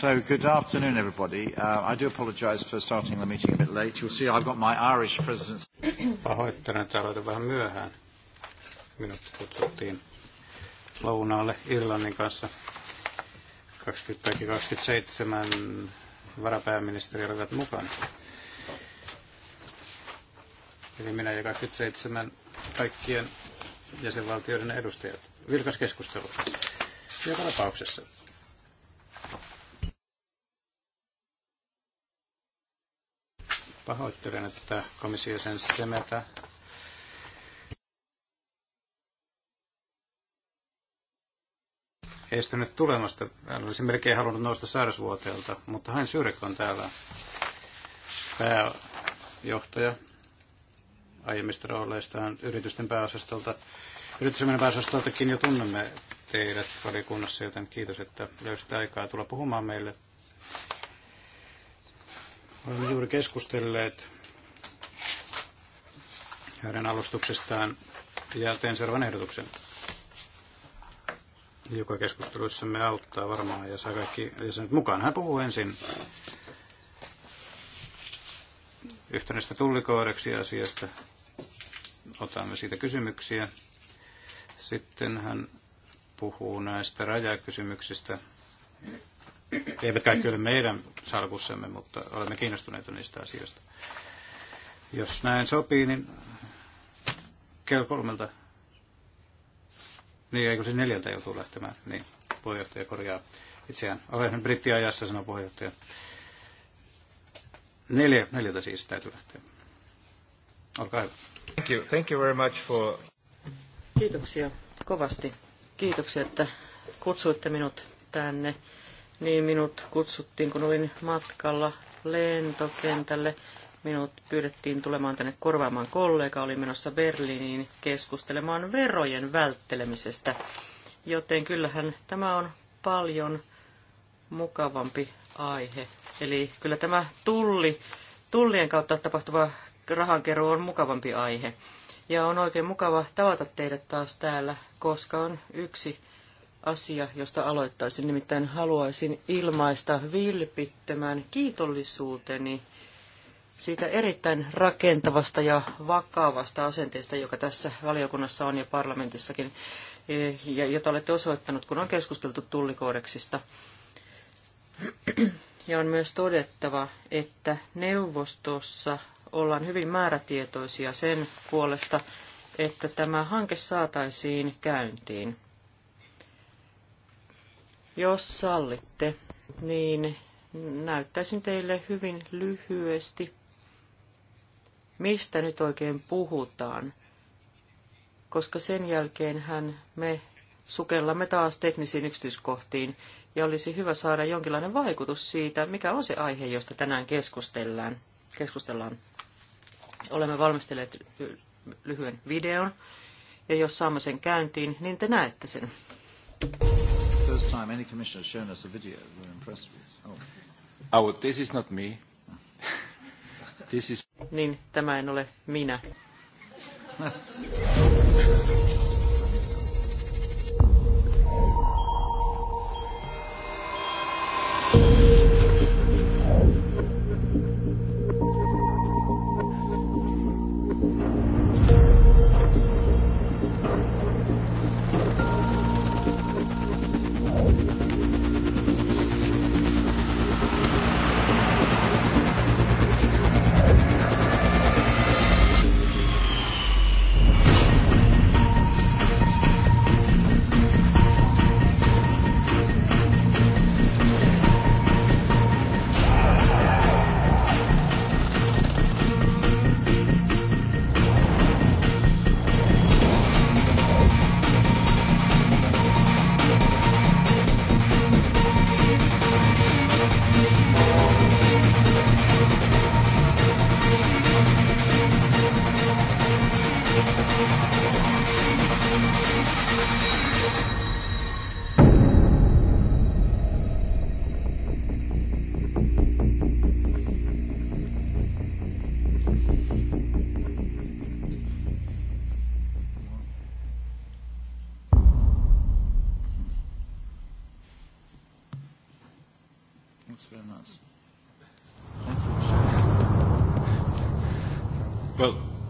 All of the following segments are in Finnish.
good afternoon, everybody. Uh, I do apologize for starting the meeting a bit late. You'll see I've got my Irish president. Pahoittelen, että aloitin vähän myöhään. Minut kutsuttiin lounaalle Irlannin kanssa. 27 varapääministeri olivat mukana. Eli minä ja 27 kaikkien jäsenvaltioiden edustajat. Vilkas keskustelu. Joka tapauksessa Pahoittelen, että komissio sen semetä estynyt tulemasta. Hän olisi melkein halunnut nousta sairasvuoteelta, mutta hän Syrek on täällä pääjohtaja aiemmista rooleistaan yritysten pääosastolta. Yritysten pääosastoltakin jo tunnemme teidät valiokunnassa, joten kiitos, että löysitte aikaa tulla puhumaan meille Olemme juuri keskustelleet hänen alustuksestaan ja teen seuraavan ehdotuksen, joka keskusteluissamme auttaa varmaan ja saa kaikki jäsenet mukaan. Hän puhuu ensin yhtenäistä tullikoodeksi asiasta. Otamme siitä kysymyksiä. Sitten hän puhuu näistä rajakysymyksistä eivät kaikki ole meidän salkussamme, mutta olemme kiinnostuneita niistä asioista. Jos näin sopii, niin kello kolmelta, niin eikö se neljältä joutuu lähtemään, niin puheenjohtaja korjaa itseään. Olen nyt brittiajassa, sanoo puheenjohtaja. Neljä, neljältä siis täytyy lähteä. Olkaa hyvä. Thank you. Thank you very much for... Kiitoksia kovasti. Kiitoksia, että kutsuitte minut tänne niin minut kutsuttiin, kun olin matkalla lentokentälle. Minut pyydettiin tulemaan tänne korvaamaan kollega, oli menossa Berliiniin keskustelemaan verojen välttelemisestä. Joten kyllähän tämä on paljon mukavampi aihe. Eli kyllä tämä tulli, tullien kautta tapahtuva rahankeru on mukavampi aihe. Ja on oikein mukava tavata teidät taas täällä, koska on yksi asia, josta aloittaisin. Nimittäin haluaisin ilmaista vilpittömän kiitollisuuteni siitä erittäin rakentavasta ja vakavasta asenteesta, joka tässä valiokunnassa on ja parlamentissakin, eh, ja jota olette osoittanut, kun on keskusteltu tullikoodeksista. Ja on myös todettava, että neuvostossa ollaan hyvin määrätietoisia sen puolesta, että tämä hanke saataisiin käyntiin. Jos sallitte, niin näyttäisin teille hyvin lyhyesti, mistä nyt oikein puhutaan, koska sen jälkeen hän me sukellamme taas teknisiin yksityiskohtiin ja olisi hyvä saada jonkinlainen vaikutus siitä, mikä on se aihe, josta tänään keskustellaan. keskustellaan. Olemme valmistelleet lyhyen videon, ja jos saamme sen käyntiin, niin te näette sen first time any commissioner has shown us a video. We're impressed with this. Oh, oh this is not me. this is... Niin, tämä en ole minä.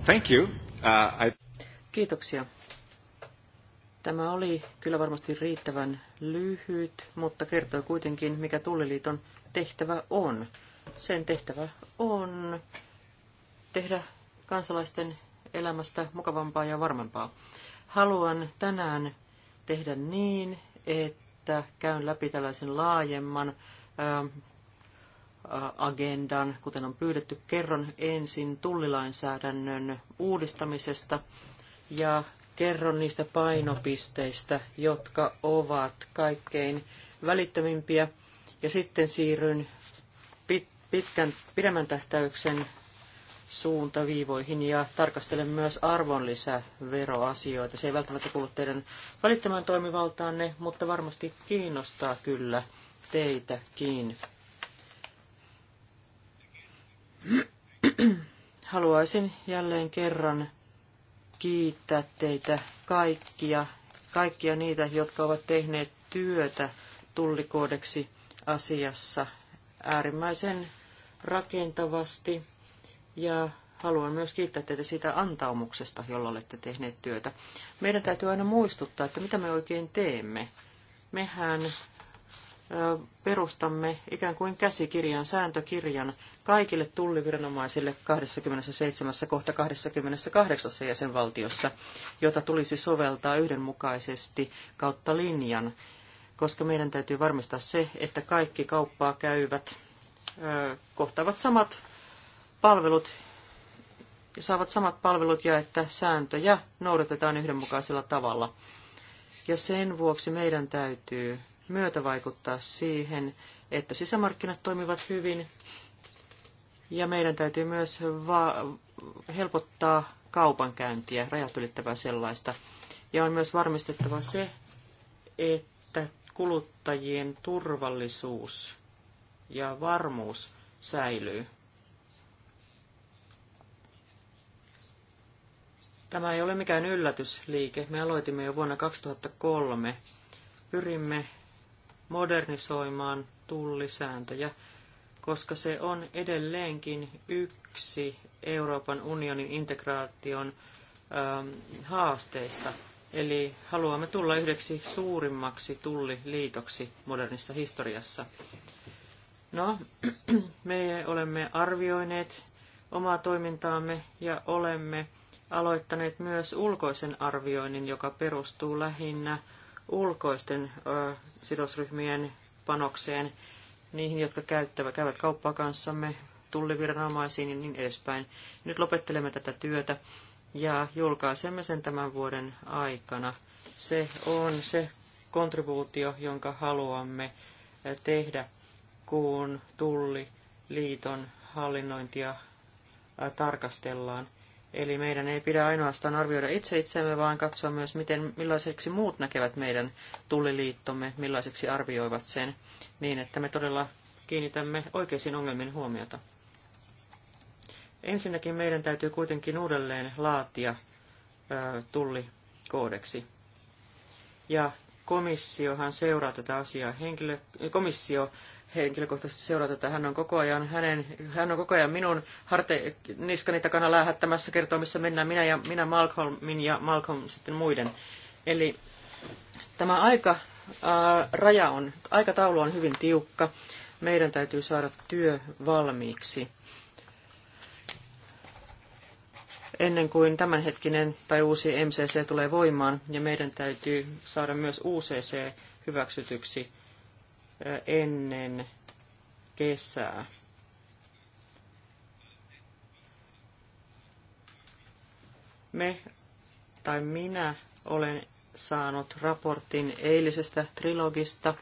Thank you. Uh, I... Kiitoksia. Tämä oli kyllä varmasti riittävän lyhyt, mutta kertoi kuitenkin, mikä Tulliliiton tehtävä on. Sen tehtävä on tehdä kansalaisten elämästä mukavampaa ja varmempaa. Haluan tänään tehdä niin, että käyn läpi tällaisen laajemman agendan, kuten on pyydetty. Kerron ensin tullilainsäädännön uudistamisesta ja kerron niistä painopisteistä, jotka ovat kaikkein välittömimpiä. Ja sitten siirryn pitkän, pidemmän tähtäyksen suuntaviivoihin ja tarkastelen myös arvonlisäveroasioita. Se ei välttämättä kuulu teidän välittömään toimivaltaanne, mutta varmasti kiinnostaa kyllä teitäkin. Haluaisin jälleen kerran kiittää teitä kaikkia, kaikkia niitä, jotka ovat tehneet työtä tullikoodeksi asiassa äärimmäisen rakentavasti. Ja haluan myös kiittää teitä siitä antaumuksesta, jolla olette tehneet työtä. Meidän täytyy aina muistuttaa, että mitä me oikein teemme. Mehän perustamme ikään kuin käsikirjan, sääntökirjan kaikille tulliviranomaisille 27, kohta 28 jäsenvaltiossa, jota tulisi soveltaa yhdenmukaisesti kautta linjan, koska meidän täytyy varmistaa se, että kaikki kauppaa käyvät kohtaavat samat palvelut ja saavat samat palvelut ja että sääntöjä noudatetaan yhdenmukaisella tavalla. Ja sen vuoksi meidän täytyy myötävaikuttaa siihen, että sisämarkkinat toimivat hyvin. Ja meidän täytyy myös helpottaa kaupankäyntiä, rajat ylittävää sellaista. Ja on myös varmistettava se, että kuluttajien turvallisuus ja varmuus säilyy. Tämä ei ole mikään yllätysliike. Me aloitimme jo vuonna 2003. Pyrimme modernisoimaan tullisääntöjä, koska se on edelleenkin yksi Euroopan unionin integraation ähm, haasteista. Eli haluamme tulla yhdeksi suurimmaksi tulliliitoksi modernissa historiassa. No, me olemme arvioineet omaa toimintaamme ja olemme aloittaneet myös ulkoisen arvioinnin, joka perustuu lähinnä ulkoisten sidosryhmien panokseen, niihin, jotka käyttävät, käyvät kauppaa kanssamme, tulliviranomaisiin ja niin edespäin. Nyt lopettelemme tätä työtä ja julkaisemme sen tämän vuoden aikana. Se on se kontribuutio, jonka haluamme tehdä, kun tulliliiton hallinnointia tarkastellaan. Eli meidän ei pidä ainoastaan arvioida itse itseämme, vaan katsoa myös, miten, millaiseksi muut näkevät meidän tulliliittomme, millaiseksi arvioivat sen, niin että me todella kiinnitämme oikeisiin ongelmiin huomiota. Ensinnäkin meidän täytyy kuitenkin uudelleen laatia ö, tullikoodeksi. Ja komissiohan seuraa tätä asiaa henkilö, komissio henkilökohtaisesti seurata tätä. Hän on koko ajan, hänen, hän on koko ajan minun harte, niskani takana läähättämässä, kertoo missä mennään minä ja minä Malcolmin ja Malcolm sitten muiden. Eli tämä aika, ää, raja on, aikataulu on hyvin tiukka. Meidän täytyy saada työ valmiiksi ennen kuin tämänhetkinen tai uusi MCC tulee voimaan, ja meidän täytyy saada myös UCC hyväksytyksi ennen kesää. Me tai minä olen saanut raportin eilisestä trilogista.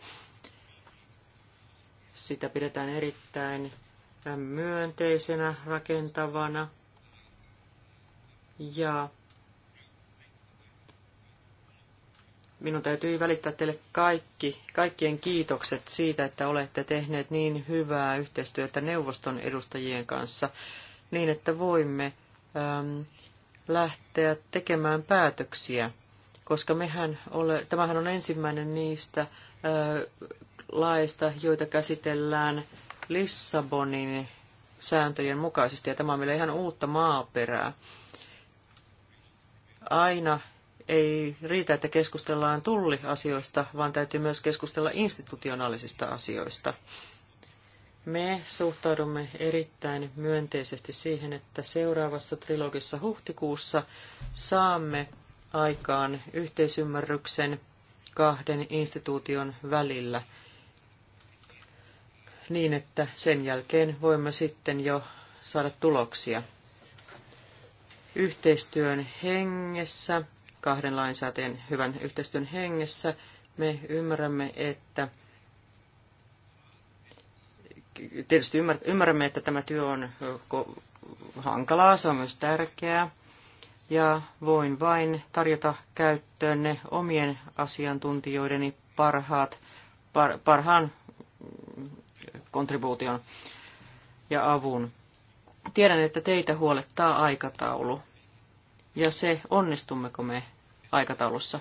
Sitä pidetään erittäin myönteisenä, rakentavana ja Minun täytyy välittää teille kaikki, kaikkien kiitokset siitä, että olette tehneet niin hyvää yhteistyötä neuvoston edustajien kanssa, niin että voimme äm, lähteä tekemään päätöksiä, koska mehän ole, tämähän on ensimmäinen niistä ä, äh, laista, joita käsitellään Lissabonin sääntöjen mukaisesti, ja tämä on meille ihan uutta maaperää. Aina ei riitä, että keskustellaan tulliasioista, vaan täytyy myös keskustella institutionaalisista asioista. Me suhtaudumme erittäin myönteisesti siihen, että seuraavassa trilogissa huhtikuussa saamme aikaan yhteisymmärryksen kahden instituution välillä niin, että sen jälkeen voimme sitten jo saada tuloksia. Yhteistyön hengessä kahden lainsäätäjän hyvän yhteistyön hengessä. Me ymmärrämme, että tietysti ymmärrämme, että tämä työ on hankalaa, se on myös tärkeää. Ja voin vain tarjota ne omien asiantuntijoideni parhaat, par, parhaan kontribuution ja avun. Tiedän, että teitä huolettaa aikataulu ja se, onnistummeko me aikataulussa.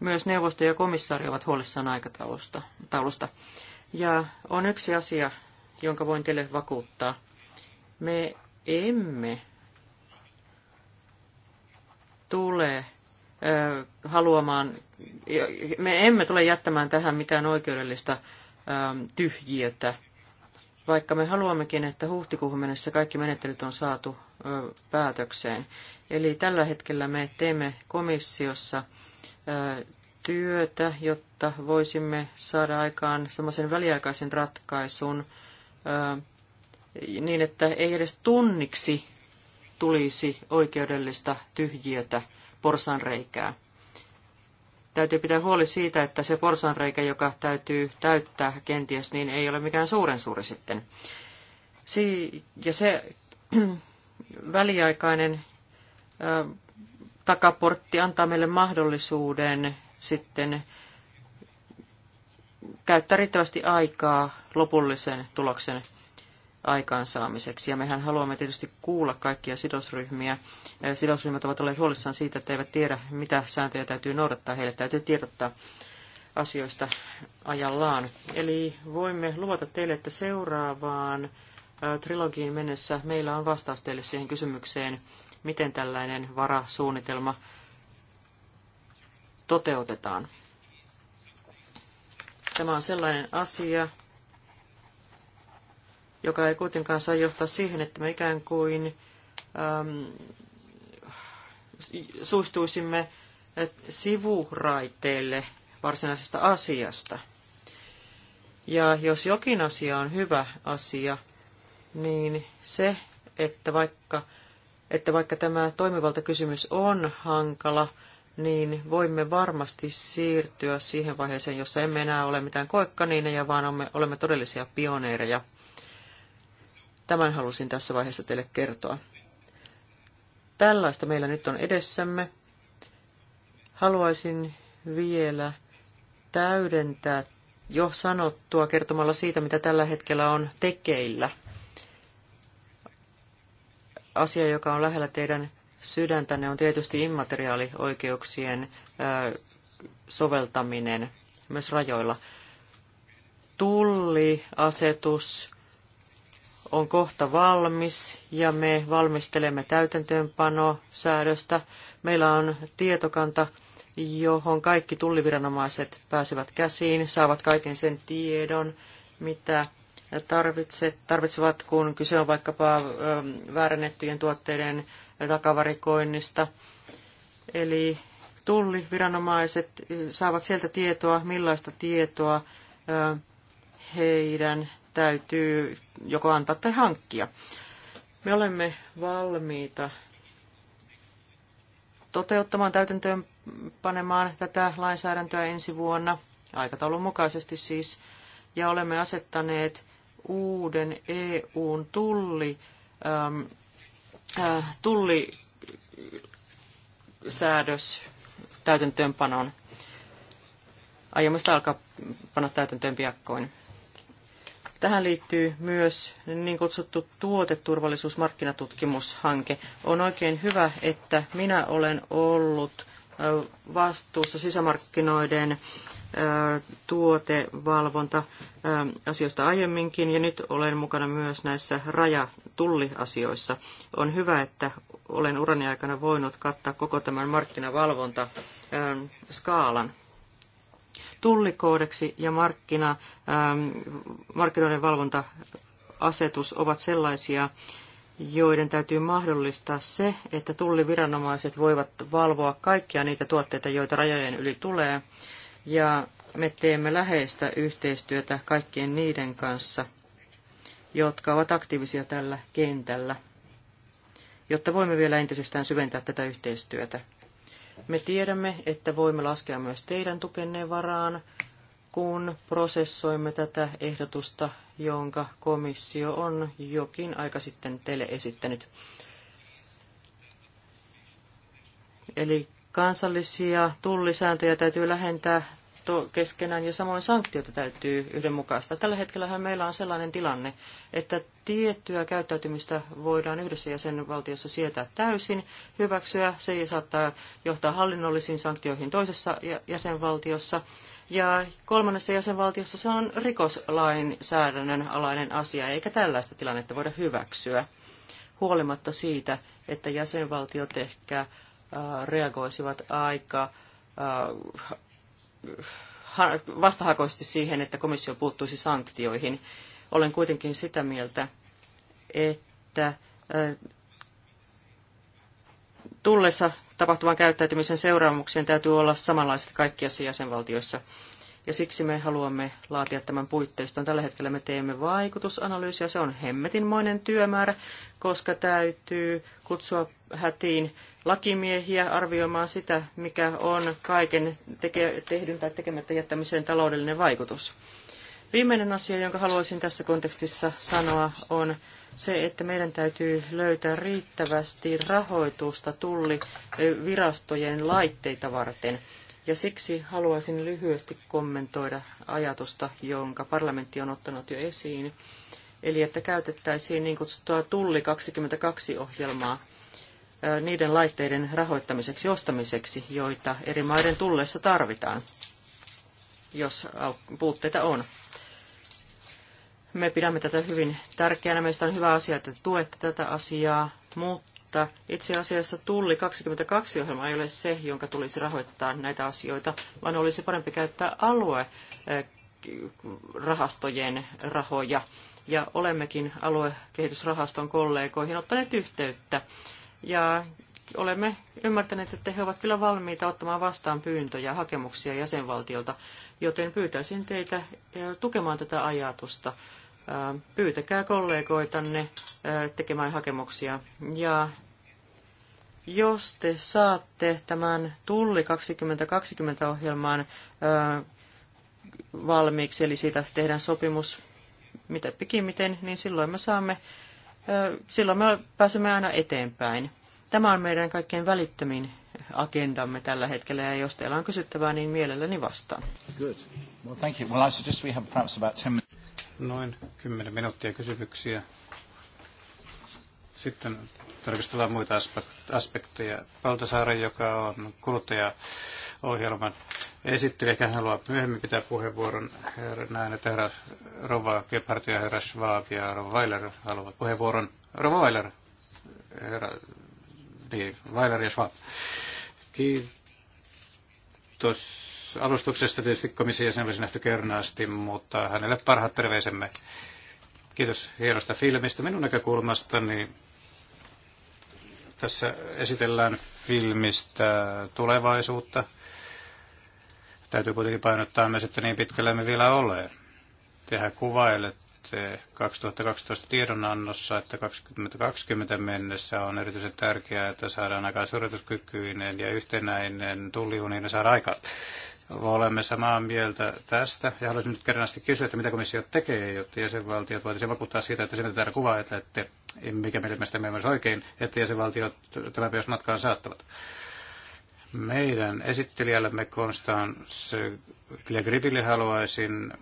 Myös neuvosto ja komissaari ovat huolissaan aikataulusta. Ja on yksi asia, jonka voin teille vakuuttaa. Me emme tule äh, haluamaan, me emme tule jättämään tähän mitään oikeudellista äh, tyhjiötä. Vaikka me haluammekin, että huhtikuuhun mennessä kaikki menettelyt on saatu päätökseen. Eli tällä hetkellä me teemme komissiossa työtä, jotta voisimme saada aikaan sellaisen väliaikaisen ratkaisun niin, että ei edes tunniksi tulisi oikeudellista tyhjiötä porsanreikää täytyy pitää huoli siitä, että se porsanreikä, joka täytyy täyttää kenties, niin ei ole mikään suuren suuri sitten. Si- ja se väliaikainen ö, takaportti antaa meille mahdollisuuden sitten käyttää riittävästi aikaa lopullisen tuloksen aikaansaamiseksi. Ja mehän haluamme tietysti kuulla kaikkia sidosryhmiä. Sidosryhmät ovat olleet huolissaan siitä, että eivät tiedä, mitä sääntöjä täytyy noudattaa. Heille täytyy tiedottaa asioista ajallaan. Eli voimme luvata teille, että seuraavaan trilogiin mennessä meillä on vastaus teille siihen kysymykseen, miten tällainen varasuunnitelma toteutetaan. Tämä on sellainen asia, joka ei kuitenkaan saa johtaa siihen, että me ikään kuin äm, suistuisimme äh, sivuraiteille varsinaisesta asiasta. Ja jos jokin asia on hyvä asia, niin se, että vaikka, että vaikka tämä toimivaltakysymys on hankala, niin voimme varmasti siirtyä siihen vaiheeseen, jossa emme enää ole mitään koikkaniineja, vaan olemme, olemme todellisia pioneereja – Tämän halusin tässä vaiheessa teille kertoa. Tällaista meillä nyt on edessämme. Haluaisin vielä täydentää jo sanottua kertomalla siitä, mitä tällä hetkellä on tekeillä. Asia, joka on lähellä teidän sydäntänne, on tietysti immateriaalioikeuksien soveltaminen myös rajoilla. Tulliasetus on kohta valmis ja me valmistelemme täytäntöönpanosäädöstä. Meillä on tietokanta, johon kaikki tulliviranomaiset pääsevät käsiin, saavat kaiken sen tiedon, mitä tarvitsevat, kun kyse on vaikkapa ähm, väärennettyjen tuotteiden takavarikoinnista. Eli tulliviranomaiset äh, saavat sieltä tietoa, millaista tietoa äh, heidän täytyy joko antaa tai hankkia. Me olemme valmiita toteuttamaan, täytäntöön panemaan tätä lainsäädäntöä ensi vuonna, aikataulun mukaisesti siis, ja olemme asettaneet uuden EUn tulli, ähm, äh, tullisäädös täytäntöönpanon. Aiomme alkaa panna täytäntöön piakkoin. Tähän liittyy myös niin kutsuttu tuoteturvallisuusmarkkinatutkimushanke. On oikein hyvä, että minä olen ollut vastuussa sisämarkkinoiden tuotevalvonta asioista aiemminkin ja nyt olen mukana myös näissä rajatulliasioissa. On hyvä, että olen urani aikana voinut kattaa koko tämän markkinavalvonta skaalan tullikoodeksi ja markkina, ähm, markkinoiden valvonta-asetus ovat sellaisia, joiden täytyy mahdollistaa se, että tulliviranomaiset voivat valvoa kaikkia niitä tuotteita, joita rajojen yli tulee. Ja me teemme läheistä yhteistyötä kaikkien niiden kanssa, jotka ovat aktiivisia tällä kentällä, jotta voimme vielä entisestään syventää tätä yhteistyötä. Me tiedämme, että voimme laskea myös teidän tukenne varaan, kun prosessoimme tätä ehdotusta, jonka komissio on jokin aika sitten teille esittänyt. Eli kansallisia tullisääntöjä täytyy lähentää to, keskenään ja samoin sanktioita täytyy yhdenmukaista. Tällä hetkellä meillä on sellainen tilanne, että tiettyä käyttäytymistä voidaan yhdessä jäsenvaltiossa sietää täysin, hyväksyä, se ei saattaa johtaa hallinnollisiin sanktioihin toisessa jäsenvaltiossa. Ja kolmannessa jäsenvaltiossa se on rikoslainsäädännön alainen asia, eikä tällaista tilannetta voida hyväksyä, huolimatta siitä, että jäsenvaltiot ehkä reagoisivat aika vastahakoisesti siihen, että komissio puuttuisi sanktioihin. Olen kuitenkin sitä mieltä, että tullessa tapahtuvan käyttäytymisen seuraamuksien täytyy olla samanlaiset kaikkiassa jäsenvaltioissa. Ja siksi me haluamme laatia tämän puitteiston. Tällä hetkellä me teemme vaikutusanalyysiä. Se on hemmetinmoinen työmäärä, koska täytyy kutsua hätiin lakimiehiä arvioimaan sitä, mikä on kaiken teke- tehdyn tai tekemättä jättämisen taloudellinen vaikutus. Viimeinen asia, jonka haluaisin tässä kontekstissa sanoa, on se, että meidän täytyy löytää riittävästi rahoitusta tullivirastojen laitteita varten. Ja siksi haluaisin lyhyesti kommentoida ajatusta, jonka parlamentti on ottanut jo esiin, eli että käytettäisiin niin kutsuttua Tulli 22-ohjelmaa niiden laitteiden rahoittamiseksi, ostamiseksi, joita eri maiden tulleessa tarvitaan, jos puutteita on. Me pidämme tätä hyvin tärkeänä. Meistä on hyvä asia, että tuette tätä asiaa, mutta itse asiassa Tulli 22-ohjelma ei ole se, jonka tulisi rahoittaa näitä asioita, vaan olisi parempi käyttää aluerahastojen rahoja. Ja olemmekin aluekehitysrahaston kollegoihin ottaneet yhteyttä ja olemme ymmärtäneet, että he ovat kyllä valmiita ottamaan vastaan pyyntöjä hakemuksia jäsenvaltiolta, joten pyytäisin teitä tukemaan tätä ajatusta. Pyytäkää kollegoitanne tekemään hakemuksia. Ja jos te saatte tämän Tulli 2020-ohjelman valmiiksi, eli siitä tehdään sopimus mitä pikimiten, niin silloin me saamme, silloin me pääsemme aina eteenpäin. Tämä on meidän kaikkein välittömin agendamme tällä hetkellä, ja jos teillä on kysyttävää, niin mielelläni vastaan. Good. Well, thank you. Well, I suggest we have perhaps about 10 Noin 10 minuuttia kysymyksiä. Sitten tarkastellaan muita aspekteja. Paltasaari, joka on kuluttajaohjelman ehkä hän haluaa myöhemmin pitää puheenvuoron. Näen, että herra Rova Gebhardt ja herra Schwab ja Rova Weiler haluavat puheenvuoron. Rova Weiler, herra niin, Weiler ja Schwab. Kiitos alustuksesta tietysti komissio sen olisi nähty kernaasti, mutta hänelle parhaat terveisemme. Kiitos hienosta filmistä. Minun niin tässä esitellään filmistä tulevaisuutta. Täytyy kuitenkin painottaa myös, että niin pitkälle me vielä ole. Tehän kuvailette 2012 tiedonannossa, että 2020 mennessä on erityisen tärkeää, että saadaan aikaan suorituskykyinen ja yhtenäinen tulliunioni saada aikaan. Olemme samaa mieltä tästä ja haluaisin nyt kerrasti kysyä, että mitä komissio tekee, jotta jäsenvaltiot voitaisiin vakuuttaa siitä, että sinne täällä kuvaa, että mikä meidän me myös oikein, että jäsenvaltiot tämän myös matkaan saattavat meidän esittelijällemme Konstans Gripille haluaisin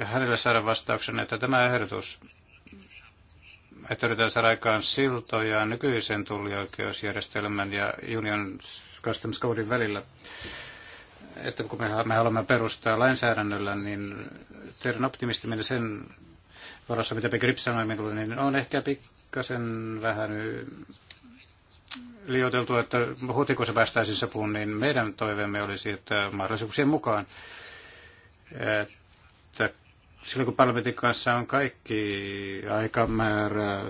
hänelle saada vastauksen, että tämä ehdotus, että yritetään saada aikaan siltoja nykyisen tullioikeusjärjestelmän ja Union Customs Codein välillä, että kun me, haluamme perustaa lainsäädännöllä, niin teidän optimistiminen sen varassa, mitä Grip sanoi minulle, niin on ehkä pikkasen vähän liioiteltu, että huhtikuussa päästäisiin sopuun, niin meidän toiveemme olisi, että mahdollisuuksien mukaan, että silloin kun parlamentin kanssa on kaikki aikamäärä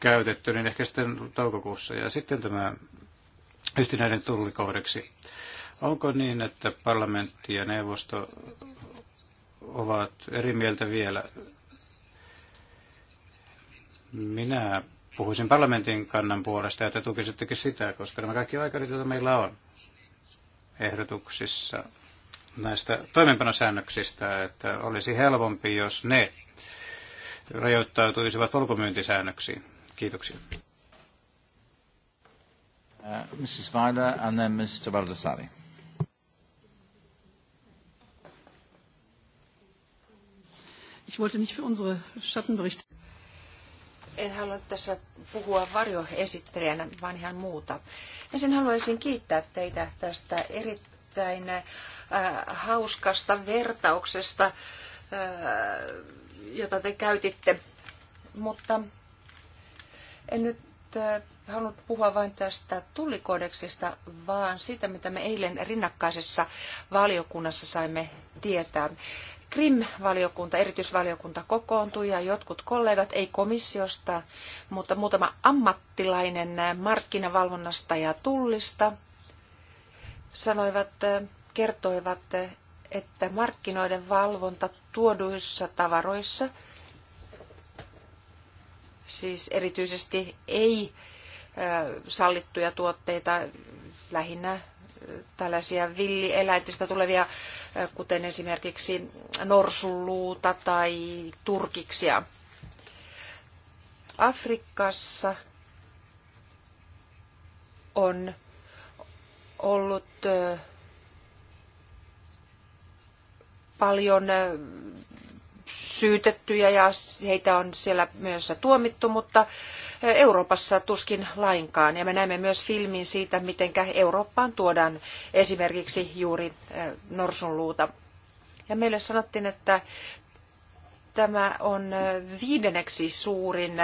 käytetty, niin ehkä sitten toukokuussa. Ja sitten tämä yhtenäinen tullikoodeksi. Onko niin, että parlamentti ja neuvosto ovat eri mieltä vielä? Minä puhuisin parlamentin kannan puolesta, että tukisittekin sitä, koska nämä kaikki aikarit, joita meillä on ehdotuksissa, näistä toimenpanosäännöksistä, että olisi helpompi, jos ne rajoittautuisivat ulkomyyntisäännöksiin. Kiitoksia. Uh, Mrs. Weiler and then Mr. Baldessari. Ich wollte nicht für unsere Schattenberichte. En halua tässä puhua varjoesittelijänä, vaan ihan muuta. Ensin haluaisin kiittää teitä tästä erittäin erittäin äh, hauskasta vertauksesta, äh, jota te käytitte. Mutta en nyt äh, halunnut puhua vain tästä tullikodeksista, vaan sitä, mitä me eilen rinnakkaisessa valiokunnassa saimme tietää. Krim-valiokunta, erityisvaliokunta kokoontui ja jotkut kollegat, ei komissiosta, mutta muutama ammattilainen markkinavalvonnasta ja tullista – sanoivat, eh, kertoivat, eh, että markkinoiden valvonta tuoduissa tavaroissa, siis erityisesti ei eh, sallittuja tuotteita, lähinnä tällaisia villieläintistä tulevia, kuten esimerkiksi norsulluuta tai turkiksia. Afrikassa on ollut paljon syytettyjä ja heitä on siellä myös tuomittu, mutta Euroopassa tuskin lainkaan. Ja me näemme myös filmin siitä, miten Eurooppaan tuodaan esimerkiksi juuri norsunluuta. Ja meille sanottiin, että tämä on viidenneksi suurin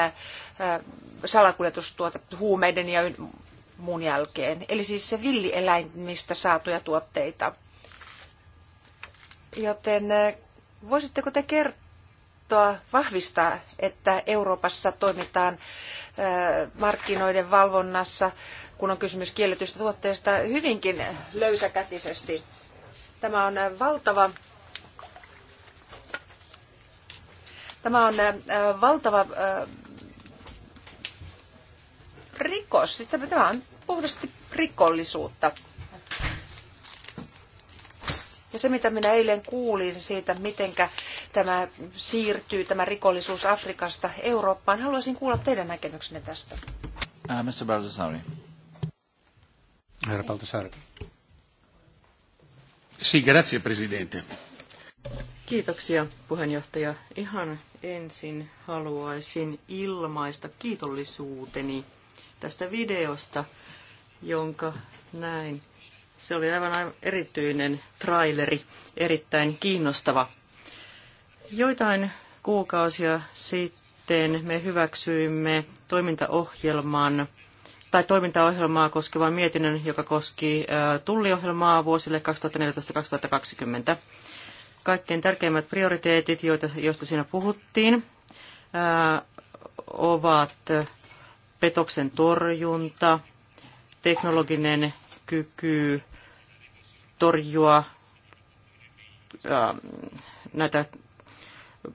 salakuljetustuote huumeiden ja muun jälkeen. Eli siis se villieläimistä saatuja tuotteita. Joten eh, voisitteko te kertoa, vahvistaa, että Euroopassa toimitaan eh, markkinoiden valvonnassa, kun on kysymys kielletystä tuotteesta, hyvinkin löysäkätisesti. Tämä on eh, valtava Tämä on valtava rikos. Siis tämä on puhdasti rikollisuutta. Ja se, mitä minä eilen kuulin siitä, miten tämä siirtyy, tämä rikollisuus Afrikasta Eurooppaan, haluaisin kuulla teidän näkemyksenne tästä. Uh, Mr. Baldassari. Herra Sì, grazie, Presidente. Kiitoksia, puheenjohtaja. Ihan ensin haluaisin ilmaista kiitollisuuteni tästä videosta, jonka näin. Se oli aivan, aivan erityinen traileri, erittäin kiinnostava. Joitain kuukausia sitten me hyväksyimme toimintaohjelman tai toimintaohjelmaa koskevan mietinnön, joka koski tulliohjelmaa vuosille 2014-2020. Kaikkein tärkeimmät prioriteetit, joista siinä puhuttiin, ovat petoksen torjunta, teknologinen kyky torjua näitä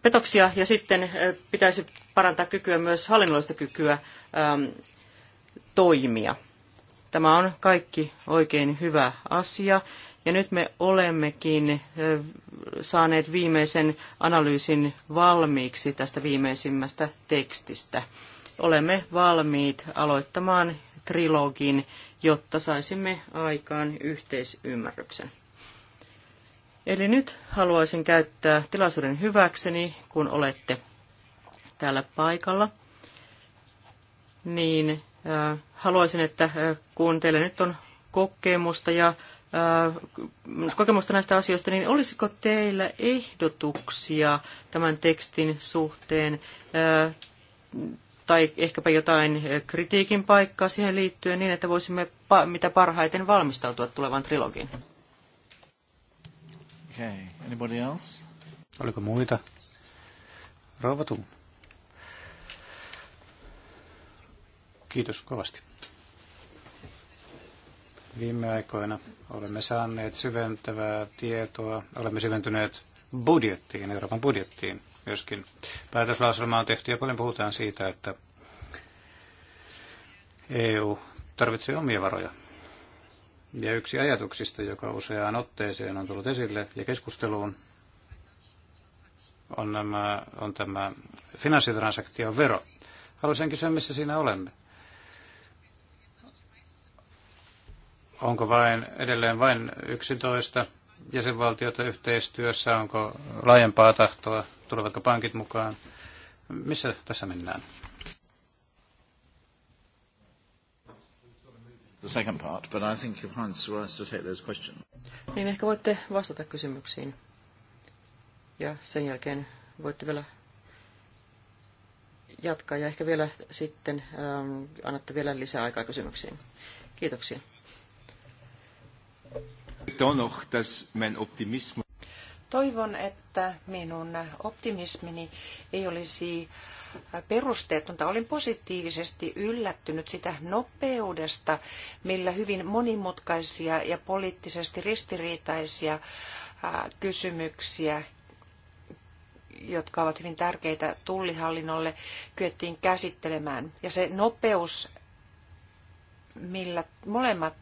petoksia ja sitten pitäisi parantaa kykyä myös hallinnollista kykyä toimia. Tämä on kaikki oikein hyvä asia. Ja nyt me olemmekin saaneet viimeisen analyysin valmiiksi tästä viimeisimmästä tekstistä olemme valmiit aloittamaan trilogin, jotta saisimme aikaan yhteisymmärryksen. Eli nyt haluaisin käyttää tilaisuuden hyväkseni, kun olette täällä paikalla, niin äh, haluaisin, että äh, kun teillä nyt on kokemusta ja äh, kokemusta näistä asioista, niin olisiko teillä ehdotuksia tämän tekstin suhteen? Äh, tai ehkäpä jotain eh, kritiikin paikkaa siihen liittyen niin, että voisimme mitä parhaiten valmistautua tulevan trilogiin. Okay. Anybody else? Oliko muita? Rouva Tuun. Kiitos kovasti. Viime aikoina olemme saaneet syventävää tietoa, olemme syventyneet budjettiin, Euroopan budjettiin, myöskin päätöslauselma on tehty ja paljon puhutaan siitä, että EU tarvitsee omia varoja. Ja yksi ajatuksista, joka useaan otteeseen on tullut esille ja keskusteluun, on, nämä, on tämä finanssitransaktion vero. Haluaisin kysyä, missä siinä olemme. Onko vain edelleen vain 11 jäsenvaltioita yhteistyössä, onko laajempaa tahtoa, tulevatko pankit mukaan. Missä tässä mennään? the second part, but I think Hans to take those questions. Niin ehkä voitte vastata kysymyksiin. Ja sen jälkeen voitte vielä jatkaa ja ehkä vielä sitten ähm, annatte vielä lisää aikaa kysymyksiin. Kiitoksia. Toivon, että minun optimismini ei olisi perusteetonta. Olin positiivisesti yllättynyt sitä nopeudesta, millä hyvin monimutkaisia ja poliittisesti ristiriitaisia kysymyksiä jotka ovat hyvin tärkeitä tullihallinnolle, kyettiin käsittelemään. Ja se nopeus, millä molemmat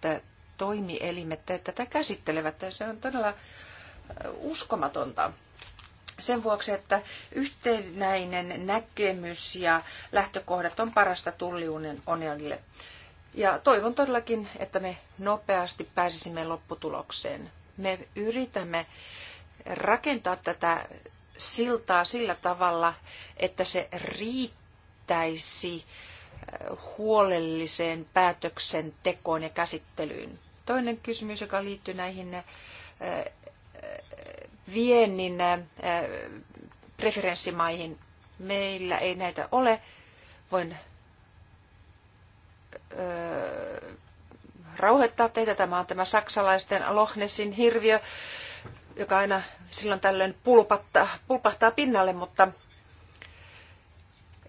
toimielimet tätä käsittelevät. Se on todella äh, uskomatonta sen vuoksi, että yhtenäinen näkemys ja lähtökohdat on parasta tulliunionille. Ja toivon todellakin, että me nopeasti pääsisimme lopputulokseen. Me yritämme rakentaa tätä siltaa sillä tavalla, että se riittäisi äh, huolelliseen päätöksentekoon ja käsittelyyn toinen kysymys, joka liittyy näihin äh, äh, viennin äh, preferenssimaihin. Meillä ei näitä ole. Voin rauhoittaa teitä. Tämä on tämä saksalaisten Lohnesin hirviö, joka aina silloin tällöin pulpattaa, pulpahtaa pinnalle, mutta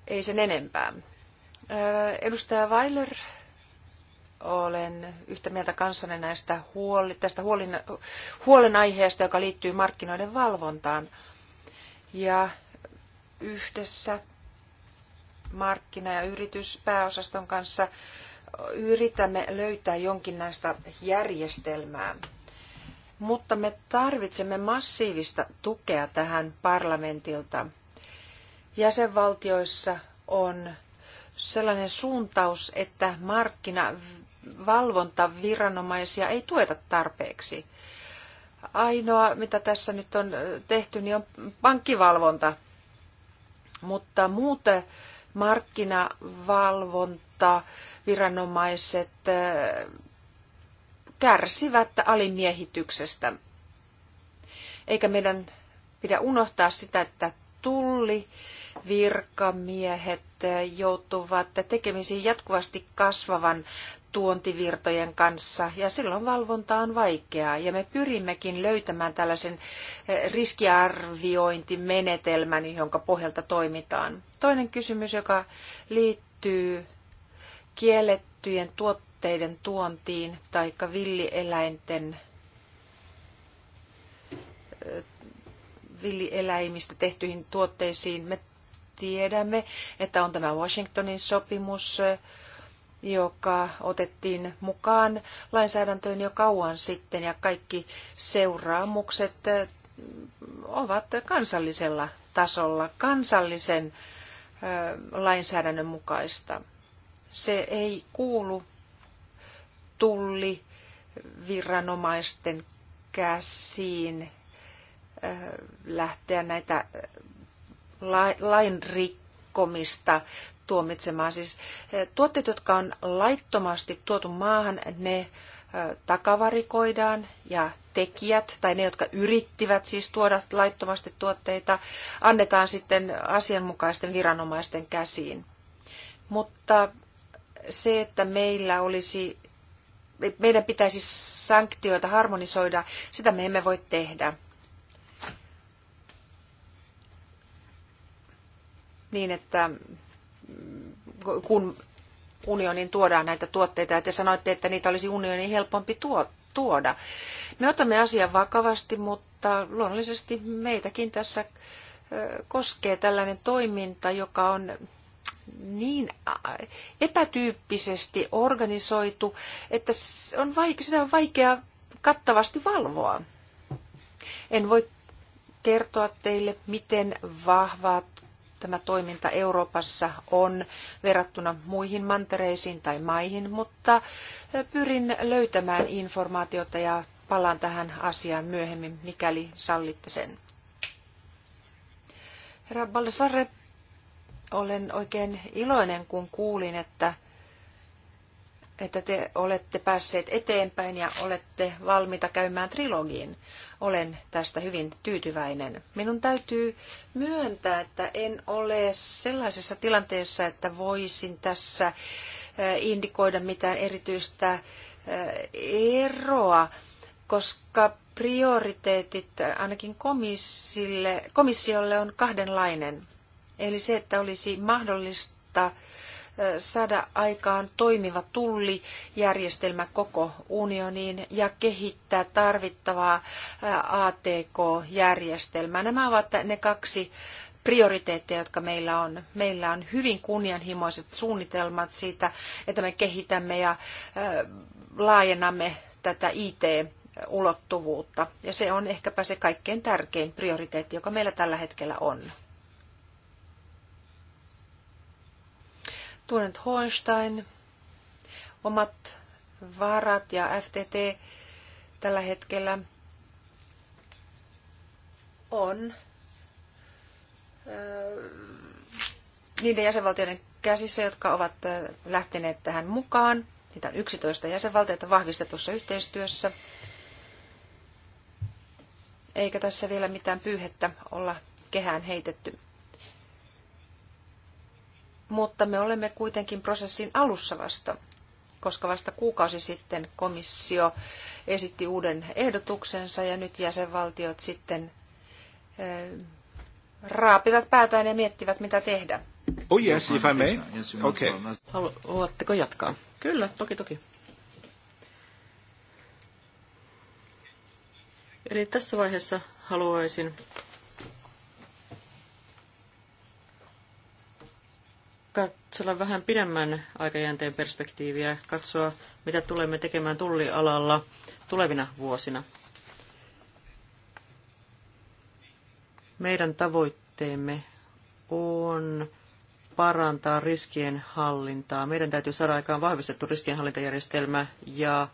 ei sen enempää. Edustaja Weiler olen yhtä mieltä kanssanne näistä huoli, tästä huolin, huolenaiheesta, joka liittyy markkinoiden valvontaan. Ja yhdessä markkina- ja yrityspääosaston kanssa yritämme löytää jonkinlaista järjestelmää. Mutta me tarvitsemme massiivista tukea tähän parlamentilta. Jäsenvaltioissa on sellainen suuntaus, että markkina valvontaviranomaisia ei tueta tarpeeksi. Ainoa, mitä tässä nyt on tehty, niin on pankkivalvonta. Mutta muuten markkinavalvonta, viranomaiset kärsivät alimiehityksestä. Eikä meidän pidä unohtaa sitä, että tulli virkamiehet joutuvat tekemisiin jatkuvasti kasvavan tuontivirtojen kanssa ja silloin valvonta on vaikeaa ja me pyrimmekin löytämään tällaisen eh, riskiarviointimenetelmän, jonka pohjalta toimitaan. Toinen kysymys, joka liittyy kiellettyjen tuotteiden tuontiin tai villieläinten eh, villieläimistä tehtyihin tuotteisiin. Me tiedämme, että on tämä Washingtonin sopimus, eh, joka otettiin mukaan lainsäädäntöön jo kauan sitten ja kaikki seuraamukset eh, ovat kansallisella tasolla kansallisen eh, lainsäädännön mukaista. Se ei kuulu tulli viranomaisten käsiin eh, lähteä näitä lainrikkomista tuomitsemaan. Siis eh, tuotteet, jotka on laittomasti tuotu maahan, ne eh, takavarikoidaan ja tekijät tai ne, jotka yrittivät siis tuoda laittomasti tuotteita, annetaan sitten asianmukaisten viranomaisten käsiin. Mutta se, että meillä olisi, meidän pitäisi sanktioita harmonisoida, sitä me emme voi tehdä. Niin, että kun unioniin tuodaan näitä tuotteita, ja te sanoitte, että niitä olisi unioniin helpompi tuoda. Me otamme asian vakavasti, mutta luonnollisesti meitäkin tässä koskee tällainen toiminta, joka on niin epätyyppisesti organisoitu, että on vaikea, sitä on vaikea kattavasti valvoa. En voi kertoa teille, miten vahvaa tämä toiminta Euroopassa on verrattuna muihin mantereisiin tai maihin, mutta pyrin löytämään informaatiota ja palaan tähän asiaan myöhemmin, mikäli sallitte sen. Herra olen oikein iloinen, kun kuulin, että että te olette päässeet eteenpäin ja olette valmiita käymään trilogiin. Olen tästä hyvin tyytyväinen. Minun täytyy myöntää, että en ole sellaisessa tilanteessa, että voisin tässä eh, indikoida mitään erityistä eh, eroa, koska prioriteetit eh, ainakin komissiolle on kahdenlainen. Eli se, että olisi mahdollista saada aikaan toimiva tullijärjestelmä koko unioniin ja kehittää tarvittavaa ATK-järjestelmää. Nämä ovat ne kaksi prioriteetteja, jotka meillä on. Meillä on hyvin kunnianhimoiset suunnitelmat siitä, että me kehitämme ja laajennamme tätä IT-ulottuvuutta. Ja se on ehkäpä se kaikkein tärkein prioriteetti, joka meillä tällä hetkellä on. Tuonet Hohenstein, omat varat ja FTT tällä hetkellä on äh, niiden jäsenvaltioiden käsissä, jotka ovat äh, lähteneet tähän mukaan. Niitä on 11 jäsenvaltiota vahvistetussa yhteistyössä. Eikä tässä vielä mitään pyyhettä olla kehään heitetty mutta me olemme kuitenkin prosessin alussa vasta, koska vasta kuukausi sitten komissio esitti uuden ehdotuksensa ja nyt jäsenvaltiot sitten raapivat päätään ja miettivät, mitä tehdä. Oh yes, if I may. Okay. Haluatteko jatkaa? Kyllä, toki toki. Eli tässä vaiheessa haluaisin katsella vähän pidemmän aikajänteen perspektiiviä, katsoa mitä tulemme tekemään tullialalla tulevina vuosina. Meidän tavoitteemme on parantaa riskien hallintaa. Meidän täytyy saada aikaan vahvistettu riskienhallintajärjestelmä ja ähm,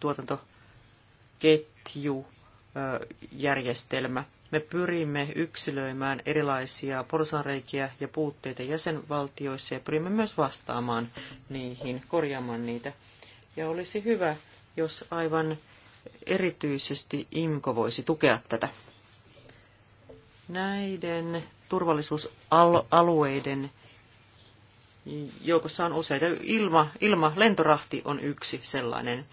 tuotantoketjujärjestelmä. Äh, me pyrimme yksilöimään erilaisia porsanreikiä ja puutteita jäsenvaltioissa ja pyrimme myös vastaamaan niihin, korjaamaan niitä. Ja olisi hyvä, jos aivan erityisesti IMKO voisi tukea tätä. Näiden turvallisuusalueiden joukossa on useita. Ilma, ilma, lentorahti on yksi sellainen.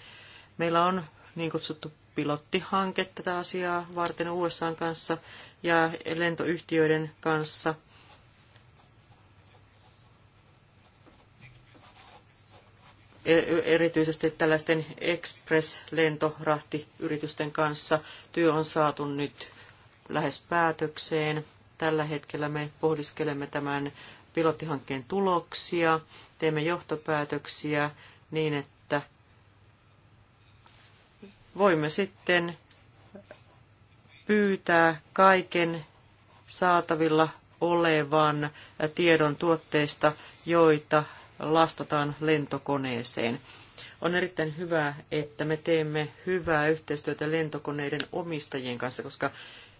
Meillä on niin kutsuttu pilottihanke tätä asiaa varten USA kanssa ja lentoyhtiöiden kanssa. E- erityisesti tällaisten express-lentorahtiyritysten kanssa työ on saatu nyt lähes päätökseen. Tällä hetkellä me pohdiskelemme tämän pilottihankkeen tuloksia, teemme johtopäätöksiä niin, että voimme sitten pyytää kaiken saatavilla olevan tiedon tuotteista, joita lastataan lentokoneeseen. On erittäin hyvä, että me teemme hyvää yhteistyötä lentokoneiden omistajien kanssa, koska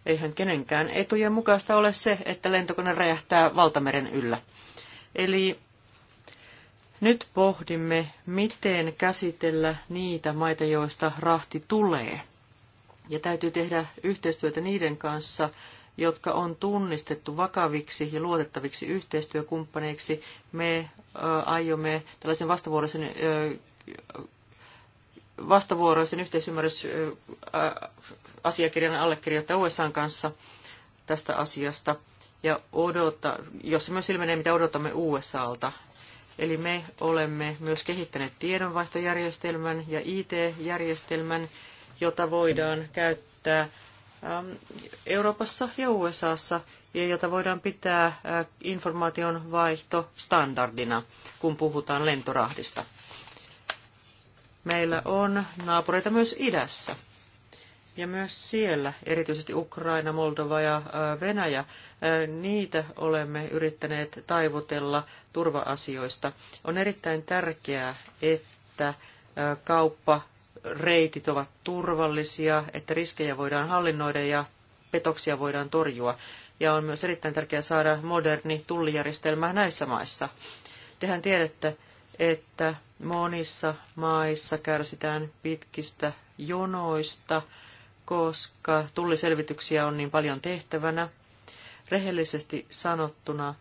eihän kenenkään etujen mukaista ole se, että lentokone räjähtää valtameren yllä. Eli nyt pohdimme, miten käsitellä niitä maita, joista rahti tulee. Ja täytyy tehdä yhteistyötä niiden kanssa, jotka on tunnistettu vakaviksi ja luotettaviksi yhteistyökumppaneiksi. Me aiomme tällaisen vastavuoroisen, vastavuoroisen asiakirjan allekirjoittaa USAn kanssa tästä asiasta. Ja odota, jossa myös ilmenee, mitä odotamme USAlta Eli me olemme myös kehittäneet tiedonvaihtojärjestelmän ja IT-järjestelmän, jota voidaan käyttää ähm, Euroopassa ja USAssa ja jota voidaan pitää äh, informaation vaihto standardina, kun puhutaan lentorahdista. Meillä on naapureita myös idässä. Ja myös siellä, erityisesti Ukraina, Moldova ja äh, Venäjä, äh, niitä olemme yrittäneet taivutella turva-asioista. On erittäin tärkeää, että kauppareitit ovat turvallisia, että riskejä voidaan hallinnoida ja petoksia voidaan torjua. Ja on myös erittäin tärkeää saada moderni tullijärjestelmä näissä maissa. Tehän tiedätte, että monissa maissa kärsitään pitkistä jonoista, koska tulliselvityksiä on niin paljon tehtävänä. Rehellisesti sanottuna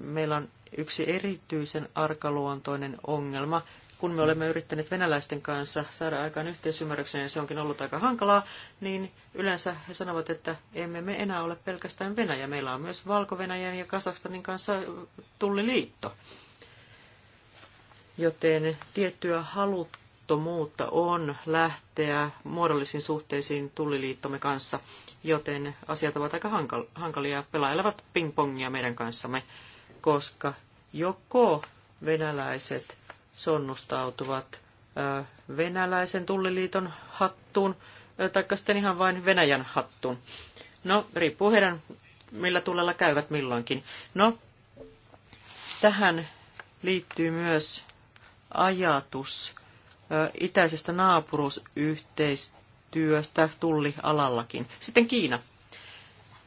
meillä on yksi erityisen arkaluontoinen ongelma, kun me olemme yrittäneet venäläisten kanssa saada aikaan yhteisymmärryksen, ja se onkin ollut aika hankalaa, niin yleensä he sanovat, että emme me enää ole pelkästään Venäjä. Meillä on myös Valko-Venäjän ja Kasakstanin kanssa tulliliitto. Joten tiettyä haluttomuutta on lähteä muodollisiin suhteisiin tulliliittomme kanssa, joten asiat ovat aika hankalia. Pelailevat pingpongia meidän kanssamme koska joko venäläiset sonnustautuvat venäläisen tulliliiton hattuun, tai sitten ihan vain Venäjän hattuun. No, riippuu heidän, millä tulella käyvät milloinkin. No, tähän liittyy myös ajatus itäisestä naapuruusyhteistyöstä tullialallakin. Sitten Kiina.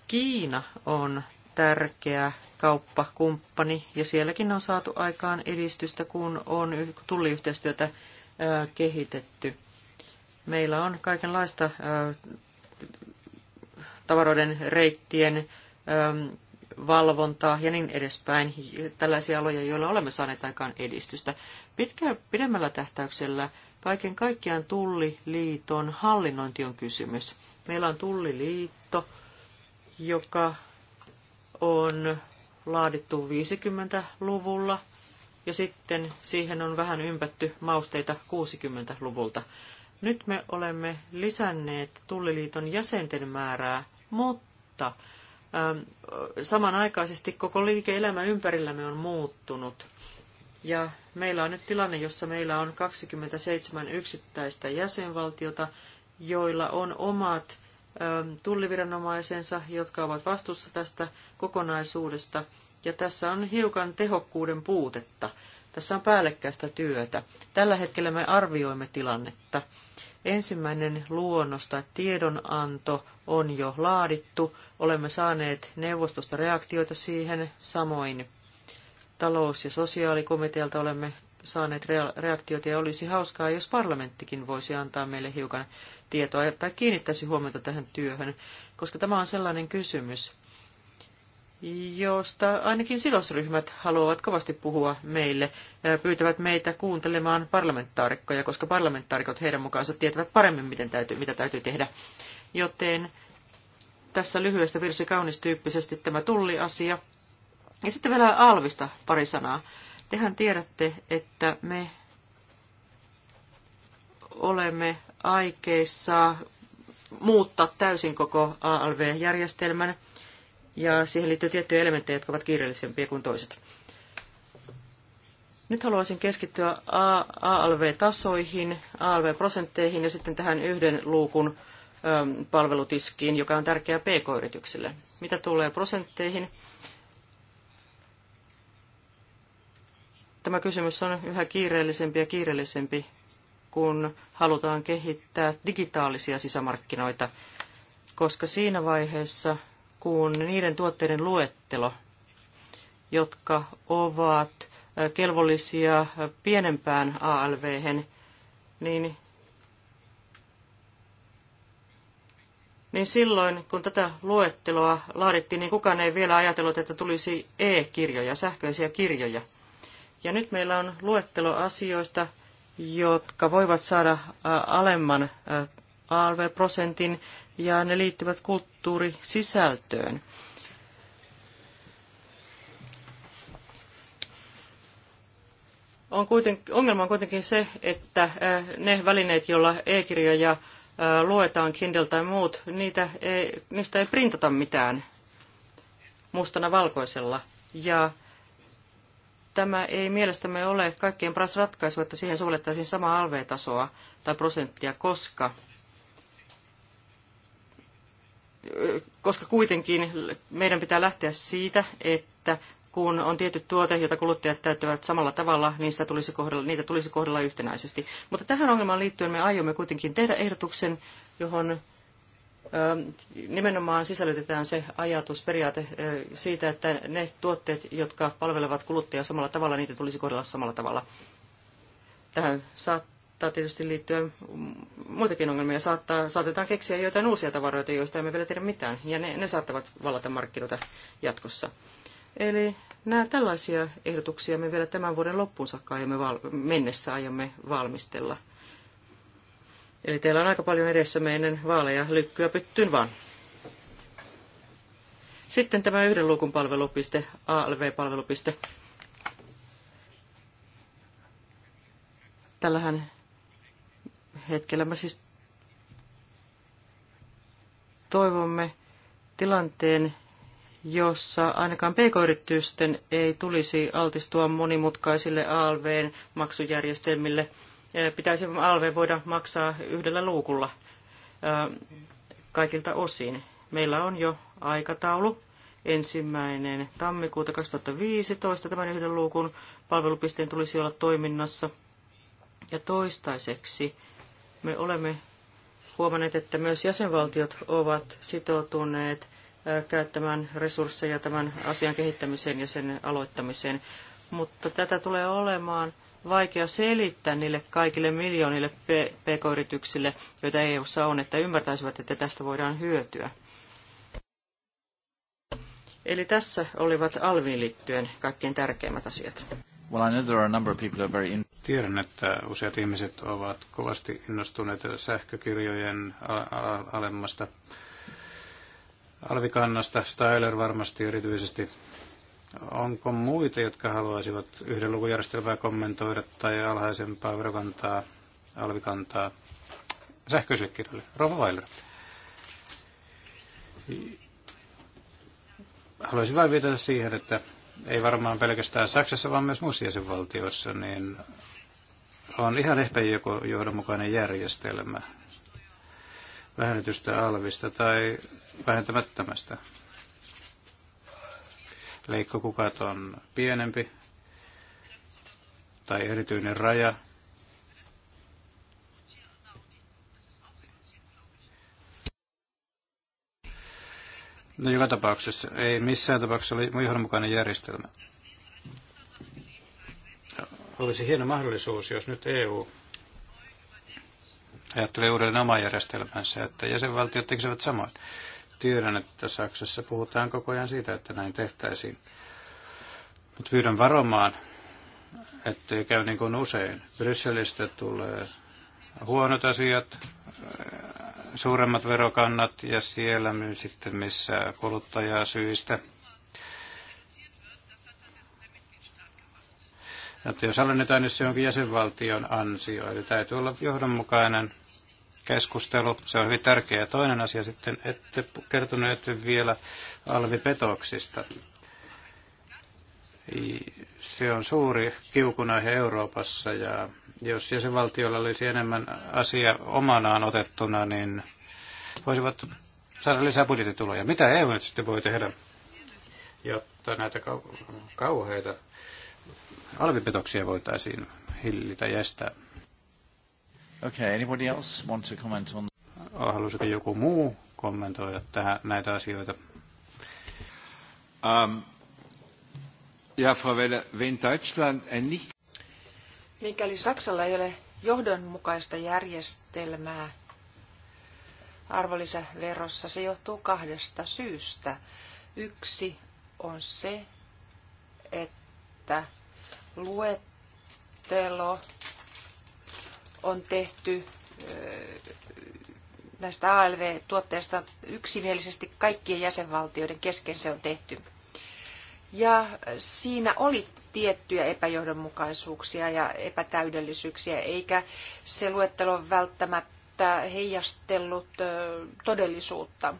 Kiina on tärkeä kauppakumppani, ja sielläkin on saatu aikaan edistystä, kun on tulliyhteistyötä kehitetty. Meillä on kaikenlaista tavaroiden reittien valvontaa ja niin edespäin, tällaisia aloja, joilla olemme saaneet aikaan edistystä. Pitkä, pidemmällä tähtäyksellä kaiken kaikkiaan Tulliliiton hallinnointi on kysymys. Meillä on Tulliliitto, joka on laadittu 50-luvulla ja sitten siihen on vähän ympätty mausteita 60-luvulta. Nyt me olemme lisänneet Tulliliiton jäsenten määrää, mutta ähm, samanaikaisesti koko liike-elämä ympärillämme on muuttunut. Ja meillä on nyt tilanne, jossa meillä on 27 yksittäistä jäsenvaltiota, joilla on omat Ähm, tulliviranomaisensa, jotka ovat vastuussa tästä kokonaisuudesta. Ja tässä on hiukan tehokkuuden puutetta. Tässä on päällekkäistä työtä. Tällä hetkellä me arvioimme tilannetta. Ensimmäinen luonnos tai tiedonanto on jo laadittu. Olemme saaneet neuvostosta reaktioita siihen samoin. Talous- ja sosiaalikomitealta olemme saaneet reaktioita ja olisi hauskaa, jos parlamenttikin voisi antaa meille hiukan tietoa tai kiinnittäisi huomiota tähän työhön, koska tämä on sellainen kysymys, josta ainakin sidosryhmät haluavat kovasti puhua meille, pyytävät meitä kuuntelemaan parlamentaarikkoja, koska parlamentaarikot heidän mukaansa tietävät paremmin, miten täytyy, mitä täytyy tehdä. Joten tässä lyhyestä virsi kaunis tyyppisesti tämä tulliasia. Ja sitten vielä Alvista pari sanaa. Tehän tiedätte, että me olemme aikeissa muuttaa täysin koko ALV-järjestelmän, ja siihen liittyy tiettyjä elementtejä, jotka ovat kiireellisempiä kuin toiset. Nyt haluaisin keskittyä ALV-tasoihin, ALV-prosentteihin ja sitten tähän yhden luukun ähm, palvelutiskiin, joka on tärkeää pk-yrityksille. Mitä tulee prosentteihin? Tämä kysymys on yhä kiireellisempi ja kiireellisempi kun halutaan kehittää digitaalisia sisämarkkinoita, koska siinä vaiheessa, kun niiden tuotteiden luettelo, jotka ovat kelvollisia pienempään alv niin, niin silloin, kun tätä luetteloa laadittiin, niin kukaan ei vielä ajatellut, että tulisi e-kirjoja, sähköisiä kirjoja. Ja nyt meillä on luettelo asioista, jotka voivat saada alemman ALV-prosentin, ja ne liittyvät kulttuurisisältöön. On kuitenkin ongelma on kuitenkin se, että ne välineet, joilla e-kirjoja luetaan Kindle tai muut, niitä ei, niistä ei printata mitään mustana valkoisella. Ja Tämä ei mielestämme ole kaikkein paras ratkaisu, että siihen sovellettaisiin samaa alv-tasoa tai prosenttia, koska, koska kuitenkin meidän pitää lähteä siitä, että kun on tietty tuote, jota kuluttajat täyttävät samalla tavalla, niin sitä tulisi kohdella, niitä tulisi kohdella yhtenäisesti. Mutta tähän ongelmaan liittyen me aiomme kuitenkin tehdä ehdotuksen, johon nimenomaan sisällytetään se ajatus, periaate siitä, että ne tuotteet, jotka palvelevat kuluttajaa samalla tavalla, niitä tulisi kohdella samalla tavalla. Tähän saattaa tietysti liittyä muitakin ongelmia. Saattaa, saatetaan keksiä joitain uusia tavaroita, joista emme vielä tiedä mitään, ja ne, ne saattavat vallata markkinoita jatkossa. Eli nämä tällaisia ehdotuksia me vielä tämän vuoden loppuun saakka aiomme val- mennessä aiomme valmistella – Eli teillä on aika paljon edessä meidän vaaleja lykkyä pyttyyn vaan. Sitten tämä yhden luukun palvelupiste, ALV-palvelupiste. Tällähän hetkellä me siis toivomme tilanteen, jossa ainakaan pk-yritysten ei tulisi altistua monimutkaisille ALV-maksujärjestelmille – pitäisi alve voida maksaa yhdellä luukulla kaikilta osin. Meillä on jo aikataulu ensimmäinen tammikuuta 2015 tämän yhden luukun palvelupisteen tulisi olla toiminnassa. Ja toistaiseksi me olemme huomanneet, että myös jäsenvaltiot ovat sitoutuneet käyttämään resursseja tämän asian kehittämiseen ja sen aloittamiseen. Mutta tätä tulee olemaan vaikea selittää niille kaikille miljoonille pk-yrityksille, joita EU-ssa on, että ymmärtäisivät, että tästä voidaan hyötyä. Eli tässä olivat Alviin liittyen kaikkein tärkeimmät asiat. Well, I know there are a are very in... Tiedän, että useat ihmiset ovat kovasti innostuneita sähkökirjojen alemmasta alvikannasta. Styler varmasti erityisesti Onko muita, jotka haluaisivat yhden lukujärjestelmää kommentoida tai alhaisempaa verokantaa, alvikantaa sähköiselle kirjalle? Rova Weiler. Haluaisin vain viitata siihen, että ei varmaan pelkästään Saksassa, vaan myös muissa jäsenvaltioissa, niin on ihan johdonmukainen järjestelmä vähennetystä alvista tai vähentämättömästä leikkokukat on pienempi tai erityinen raja. No joka tapauksessa, ei missään tapauksessa ole johdonmukainen järjestelmä. Olisi hieno mahdollisuus, jos nyt EU ajattelee uudelleen omaa järjestelmänsä, että jäsenvaltiot tekisivät samoin. Tiedän, että Saksassa puhutaan koko ajan siitä, että näin tehtäisiin. Mutta pyydän varomaan, ettei käy niin kuin usein. Brysselistä tulee huonot asiat, suuremmat verokannat ja siellä myy sitten missä kuluttajaa syistä. Että jos alennetaan, niin se onkin jäsenvaltion ansio. Eli täytyy olla johdonmukainen keskustelu. Se on hyvin tärkeä. Toinen asia sitten, ette kertoneet vielä alvipetoksista. Se on suuri kiukunaihe Euroopassa ja jos jäsenvaltiolla olisi enemmän asia omanaan otettuna, niin voisivat saada lisää budjettituloja. Mitä EU nyt sitten voi tehdä, jotta näitä kauheita alvipetoksia voitaisiin hillitä ja estää? Okay, anybody else want to comment on? Haluaisiko joku muu kommentoida tähän, näitä asioita? Um, ja, Frau Welle, wenn Deutschland ein nicht... Mikäli Saksalla ei ole johdonmukaista järjestelmää arvonlisäverossa, se johtuu kahdesta syystä. Yksi on se, että luettelo on tehty näistä ALV-tuotteista yksimielisesti kaikkien jäsenvaltioiden kesken se on tehty. Ja siinä oli tiettyjä epäjohdonmukaisuuksia ja epätäydellisyyksiä, eikä se luettelo välttämättä heijastellut todellisuutta.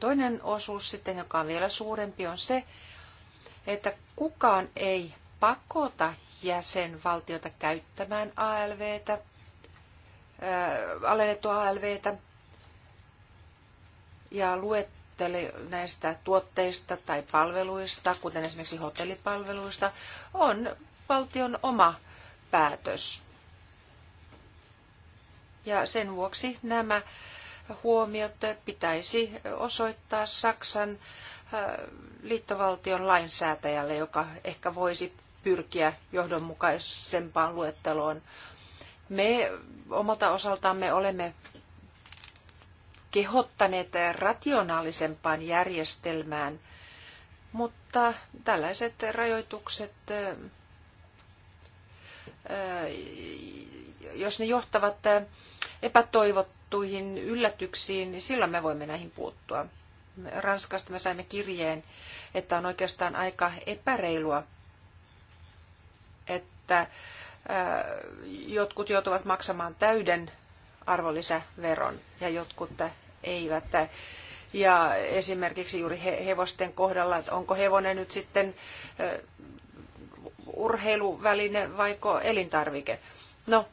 Toinen osuus sitten, joka on vielä suurempi, on se, että kukaan ei pakota jäsenvaltiota käyttämään ALVtä alennettua ALVtä ja luetteli näistä tuotteista tai palveluista, kuten esimerkiksi hotellipalveluista, on valtion oma päätös. Ja sen vuoksi nämä huomiot pitäisi osoittaa Saksan liittovaltion lainsäätäjälle, joka ehkä voisi pyrkiä johdonmukaisempaan luetteloon me omalta osaltamme olemme kehottaneet rationaalisempaan järjestelmään, mutta tällaiset rajoitukset, jos ne johtavat epätoivottuihin yllätyksiin, niin silloin me voimme näihin puuttua. Ranskasta me saimme kirjeen, että on oikeastaan aika epäreilua, että jotkut joutuvat maksamaan täyden arvonlisäveron ja jotkut eivät. Ja esimerkiksi juuri hevosten kohdalla, että onko hevonen nyt sitten urheiluväline vai elintarvike. No,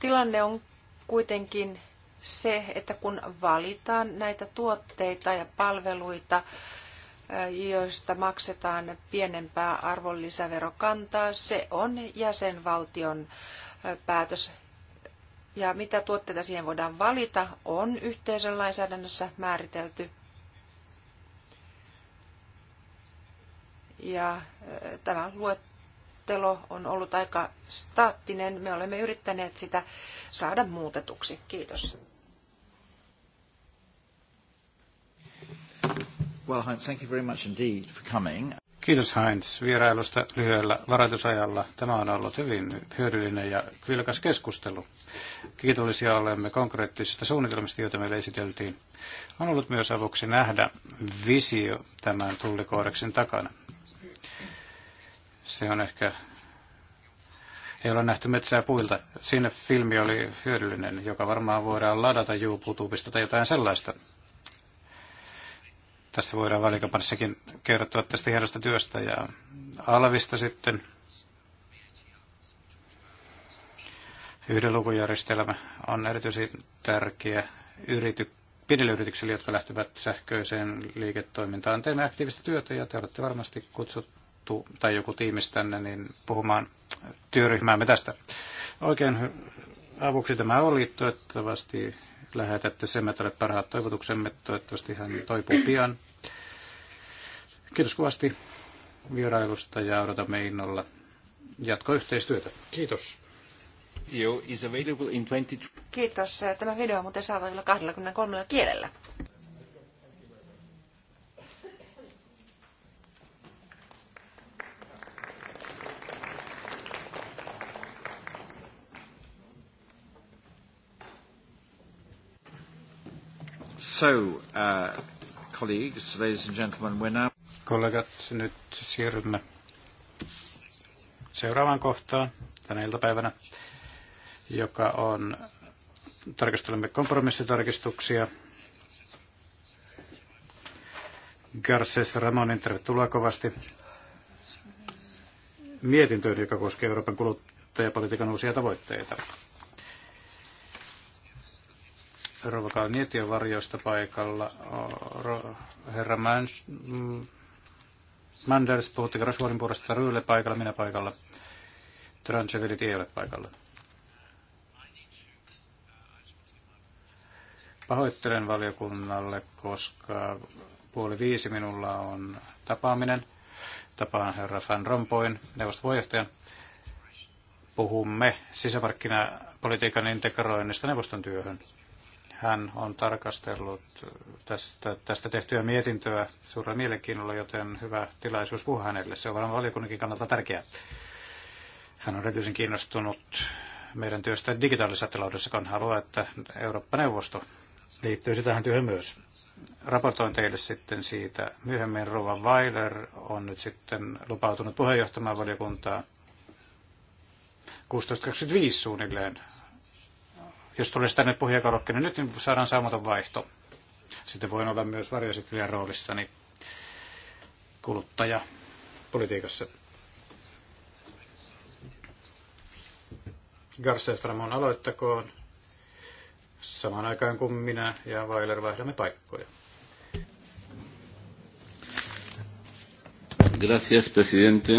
tilanne on kuitenkin se, että kun valitaan näitä tuotteita ja palveluita, joista maksetaan pienempää arvonlisäverokantaa, se on jäsenvaltion päätös. Ja mitä tuotteita siihen voidaan valita, on yhteisön lainsäädännössä määritelty. Ja tämä luettelo on ollut aika staattinen. Me olemme yrittäneet sitä saada muutetuksi. Kiitos. Well, Heinz, thank you very much indeed for coming. Kiitos Heinz vierailusta lyhyellä varoitusajalla. Tämä on ollut hyvin hyödyllinen ja vilkas keskustelu. Kiitollisia olemme konkreettisista suunnitelmista, joita meille esiteltiin. On ollut myös avuksi nähdä visio tämän tullikoodeksen takana. Se on ehkä, ei ole nähty metsää puilta. Siinä filmi oli hyödyllinen, joka varmaan voidaan ladata YouTubesta tai jotain sellaista. Tässä voidaan valikapanissakin kertoa tästä hienosta työstä ja Alvista sitten. Yhden lukujärjestelmä on erityisen tärkeä yrity, pienille yrityksille, jotka lähtevät sähköiseen liiketoimintaan. Teemme aktiivista työtä ja te olette varmasti kutsuttu tai joku tiimistänne niin puhumaan työryhmäämme tästä. Oikein avuksi tämä oli. Toivottavasti lähetätte Semetalle parhaat toivotuksemme. Toivottavasti hän toipuu pian. Kiitos kovasti vierailusta ja odotamme innolla jatkoyhteistyötä. Kiitos. Is available in 20... Kiitos. Tämä video on muuten saatavilla 23 kielellä. So, uh, colleagues, ladies and gentlemen, we're now... Kollegat, nyt siirrymme seuraavaan kohtaan tänä iltapäivänä, joka on, tarkastelemme kompromissitarkistuksia. Garces Ramonin, tervetuloa kovasti mietintöön, joka koskee Euroopan kuluttajapolitiikan uusia tavoitteita. Rouva Kalnieti on varjoista paikalla. Herra Mans, Manders, puhutti Roswellin puolesta Ryylle paikalla, minä paikalla. Tranchevelit ei ole paikalla. Pahoittelen valiokunnalle, koska puoli viisi minulla on tapaaminen. Tapaan herra Van Rompoin, neuvostopuheenjohtajan. Puhumme sisämarkkinapolitiikan integroinnista neuvoston työhön. Hän on tarkastellut tästä, tästä tehtyä mietintöä suurella mielenkiinnolla, joten hyvä tilaisuus puhua hänelle. Se on varmaan valiokunnankin kannalta tärkeää. Hän on erityisen kiinnostunut meidän työstä digitaalisessa taloudessa, kun haluaa, että Eurooppa-neuvosto liittyy tähän työhön myös. Raportoin teille sitten siitä. Myöhemmin Rova Weiler on nyt sitten lupautunut puheenjohtamaan valiokuntaa 16.25 suunnilleen jos tulisi tänne niin nyt, niin saadaan saamaton vaihto. Sitten voin olla myös varjoesittelijän roolissani kuluttaja politiikassa. Garcestramon aloittakoon samaan aikaan kuin minä ja Weiler vaihdamme paikkoja. Gracias, presidente.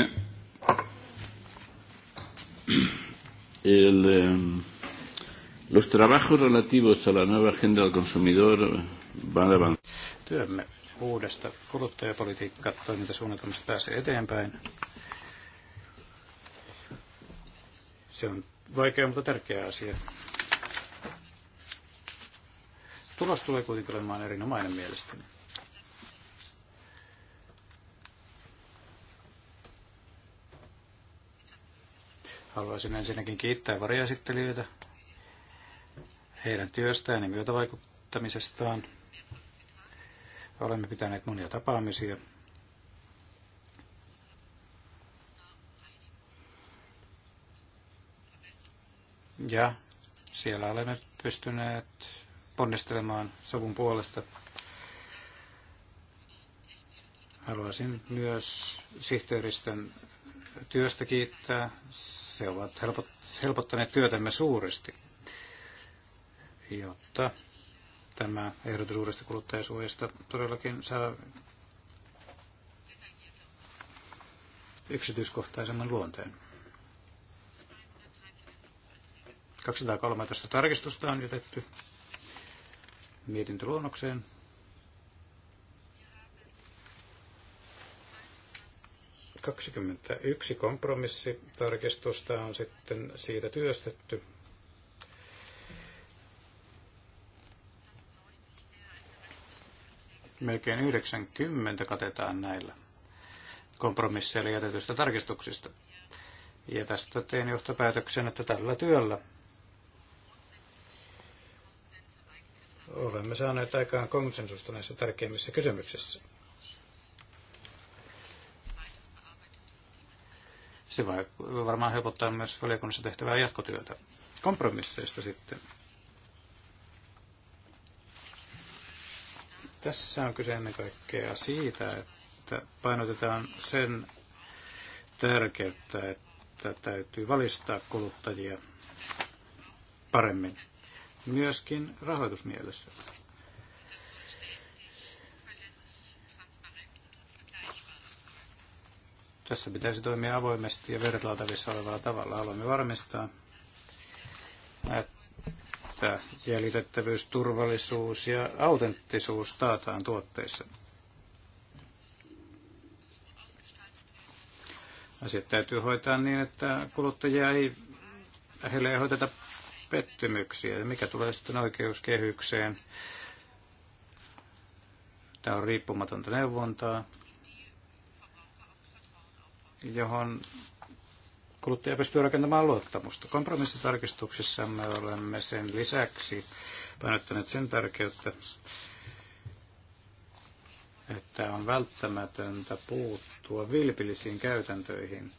El, eh... Los trabajos relativos a la nueva agenda del consumidor van avanzando. Työmme uudesta kuluttajapolitiikka toimintasuunnitelmasta pääsee eteenpäin. Se on vaikea, mutta tärkeä asia. Tulos tulee kuitenkin olemaan erinomainen mielestäni. Haluaisin ensinnäkin kiittää varjaesittelijöitä heidän työstään ja myötävaikuttamisestaan. Olemme pitäneet monia tapaamisia. Ja siellä olemme pystyneet ponnistelemaan sovun puolesta. Haluaisin myös sihteeristön työstä kiittää. Se ovat helpottaneet työtämme suuresti jotta tämä ehdotus uudesta kuluttajasuojasta todellakin saa yksityiskohtaisemman luonteen. 213 tarkistusta on jätetty mietintöluonnokseen. Kaksikymmentäyksi kompromissitarkistusta on sitten siitä työstetty. melkein 90 katetaan näillä kompromisseilla jätetyistä tarkistuksista. Ja tästä tein johtopäätöksen, että tällä työllä olemme saaneet aikaan konsensusta näissä tärkeimmissä kysymyksissä. Se varmaan helpottaa myös valiokunnassa tehtävää jatkotyötä. Kompromisseista sitten. Tässä on kyse ennen kaikkea siitä, että painotetaan sen tärkeyttä, että täytyy valistaa kuluttajia paremmin, myöskin rahoitusmielessä. Tässä pitäisi toimia avoimesti ja vertailtavissa olevalla tavalla. Haluamme varmistaa, että että jäljitettävyys, turvallisuus ja autenttisuus taataan tuotteissa. Asiat täytyy hoitaa niin, että kuluttajia ei, heille ei hoiteta pettymyksiä. Mikä tulee sitten oikeuskehykseen? Tämä on riippumatonta neuvontaa, johon kuluttaja pystyy rakentamaan luottamusta. me olemme sen lisäksi painottaneet sen tärkeyttä, että on välttämätöntä puuttua vilpillisiin käytäntöihin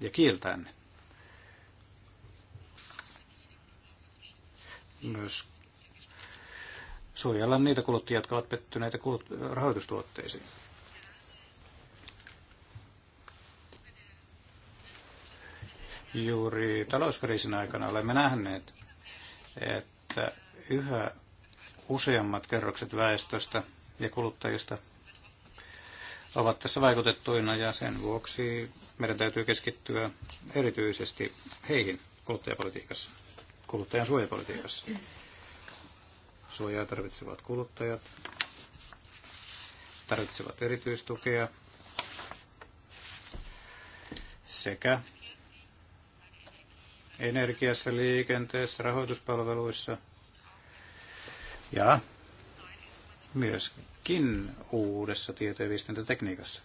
ja kieltää ne. Myös suojella niitä kuluttajia, jotka ovat pettyneitä rahoitustuotteisiin. Juuri talouskriisin aikana olemme nähneet, että yhä useammat kerrokset väestöstä ja kuluttajista ovat tässä vaikutettuina ja sen vuoksi meidän täytyy keskittyä erityisesti heihin kuluttajapolitiikassa, kuluttajan suojapolitiikassa. Suojaa tarvitsevat kuluttajat, tarvitsevat erityistukea sekä energiassa, liikenteessä, rahoituspalveluissa ja myöskin uudessa tieto- ja viestintätekniikassa.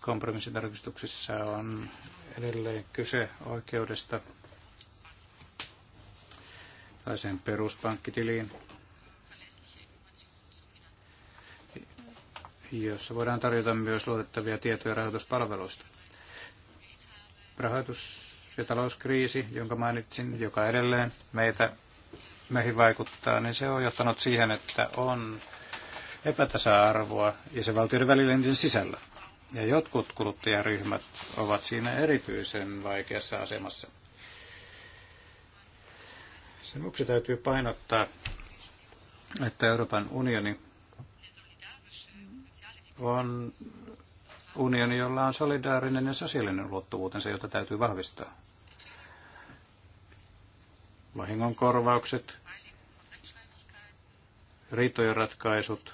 Kompromissitarkistuksissa on edelleen kyse oikeudesta tällaiseen peruspankkitiliin, jossa voidaan tarjota myös luotettavia tietoja rahoituspalveluista. Rahoitus- ja talouskriisi, jonka mainitsin, joka edelleen meitä, meihin vaikuttaa, niin se on johtanut siihen, että on epätasa-arvoa jäsenvaltioiden välillä niiden sisällä. Ja jotkut kuluttajaryhmät ovat siinä erityisen vaikeassa asemassa. Sen vuoksi täytyy painottaa, että Euroopan unioni on unioni, jolla on solidaarinen ja sosiaalinen ulottuvuutensa, jota täytyy vahvistaa. Vahingon korvaukset, riitojen ratkaisut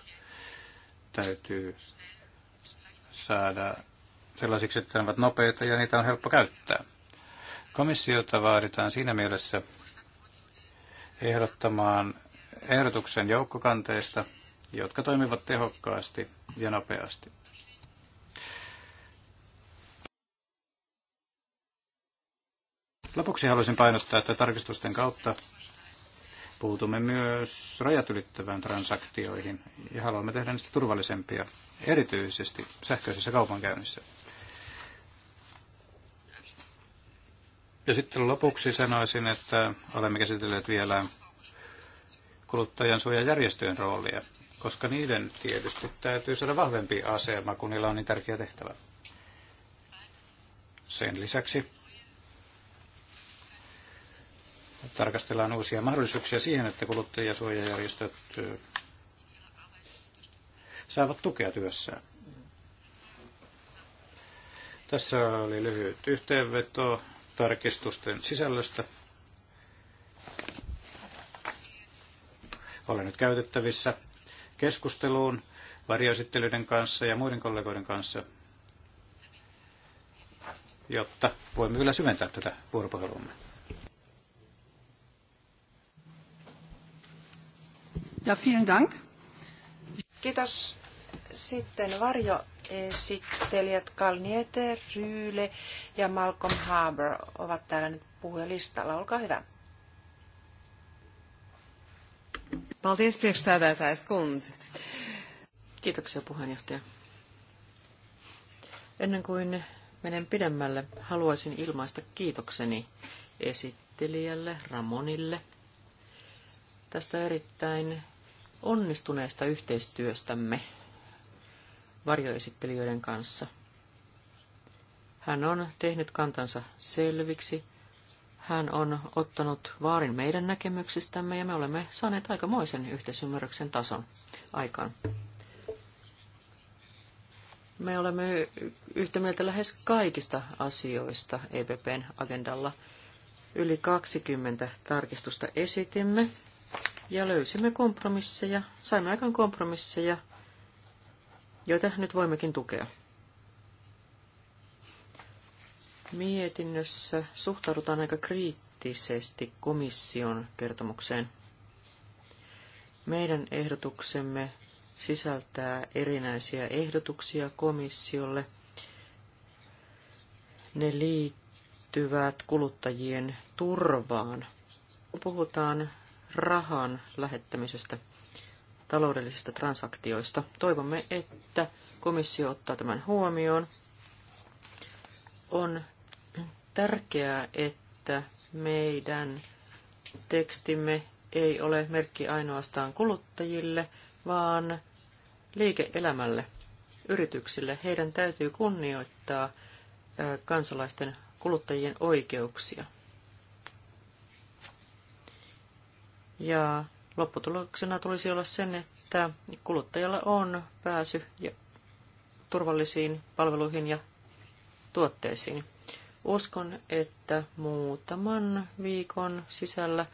täytyy saada sellaisiksi, että ne ovat nopeita ja niitä on helppo käyttää. Komissiota vaaditaan siinä mielessä ehdottamaan ehdotuksen joukkokanteista – jotka toimivat tehokkaasti ja nopeasti. Lopuksi haluaisin painottaa, että tarkistusten kautta puutumme myös rajat ylittävään transaktioihin ja haluamme tehdä niistä turvallisempia, erityisesti sähköisessä kaupankäynnissä. Ja sitten lopuksi sanoisin, että olemme käsitelleet vielä kuluttajansuojajärjestöjen roolia koska niiden tietysti täytyy saada vahvempi asema, kun niillä on niin tärkeä tehtävä. Sen lisäksi tarkastellaan uusia mahdollisuuksia siihen, että kuluttajasuojajärjestöt äh, saavat tukea työssään. Tässä oli lyhyt yhteenveto tarkistusten sisällöstä. Olen nyt käytettävissä keskusteluun varjoesittelyiden kanssa ja muiden kollegoiden kanssa, jotta voimme kyllä syventää tätä vuoropuheluamme. Ja vielen dank. Kiitos. Sitten varjoesittelijät Kalnieter, Ryyle ja Malcolm Harbour ovat täällä nyt puhujalistalla. Olkaa hyvä. Paldies, priekšsēdētājs kundze. Kiitoksia, puheenjohtaja. Ennen kuin menen pidemmälle, haluaisin ilmaista kiitokseni esittelijälle Ramonille tästä erittäin onnistuneesta yhteistyöstämme varjoesittelijöiden kanssa. Hän on tehnyt kantansa selviksi hän on ottanut vaarin meidän näkemyksistämme ja me olemme saaneet aikamoisen yhteisymmärryksen tason aikaan. Me olemme yhtä mieltä lähes kaikista asioista EPPn agendalla. Yli 20 tarkistusta esitimme ja löysimme kompromisseja, saimme aikaan kompromisseja, joita nyt voimmekin tukea. Mietinnössä suhtaudutaan aika kriittisesti komission kertomukseen. Meidän ehdotuksemme sisältää erinäisiä ehdotuksia komissiolle. Ne liittyvät kuluttajien turvaan. Puhutaan rahan lähettämisestä taloudellisista transaktioista. Toivomme, että komissio ottaa tämän huomioon. On tärkeää, että meidän tekstimme ei ole merkki ainoastaan kuluttajille, vaan liike-elämälle, yrityksille. Heidän täytyy kunnioittaa kansalaisten kuluttajien oikeuksia. Ja lopputuloksena tulisi olla sen, että kuluttajalla on pääsy ja turvallisiin palveluihin ja tuotteisiin. Uskon, että muutaman viikon sisällä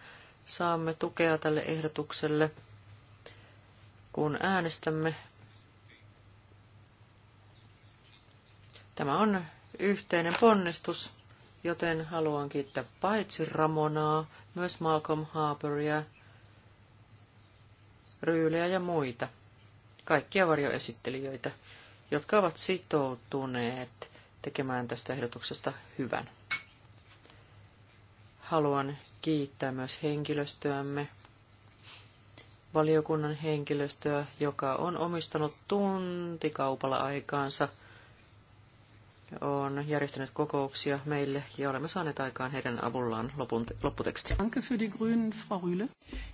saamme tukea tälle ehdotukselle, kun äänestämme. Tämä on yhteinen ponnistus, joten haluan kiittää paitsi Ramonaa, myös Malcolm Harperia, Ryyliä ja muita, kaikkia varjoesittelijöitä, jotka ovat sitoutuneet tekemään tästä ehdotuksesta hyvän. Haluan kiittää myös henkilöstöämme, valiokunnan henkilöstöä, joka on omistanut tuntikaupalla aikaansa, on järjestänyt kokouksia meille ja olemme saaneet aikaan heidän avullaan lopun, lopputeksti. Danke für die grünen, Frau Rühle.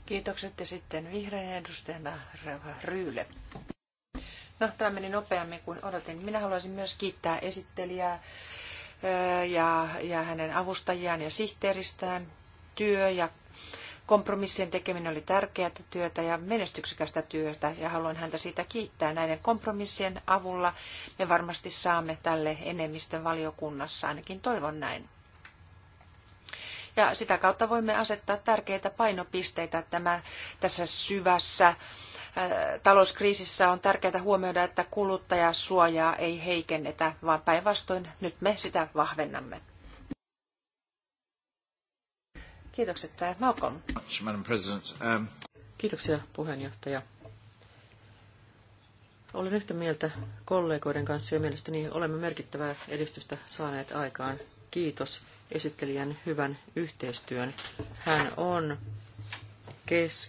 Kiitokset ja sitten vihreän edustajana Rava No, tämä meni nopeammin kuin odotin. Minä haluaisin myös kiittää esittelijää ja, ja hänen avustajiaan ja sihteeristään. Työ ja kompromissien tekeminen oli tärkeää työtä ja menestyksekästä työtä ja haluan häntä siitä kiittää. Näiden kompromissien avulla me varmasti saamme tälle enemmistön valiokunnassa, ainakin toivon näin. Ja sitä kautta voimme asettaa tärkeitä painopisteitä tämä, tässä syvässä talouskriisissä on tärkeää huomioida, että kuluttajasuojaa ei heikennetä, vaan päinvastoin nyt me sitä vahvennamme. Kiitokset, äh, Malcolm. Um, Kiitoksia, puheenjohtaja. Olen yhtä mieltä kollegoiden kanssa ja mielestäni olemme merkittävää edistystä saaneet aikaan. Kiitos esittelijän hyvän yhteistyön. Hän on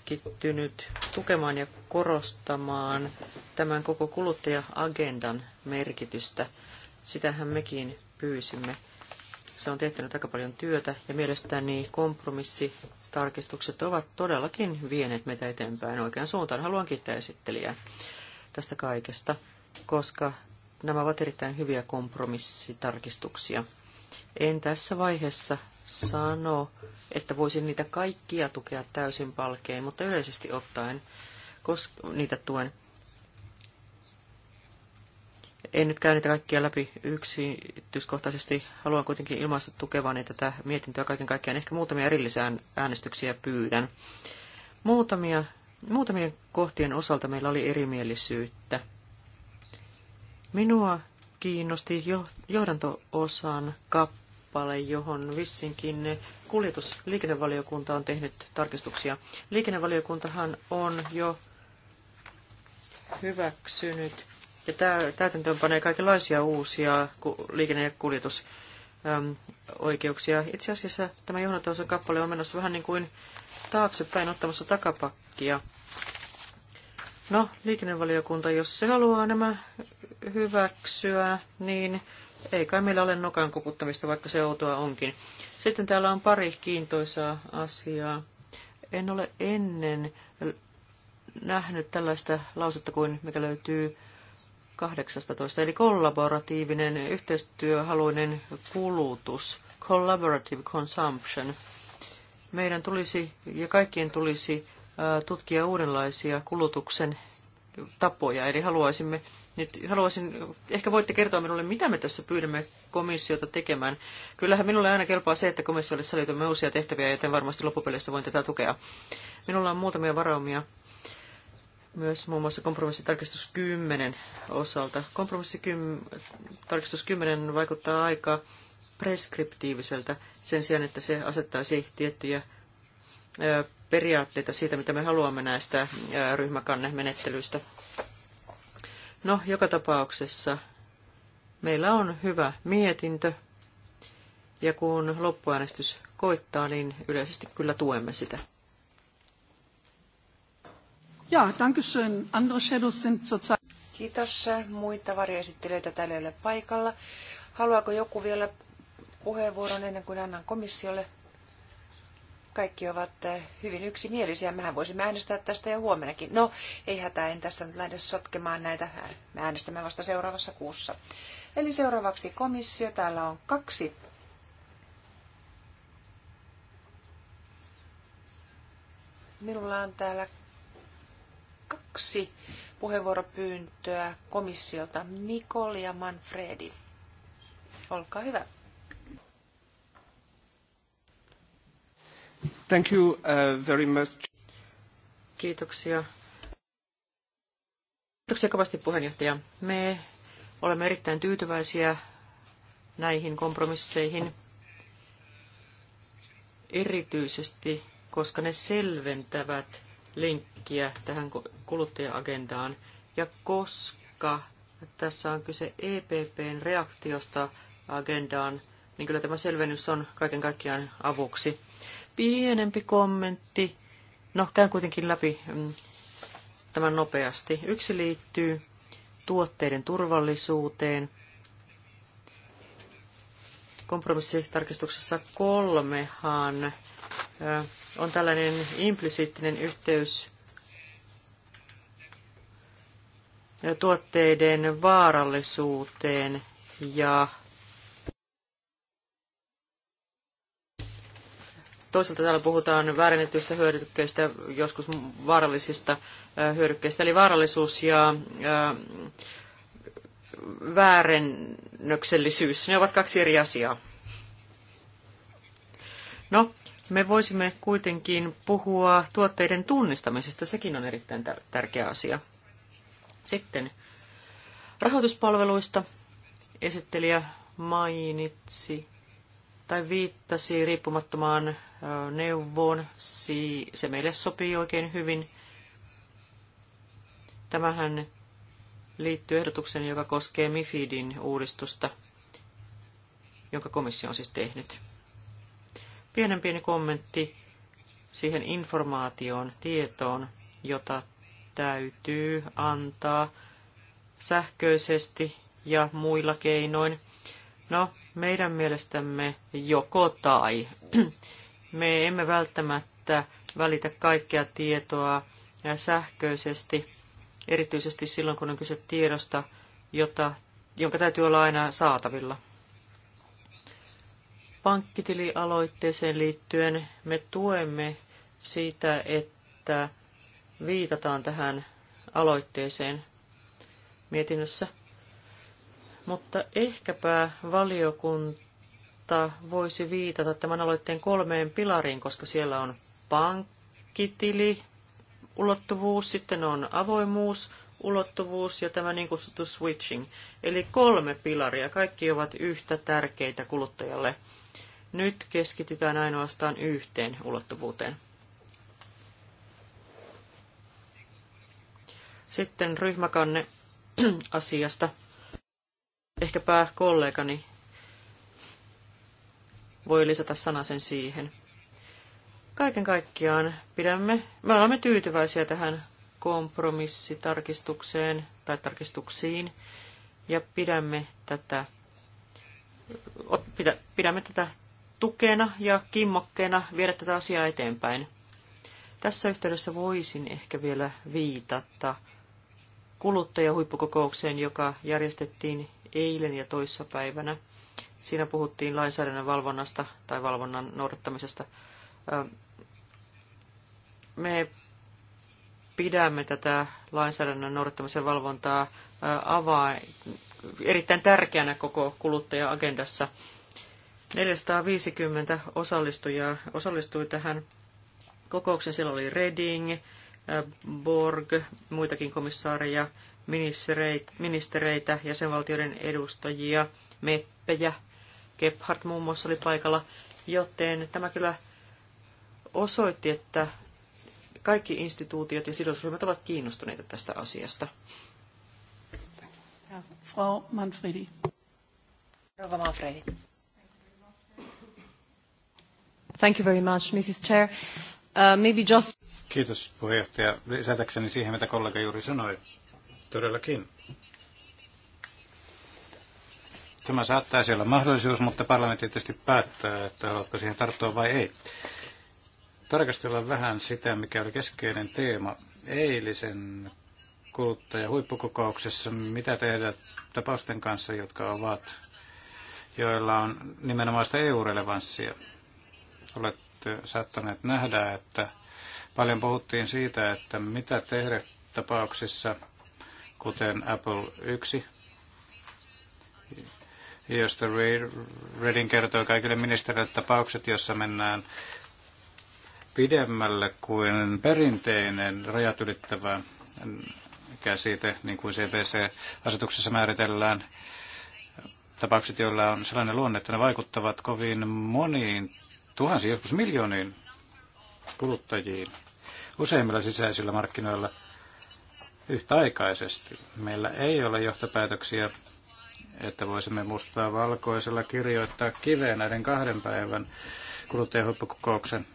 keskittynyt tukemaan ja korostamaan tämän koko kuluttaja-agendan merkitystä. Sitähän mekin pyysimme. Se on tehtänyt aika paljon työtä ja mielestäni kompromissitarkistukset ovat todellakin vieneet meitä eteenpäin oikean suuntaan. Haluan kiittää esittelijää tästä kaikesta, koska nämä ovat erittäin hyviä kompromissitarkistuksia. En tässä vaiheessa sano, että voisin niitä kaikkia tukea täysin palkein, mutta yleisesti ottaen koska niitä tuen. En nyt käy niitä kaikkia läpi yksityiskohtaisesti. Haluan kuitenkin ilmaista tukevani tätä mietintöä kaiken kaikkiaan. Ehkä muutamia erillisiä äänestyksiä pyydän. Muutamia, muutamien kohtien osalta meillä oli erimielisyyttä. Minua kiinnosti johdanto-osan kappale kappale, johon vissinkin kuljetus- liikennevaliokunta on tehnyt tarkistuksia. Liikennevaliokuntahan on jo hyväksynyt ja täytäntöön panee kaikenlaisia uusia liikenne- ja kuljetusoikeuksia. Itse asiassa tämä johdantaosan kappale on menossa vähän niin kuin taaksepäin ottamassa takapakkia. No, liikennevaliokunta, jos se haluaa nämä hyväksyä, niin ei kai meillä ole nokan koputtamista, vaikka se outoa onkin. Sitten täällä on pari kiintoisaa asiaa. En ole ennen nähnyt tällaista lausetta kuin mikä löytyy 18, eli kollaboratiivinen, yhteistyöhaluinen kulutus, collaborative consumption. Meidän tulisi ja kaikkien tulisi tutkia uudenlaisia kulutuksen tapoja. Eli haluaisimme nyt haluaisin, ehkä voitte kertoa minulle, mitä me tässä pyydämme komissiota tekemään. Kyllähän minulle aina kelpaa se, että komissiolle sälytämme uusia tehtäviä, joten varmasti loppupeleissä voin tätä tukea. Minulla on muutamia varaumia myös muun muassa kompromissitarkistus 10 osalta. Kompromissitarkistus 10 vaikuttaa aika preskriptiiviseltä sen sijaan, että se asettaisi tiettyjä periaatteita siitä, mitä me haluamme näistä äh, ryhmäkannemenettelyistä. No, joka tapauksessa meillä on hyvä mietintö, ja kun loppuäänestys koittaa, niin yleisesti kyllä tuemme sitä. Ja, dankeschön. Andere Shadows sind zurzeit... Kiitos. Muita varjoesittelijöitä täällä ei ole paikalla. Haluaako joku vielä puheenvuoron ennen kuin annan komissiolle kaikki ovat eh, hyvin yksimielisiä. Mehän voisimme äänestää tästä jo huomenakin. No, ei hätää, en tässä nyt lähde sotkemaan näitä. Me äänestämme vasta seuraavassa kuussa. Eli seuraavaksi komissio. Täällä on kaksi. Minulla on täällä kaksi puheenvuoropyyntöä komissiota, Nicole ja Manfredi. Olkaa hyvä. Thank you uh, very much. Kiitoksia. Kiitoksia kovasti puheenjohtaja. Me olemme erittäin tyytyväisiä näihin kompromisseihin, erityisesti koska ne selventävät linkkiä tähän kuluttaja-agendaan ja koska tässä on kyse EPPn reaktiosta agendaan, niin kyllä tämä selvennys on kaiken kaikkiaan avuksi. Pienempi kommentti. No, käyn kuitenkin läpi mm, tämän nopeasti. Yksi liittyy tuotteiden turvallisuuteen. Kompromissitarkistuksessa kolmehan on tällainen implisiittinen yhteys tuotteiden vaarallisuuteen ja Toisaalta täällä puhutaan väärennetyistä hyödykkeistä, joskus vaarallisista hyödykkeistä. Eli vaarallisuus ja väärennöksellisyys, ne ovat kaksi eri asiaa. No, me voisimme kuitenkin puhua tuotteiden tunnistamisesta, sekin on erittäin tärkeä asia. Sitten rahoituspalveluista esittelijä mainitsi tai viittasi riippumattomaan neuvoon. Se meille sopii oikein hyvin. Tämähän liittyy ehdotuksen, joka koskee MIFIDin uudistusta, jonka komissio on siis tehnyt. Pienen pieni kommentti siihen informaatioon, tietoon, jota täytyy antaa sähköisesti ja muilla keinoin. No, meidän mielestämme joko tai. Me emme välttämättä välitä kaikkea tietoa sähköisesti, erityisesti silloin, kun on kyse tiedosta, jota, jonka täytyy olla aina saatavilla. Pankkitilialoitteeseen liittyen me tuemme siitä, että viitataan tähän aloitteeseen mietinnössä. Mutta ehkäpä valiokunta kautta voisi viitata tämän aloitteen kolmeen pilariin, koska siellä on pankkitili, ulottuvuus, sitten on avoimuus, ulottuvuus ja tämä niin kutsuttu switching. Eli kolme pilaria, kaikki ovat yhtä tärkeitä kuluttajalle. Nyt keskitytään ainoastaan yhteen ulottuvuuteen. Sitten ryhmäkanne asiasta. Ehkäpä kollegani voi lisätä sanasen siihen. Kaiken kaikkiaan pidämme, me olemme tyytyväisiä tähän kompromissitarkistukseen tai tarkistuksiin ja pidämme tätä, pidämme tätä tukena ja kimmokkeena viedä tätä asiaa eteenpäin. Tässä yhteydessä voisin ehkä vielä viitata kuluttajahuippukokoukseen, joka järjestettiin eilen ja toissapäivänä. Siinä puhuttiin lainsäädännön valvonnasta tai valvonnan noudattamisesta. Me pidämme tätä lainsäädännön noudattamisen valvontaa avaa erittäin tärkeänä koko kuluttaja-agendassa. 450 osallistujaa osallistui tähän kokoukseen. Siellä oli Reding, Borg, muitakin komissaareja, ministereitä, jäsenvaltioiden edustajia, meppejä. Gebhardt muun muassa oli paikalla, joten tämä kyllä osoitti, että kaikki instituutiot ja sidosryhmät ovat kiinnostuneita tästä asiasta. Frau Manfredi. Rova Manfredi. Thank you very much, Mrs. Chair. Uh, maybe just... Kiitos puheenjohtaja. Lisätäkseni siihen, mitä kollega juuri sanoi Todellakin. Tämä saattaisi olla mahdollisuus, mutta parlamentti tietysti päättää, että haluatko siihen tarttua vai ei. Tarkastellaan vähän sitä, mikä oli keskeinen teema eilisen kuluttajahuippukokouksessa. Mitä tehdä tapausten kanssa, jotka ovat, joilla on nimenomaista EU-relevanssia? Olette saattaneet nähdä, että paljon puhuttiin siitä, että mitä tehdä tapauksissa – kuten Apple 1, josta Redding kertoi kaikille ministerille tapaukset, jossa mennään pidemmälle kuin perinteinen rajat ylittävä käsite, niin kuin CPC-asetuksessa määritellään tapaukset, joilla on sellainen luonne, että ne vaikuttavat kovin moniin, tuhansiin, joskus miljooniin kuluttajiin useimmilla sisäisillä markkinoilla – yhtäaikaisesti. Meillä ei ole johtopäätöksiä, että voisimme mustaa valkoisella kirjoittaa kiveen näiden kahden päivän kuluttajahuippukokouksen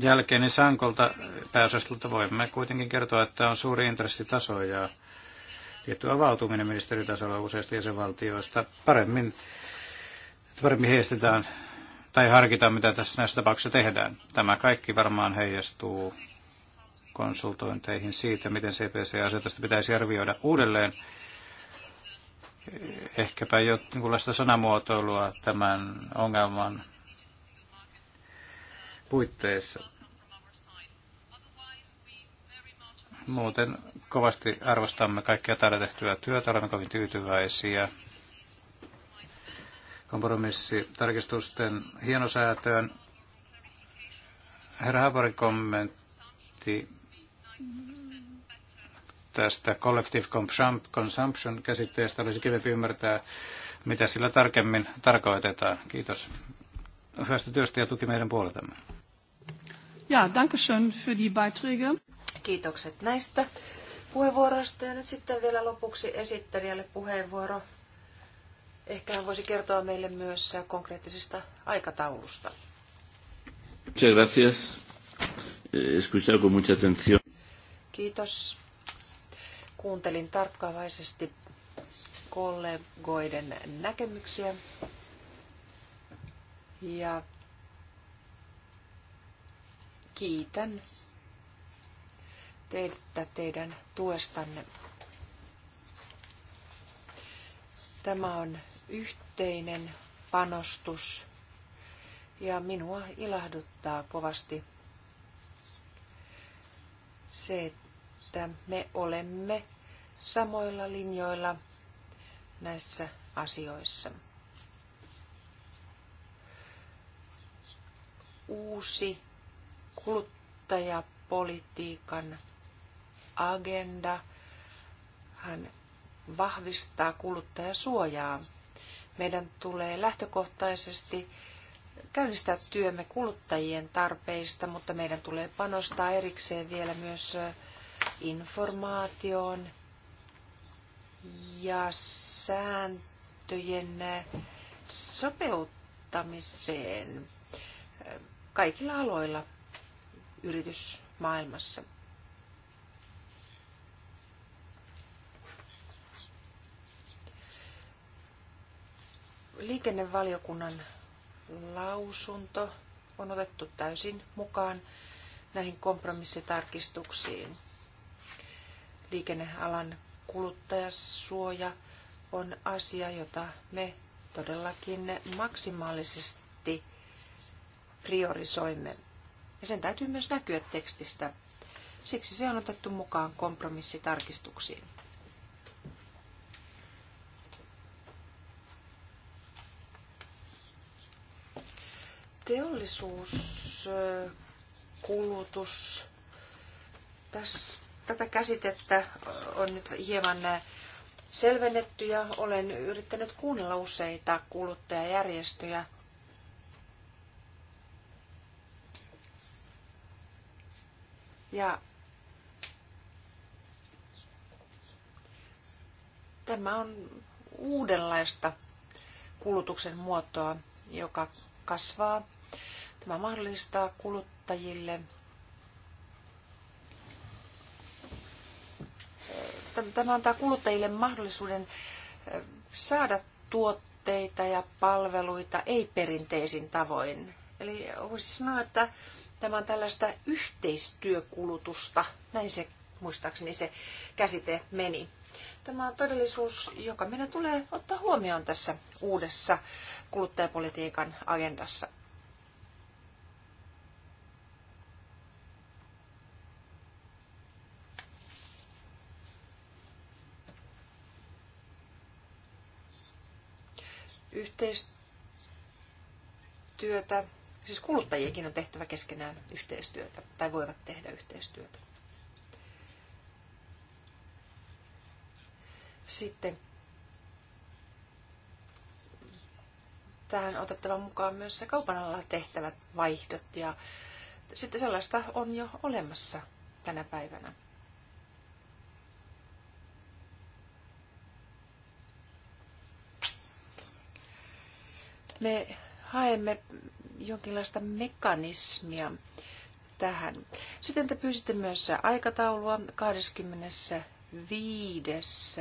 jälkeen, niin Sankolta pääosastolta voimme kuitenkin kertoa, että on suuri intressitaso ja tietty avautuminen ministeritasolla useista jäsenvaltioista paremmin, paremmin heistetään tai harkitaan, mitä tässä näissä tapauksissa tehdään. Tämä kaikki varmaan heijastuu konsultointeihin siitä, miten CPC-asetusta pitäisi arvioida uudelleen. Ehkäpä jonkinlaista sanamuotoilua tämän ongelman puitteissa. Muuten kovasti arvostamme kaikkia täällä tehtyä työtä, olemme kovin tyytyväisiä kompromissitarkistusten hienosäätöön. Herra Haaparin kommentti tästä collective consumption käsitteestä olisi kivempi ymmärtää, mitä sillä tarkemmin tarkoitetaan. Kiitos hyvästä työstä ja tuki meidän puoletamme. Ja, danke schön für die Beiträge. Kiitokset näistä puheenvuoroista. Ja nyt sitten vielä lopuksi esittelijälle puheenvuoro. Ehkä hän voisi kertoa meille myös konkreettisesta aikataulusta. Muchas gracias. Eh, he escuchado con mucha atención. Kiitos. Kuuntelin tarkkaavaisesti kollegoiden näkemyksiä. Ja kiitän teitä teidän tuestanne. Tämä on yhteinen panostus ja minua ilahduttaa kovasti se, että että me olemme samoilla linjoilla näissä asioissa. Uusi kuluttajapolitiikan agenda hän vahvistaa kuluttajasuojaa. Meidän tulee lähtökohtaisesti käynnistää työmme kuluttajien tarpeista, mutta meidän tulee panostaa erikseen vielä myös informaatioon ja sääntöjen sopeuttamiseen kaikilla aloilla yritysmaailmassa. Liikennevaliokunnan lausunto on otettu täysin mukaan näihin kompromissitarkistuksiin liikennealan kuluttajasuoja on asia, jota me todellakin maksimaalisesti priorisoimme. Ja sen täytyy myös näkyä tekstistä. Siksi se on otettu mukaan kompromissitarkistuksiin. teollisuuskulutus. Tässä tätä käsitettä on nyt hieman selvennetty ja olen yrittänyt kuunnella useita kuluttajajärjestöjä. Ja tämä on uudenlaista kulutuksen muotoa, joka kasvaa. Tämä mahdollistaa kuluttajille tämä antaa kuluttajille mahdollisuuden saada tuotteita ja palveluita ei-perinteisin tavoin. Eli voisi sanoa, että tämä on tällaista yhteistyökulutusta, näin se muistaakseni se käsite meni. Tämä on todellisuus, joka meidän tulee ottaa huomioon tässä uudessa kuluttajapolitiikan agendassa. yhteistyötä, siis kuluttajienkin on tehtävä keskenään yhteistyötä tai voivat tehdä yhteistyötä. Sitten tähän otettava mukaan myös se kaupan alalla tehtävät vaihdot ja sitten sellaista on jo olemassa tänä päivänä. Me haemme jonkinlaista mekanismia tähän. Sitten te pyysitte myös aikataulua 25.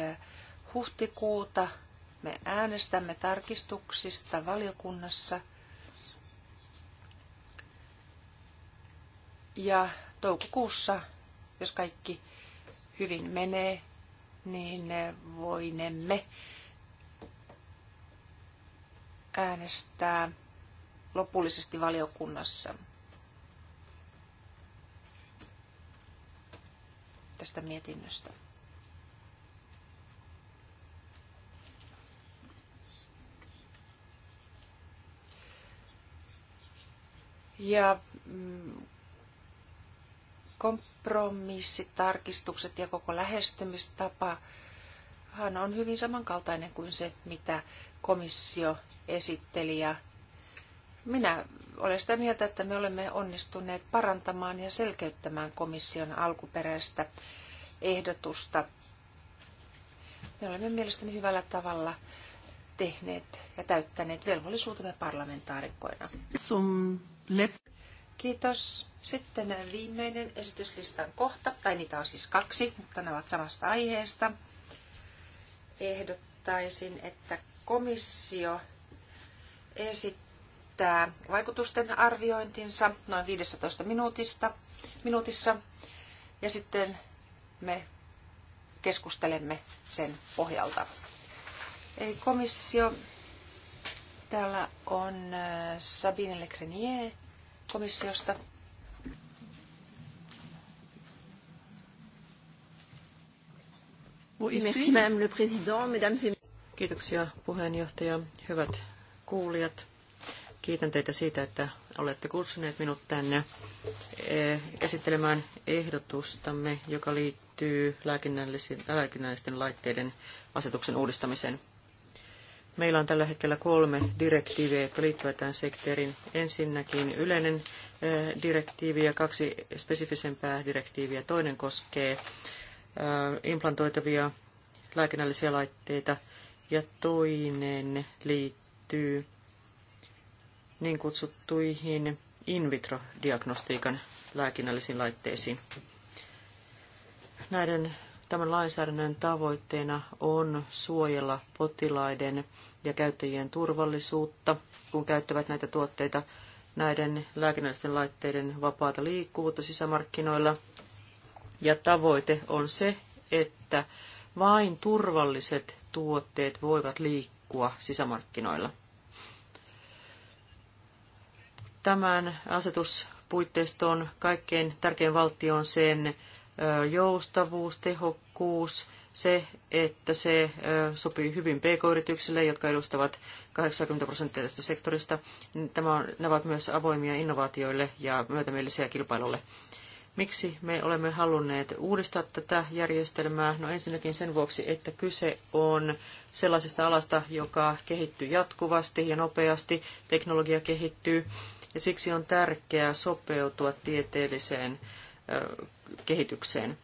huhtikuuta. Me äänestämme tarkistuksista valiokunnassa. Ja toukokuussa, jos kaikki hyvin menee, niin voinemme äänestää lopullisesti valiokunnassa tästä mietinnöstä. Ja mm, kompromissitarkistukset ja koko lähestymistapa on hyvin samankaltainen kuin se, mitä komissio esitteli ja minä olen sitä mieltä, että me olemme onnistuneet parantamaan ja selkeyttämään komission alkuperäistä ehdotusta. Me olemme mielestäni hyvällä tavalla tehneet ja täyttäneet velvollisuutemme parlamentaarikkoina. Kiitos. Sitten viimeinen esityslistan kohta, tai niitä on siis kaksi, mutta ne ovat samasta aiheesta. Ehdottaisin, että komissio esittää vaikutusten arviointinsa noin 15 minuutista, minuutissa ja sitten me keskustelemme sen pohjalta. Eli komissio, täällä on äh, Sabine Grenier komissiosta. Merci Madame le Président, Mesdames et Kiitoksia puheenjohtaja. Hyvät kuulijat, kiitän teitä siitä, että olette kutsuneet minut tänne esittelemään eh, ehdotustamme, joka liittyy lääkinnällisten laitteiden asetuksen uudistamiseen. Meillä on tällä hetkellä kolme direktiiviä, jotka liittyvät tämän sektorin. Ensinnäkin yleinen eh, direktiivi ja kaksi spesifisempää direktiiviä. Toinen koskee eh, implantoitavia lääkinnällisiä laitteita – ja toinen liittyy niin kutsuttuihin in vitro-diagnostiikan lääkinnällisiin laitteisiin. Näiden tämän lainsäädännön tavoitteena on suojella potilaiden ja käyttäjien turvallisuutta, kun käyttävät näitä tuotteita näiden lääkinnällisten laitteiden vapaata liikkuvuutta sisämarkkinoilla. Ja tavoite on se, että vain turvalliset tuotteet voivat liikkua sisämarkkinoilla. Tämän asetuspuitteiston kaikkein tärkein valtio on sen joustavuus, tehokkuus, se, että se sopii hyvin pk-yrityksille, jotka edustavat 80 prosenttia tästä sektorista. Tämä on, ne ovat myös avoimia innovaatioille ja myötämielisiä kilpailulle. Miksi me olemme halunneet uudistaa tätä järjestelmää? No ensinnäkin sen vuoksi, että kyse on sellaisesta alasta, joka kehittyy jatkuvasti ja nopeasti, teknologia kehittyy, ja siksi on tärkeää sopeutua tieteelliseen kehitykseen.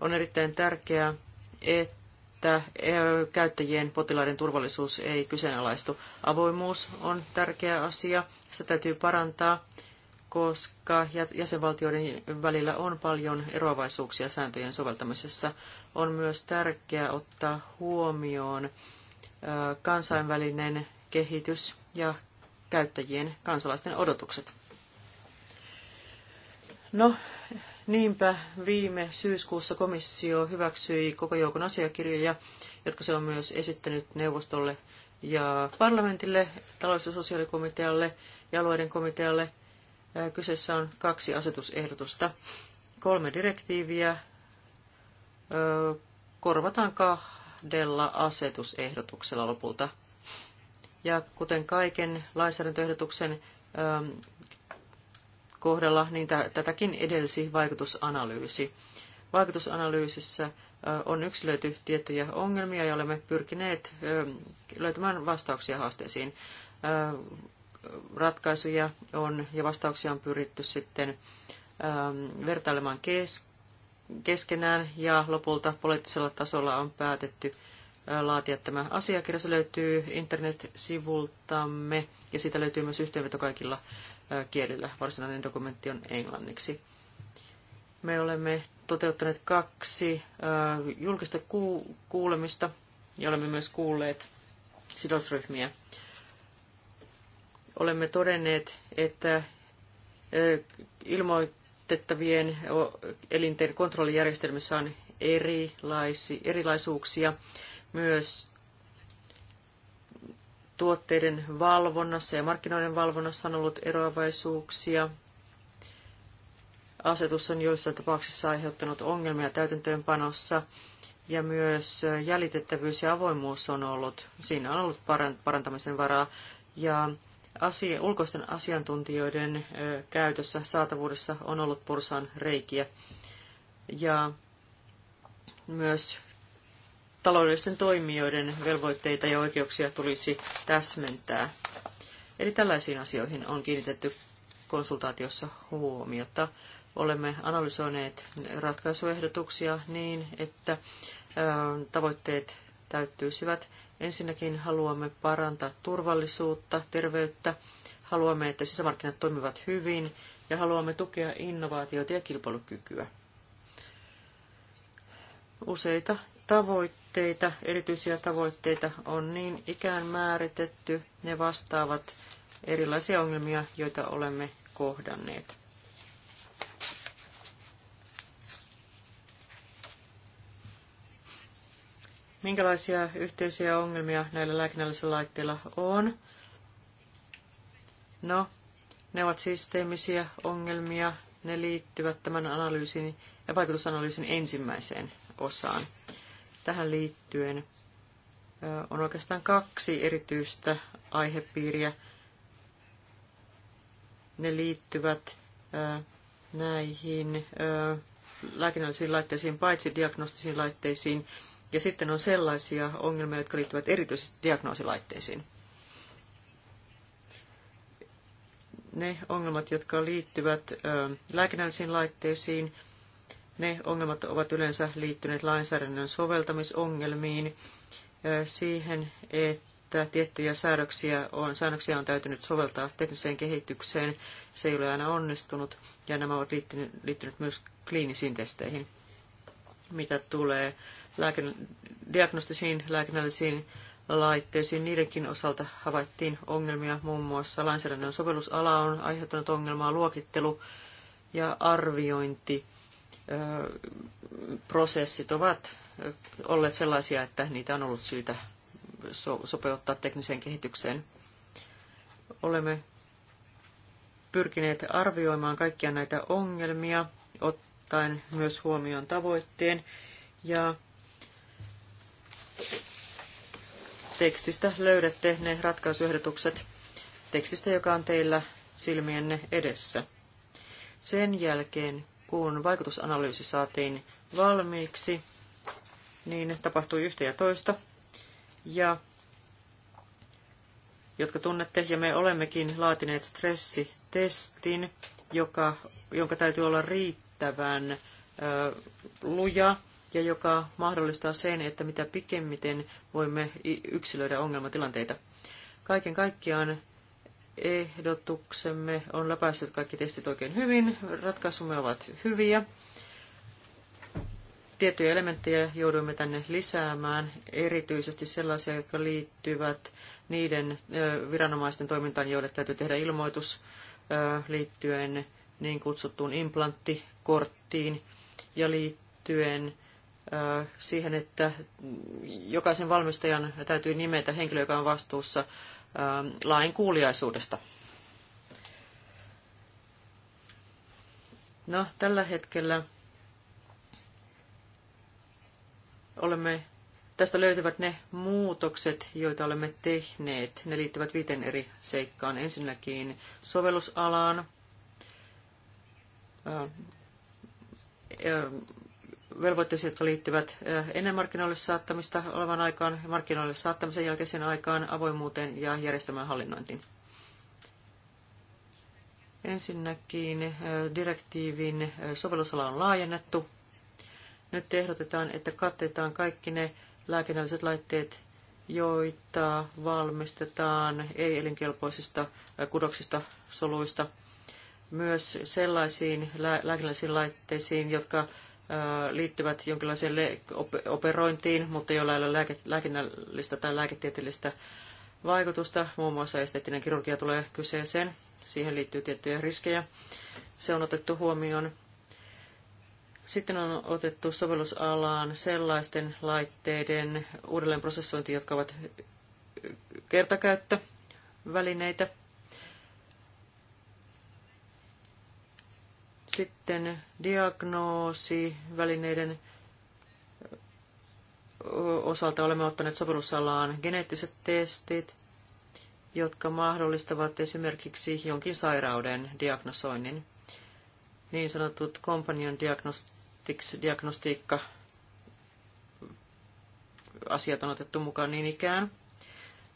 On erittäin tärkeää, että että eh, käyttäjien potilaiden turvallisuus ei kyseenalaistu. Avoimuus on tärkeä asia, sitä täytyy parantaa, koska jäsenvaltioiden välillä on paljon eroavaisuuksia sääntöjen soveltamisessa. On myös tärkeää ottaa huomioon eh, kansainvälinen kehitys ja käyttäjien kansalaisten odotukset. No, Niinpä viime syyskuussa komissio hyväksyi koko joukon asiakirjoja, jotka se on myös esittänyt neuvostolle ja parlamentille, talous- ja sosiaalikomitealle ja alueiden komitealle. Kyseessä on kaksi asetusehdotusta. Kolme direktiiviä korvataan kahdella asetusehdotuksella lopulta. Ja kuten kaiken lainsäädäntöehdotuksen kohdalla, niin tätäkin edelsi vaikutusanalyysi. Vaikutusanalyysissä on yksilöity tiettyjä ongelmia ja olemme pyrkineet löytämään vastauksia haasteisiin. Ratkaisuja on ja vastauksia on pyritty sitten vertailemaan keskenään ja lopulta poliittisella tasolla on päätetty laatia tämä asiakirja. Se löytyy internet-sivultamme ja siitä löytyy myös yhteenveto kaikilla kielillä. Varsinainen dokumentti on englanniksi. Me olemme toteuttaneet kaksi julkista kuulemista ja olemme myös kuulleet sidosryhmiä. Olemme todenneet, että ilmoitettavien elinten kontrollijärjestelmissä on erilaisuuksia. Myös tuotteiden valvonnassa ja markkinoiden valvonnassa on ollut eroavaisuuksia. Asetus on joissain tapauksissa aiheuttanut ongelmia täytäntöönpanossa ja myös jäljitettävyys ja avoimuus on ollut, siinä on ollut parantamisen varaa. Ja asia, ulkoisten asiantuntijoiden käytössä, saatavuudessa on ollut porsaan reikiä. Ja myös taloudellisten toimijoiden velvoitteita ja oikeuksia tulisi täsmentää. Eli tällaisiin asioihin on kiinnitetty konsultaatiossa huomiota. Olemme analysoineet ratkaisuehdotuksia niin, että tavoitteet täyttyisivät. Ensinnäkin haluamme parantaa turvallisuutta, terveyttä, haluamme, että sisämarkkinat toimivat hyvin ja haluamme tukea innovaatioita ja kilpailukykyä. Useita Tavoitteita, erityisiä tavoitteita on niin ikään määritetty. Ne vastaavat erilaisia ongelmia, joita olemme kohdanneet. Minkälaisia yhteisiä ongelmia näillä lääkinnällisillä laitteilla on? No, ne ovat systeemisiä ongelmia. Ne liittyvät tämän analyysin ja vaikutusanalyysin ensimmäiseen osaan tähän liittyen on oikeastaan kaksi erityistä aihepiiriä. Ne liittyvät näihin lääkinnällisiin laitteisiin, paitsi diagnostisiin laitteisiin, ja sitten on sellaisia ongelmia, jotka liittyvät erityisesti diagnoosilaitteisiin. Ne ongelmat, jotka liittyvät lääkinnällisiin laitteisiin, ne ongelmat ovat yleensä liittyneet lainsäädännön soveltamisongelmiin, siihen, että tiettyjä säädöksiä on, säännöksiä on täytynyt soveltaa tekniseen kehitykseen. Se ei ole aina onnistunut, ja nämä ovat liittyneet, liittyneet myös kliinisiin testeihin. Mitä tulee lääke, diagnostisiin lääkinnällisiin laitteisiin, niidenkin osalta havaittiin ongelmia. Muun muassa lainsäädännön sovellusala on aiheuttanut ongelmaa, luokittelu ja arviointi prosessit ovat olleet sellaisia, että niitä on ollut syytä sopeuttaa tekniseen kehitykseen. Olemme pyrkineet arvioimaan kaikkia näitä ongelmia, ottaen myös huomioon tavoitteen. Ja tekstistä löydätte ne ratkaisuehdotukset tekstistä, joka on teillä silmienne edessä. Sen jälkeen, kun vaikutusanalyysi saatiin valmiiksi, niin tapahtui yhtä ja toista. Ja jotka tunnette, ja me olemmekin laatineet stressitestin, joka, jonka täytyy olla riittävän ö, luja ja joka mahdollistaa sen, että mitä pikemmiten voimme yksilöidä ongelmatilanteita. Kaiken kaikkiaan ehdotuksemme on läpäissyt kaikki testit oikein hyvin, ratkaisumme ovat hyviä. Tiettyjä elementtejä jouduimme tänne lisäämään, erityisesti sellaisia, jotka liittyvät niiden viranomaisten toimintaan, joille täytyy tehdä ilmoitus liittyen niin kutsuttuun implanttikorttiin ja liittyen siihen, että jokaisen valmistajan täytyy nimetä henkilö, joka on vastuussa Ähm, lain kuuliaisuudesta. No, tällä hetkellä olemme, tästä löytyvät ne muutokset, joita olemme tehneet. Ne liittyvät viiteen eri seikkaan. Ensinnäkin sovellusalaan, äh, äh, velvoitteisiin, jotka liittyvät eh, ennen markkinoille saattamista olevan aikaan, markkinoille saattamisen jälkeisen aikaan, avoimuuteen ja järjestelmän hallinnointiin. Ensinnäkin eh, direktiivin eh, sovellusala on laajennettu. Nyt ehdotetaan, että kattetaan kaikki ne lääkinnälliset laitteet, joita valmistetaan ei-elinkelpoisista kudoksista, soluista, myös sellaisiin lääkinnällisiin laitteisiin, jotka liittyvät jonkinlaiseen operointiin, mutta joilla ei ole lääke- lääkinnällistä tai lääketieteellistä vaikutusta. Muun muassa esteettinen kirurgia tulee kyseeseen. Siihen liittyy tiettyjä riskejä. Se on otettu huomioon. Sitten on otettu sovellusalaan sellaisten laitteiden uudelleenprosessointi, jotka ovat kertakäyttövälineitä – Sitten diagnoosivälineiden osalta olemme ottaneet sovellusalaan geneettiset testit, jotka mahdollistavat esimerkiksi jonkin sairauden diagnosoinnin. Niin sanotut companion diagnostics, diagnostiikka asiat on otettu mukaan niin ikään.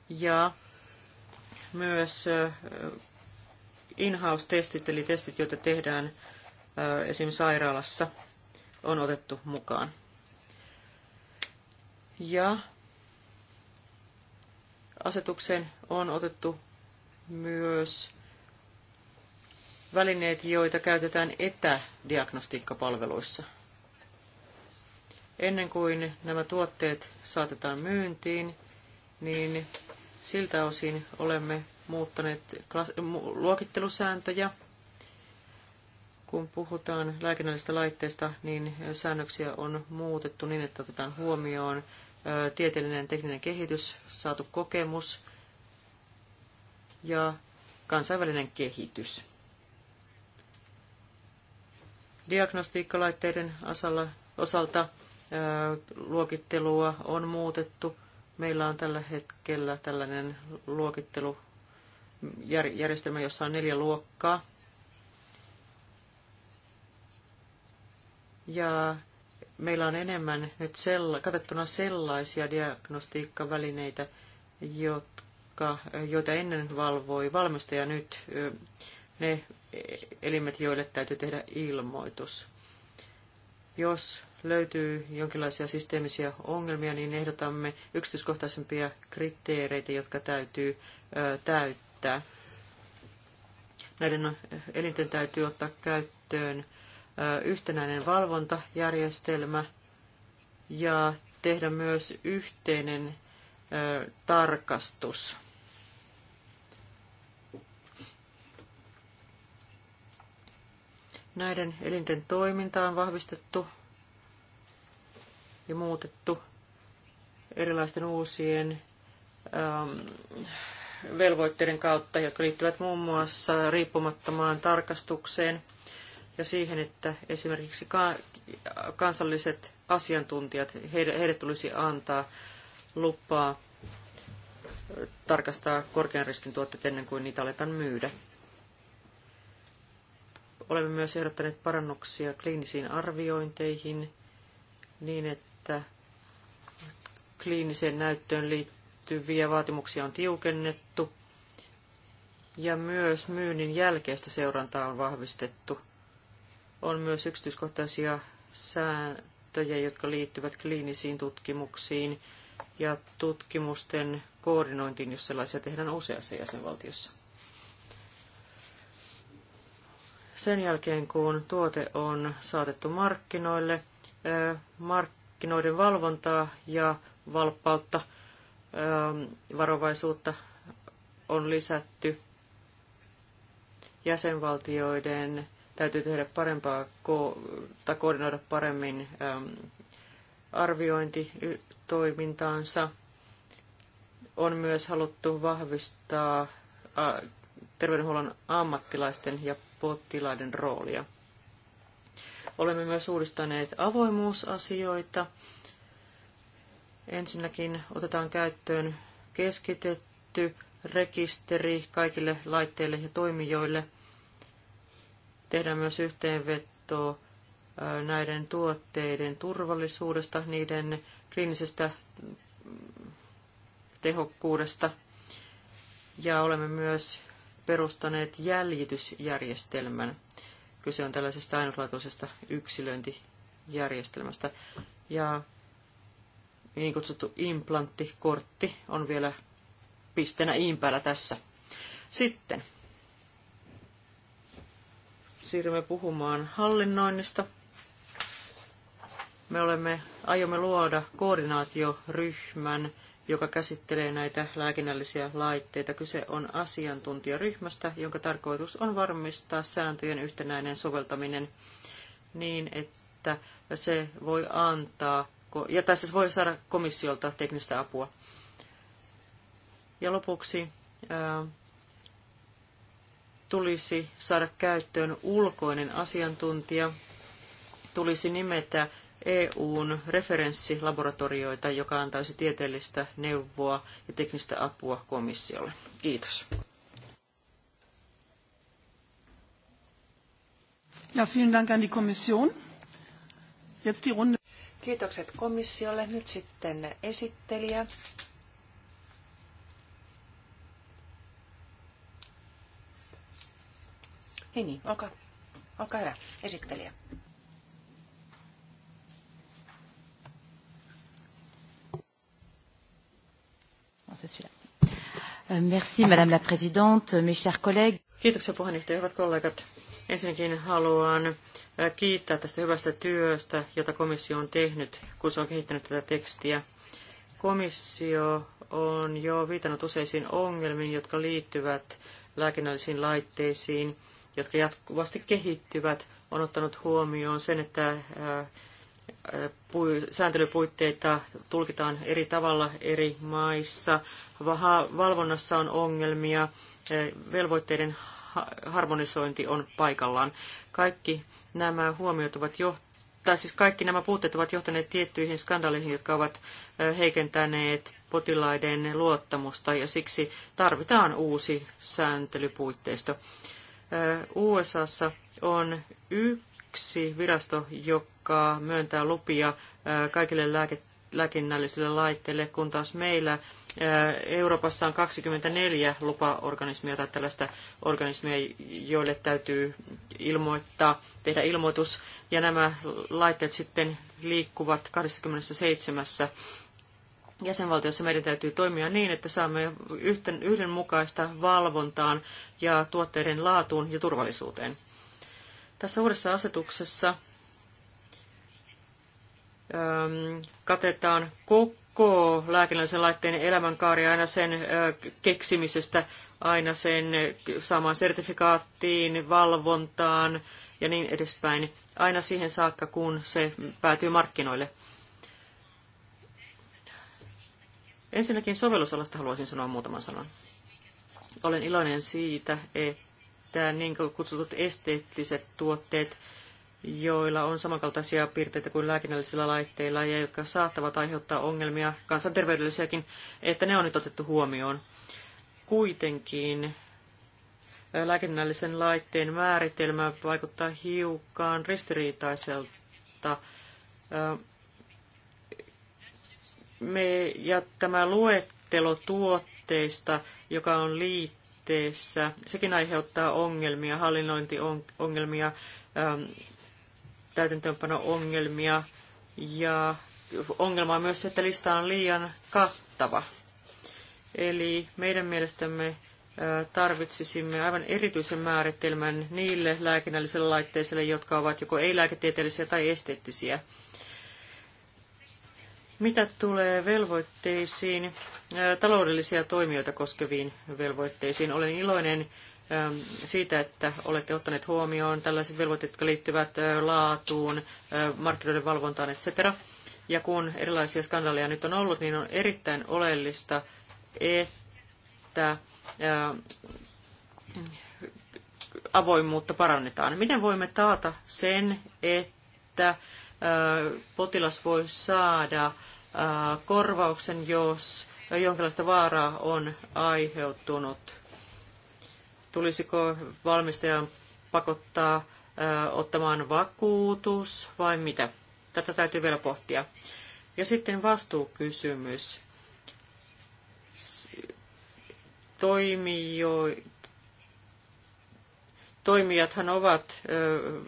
Ja myös in-house-testit, eli testit, joita tehdään esim. sairaalassa on otettu mukaan. Ja asetuksen on otettu myös välineet, joita käytetään etädiagnostiikkapalveluissa. Ennen kuin nämä tuotteet saatetaan myyntiin, niin siltä osin olemme muuttaneet luokittelusääntöjä – kun puhutaan lääkinnällisistä laitteista, niin säännöksiä on muutettu niin, että otetaan huomioon tieteellinen tekninen kehitys, saatu kokemus ja kansainvälinen kehitys. Diagnostiikkalaitteiden osalta luokittelua on muutettu. Meillä on tällä hetkellä tällainen luokittelujärjestelmä, jossa on neljä luokkaa ja meillä on enemmän nyt sella, katettuna sellaisia diagnostiikkavälineitä, jotka, joita ennen valvoi valmistaja nyt ne elimet, joille täytyy tehdä ilmoitus. Jos löytyy jonkinlaisia systeemisiä ongelmia, niin ehdotamme yksityiskohtaisempia kriteereitä, jotka täytyy täyttää. Näiden elinten täytyy ottaa käyttöön yhtenäinen valvontajärjestelmä ja tehdä myös yhteinen tarkastus. Näiden elinten toiminta on vahvistettu ja muutettu erilaisten uusien ähm, velvoitteiden kautta, jotka liittyvät muun muassa riippumattomaan tarkastukseen ja siihen, että esimerkiksi kansalliset asiantuntijat, heille tulisi antaa lupaa tarkastaa korkean riskin tuotteet ennen kuin niitä aletaan myydä. Olemme myös ehdottaneet parannuksia kliinisiin arviointeihin niin, että kliiniseen näyttöön liittyviä vaatimuksia on tiukennettu ja myös myynnin jälkeistä seurantaa on vahvistettu on myös yksityiskohtaisia sääntöjä, jotka liittyvät kliinisiin tutkimuksiin ja tutkimusten koordinointiin, jos sellaisia tehdään useassa jäsenvaltiossa. Sen jälkeen, kun tuote on saatettu markkinoille, markkinoiden valvontaa ja valppautta, varovaisuutta on lisätty jäsenvaltioiden Täytyy tehdä parempaa ko- tai koordinoida paremmin äm, arviointitoimintaansa. On myös haluttu vahvistaa ä, äh, terveydenhuollon ammattilaisten ja potilaiden roolia. Olemme myös uudistaneet avoimuusasioita. Ensinnäkin otetaan käyttöön keskitetty rekisteri kaikille laitteille ja toimijoille. Tehdään myös yhteenveto näiden tuotteiden turvallisuudesta, niiden kliinisestä mm, tehokkuudesta ja olemme myös perustaneet jäljitysjärjestelmän. Kyse on tällaisesta ainutlaatuisesta yksilöintijärjestelmästä. Ja niin kutsuttu implanttikortti on vielä pistenä iin päällä tässä. Sitten siirrymme puhumaan hallinnoinnista. Me olemme, aiomme luoda koordinaatioryhmän, joka käsittelee näitä lääkinnällisiä laitteita. Kyse on asiantuntijaryhmästä, jonka tarkoitus on varmistaa sääntöjen yhtenäinen soveltaminen niin, että se voi antaa, ja tässä se voi saada komissiolta teknistä apua. Ja lopuksi tulisi saada käyttöön ulkoinen asiantuntija, tulisi nimetä EUn referenssilaboratorioita, joka antaisi tieteellistä neuvoa ja teknistä apua komissiolle. Kiitos. Ja, vielen Dank an die Kommission. Jetzt die Runde. Kiitokset komissiolle. Nyt sitten esittelijä. Niin, niin, olkaa, olkaa hyvä, esittelijä. Euh, merci Madame la Présidente, mes chers collègues. Kiitoksia puheenjohtaja, hyvät kollegat. Ensinnäkin haluan äh, kiittää tästä hyvästä työstä, jota komissio on tehnyt, kun se on kehittänyt tätä tekstiä. Komissio on jo viitannut useisiin ongelmiin, jotka liittyvät lääkinnällisiin laitteisiin jotka jatkuvasti kehittyvät, on ottanut huomioon sen, että sääntelypuitteita tulkitaan eri tavalla eri maissa. Valvonnassa on ongelmia, velvoitteiden harmonisointi on paikallaan. Kaikki nämä huomiot ovat jo, tai siis kaikki nämä puutteet ovat johtaneet tiettyihin skandaaleihin, jotka ovat heikentäneet potilaiden luottamusta ja siksi tarvitaan uusi sääntelypuitteisto. USAssa on yksi virasto, joka myöntää lupia kaikille lääke, lääkinnällisille laitteille, kun taas meillä Euroopassa on 24 lupaorganismia tai tällaista organismia, joille täytyy ilmoittaa, tehdä ilmoitus, ja nämä laitteet sitten liikkuvat 27 jäsenvaltiossa meidän täytyy toimia niin, että saamme yhten, yhdenmukaista valvontaan ja tuotteiden laatuun ja turvallisuuteen. Tässä uudessa asetuksessa äm, katetaan koko lääkinnällisen laitteen elämänkaari aina sen ä, äh, keksimisestä aina sen saamaan sertifikaattiin, valvontaan ja niin edespäin, aina siihen saakka, kun se päätyy markkinoille – Ensinnäkin sovellusalasta haluaisin sanoa muutaman sanan. Olen iloinen siitä, että niin kutsutut esteettiset tuotteet, joilla on samankaltaisia piirteitä kuin lääkinnällisillä laitteilla ja jotka saattavat aiheuttaa ongelmia, kansanterveydellisiäkin, että ne on nyt otettu huomioon. Kuitenkin lääkinnällisen laitteen määritelmä vaikuttaa hiukan ristiriitaiselta me, ja tämä luettelo tuotteista, joka on liitteessä, sekin aiheuttaa ongelmia, hallinnointiongelmia, ähm, täytäntöönpano-ongelmia ja ongelma on myös se, että lista on liian kattava. Eli meidän mielestämme äh, tarvitsisimme aivan erityisen määritelmän niille lääkinnällisille laitteille, jotka ovat joko ei-lääketieteellisiä tai esteettisiä mitä tulee velvoitteisiin, taloudellisia toimijoita koskeviin velvoitteisiin, olen iloinen siitä, että olette ottaneet huomioon tällaiset velvoitteet, jotka liittyvät laatuun, markkinoiden valvontaan, etc. Ja kun erilaisia skandaaleja nyt on ollut, niin on erittäin oleellista, että avoimuutta parannetaan. Miten voimme taata sen, että potilas voi saada Äh, korvauksen, jos jonkinlaista vaaraa on aiheutunut. Tulisiko valmistajan pakottaa äh, ottamaan vakuutus vai mitä? Tätä täytyy vielä pohtia. Ja sitten vastuukysymys. Toimijo, Toimijathan ovat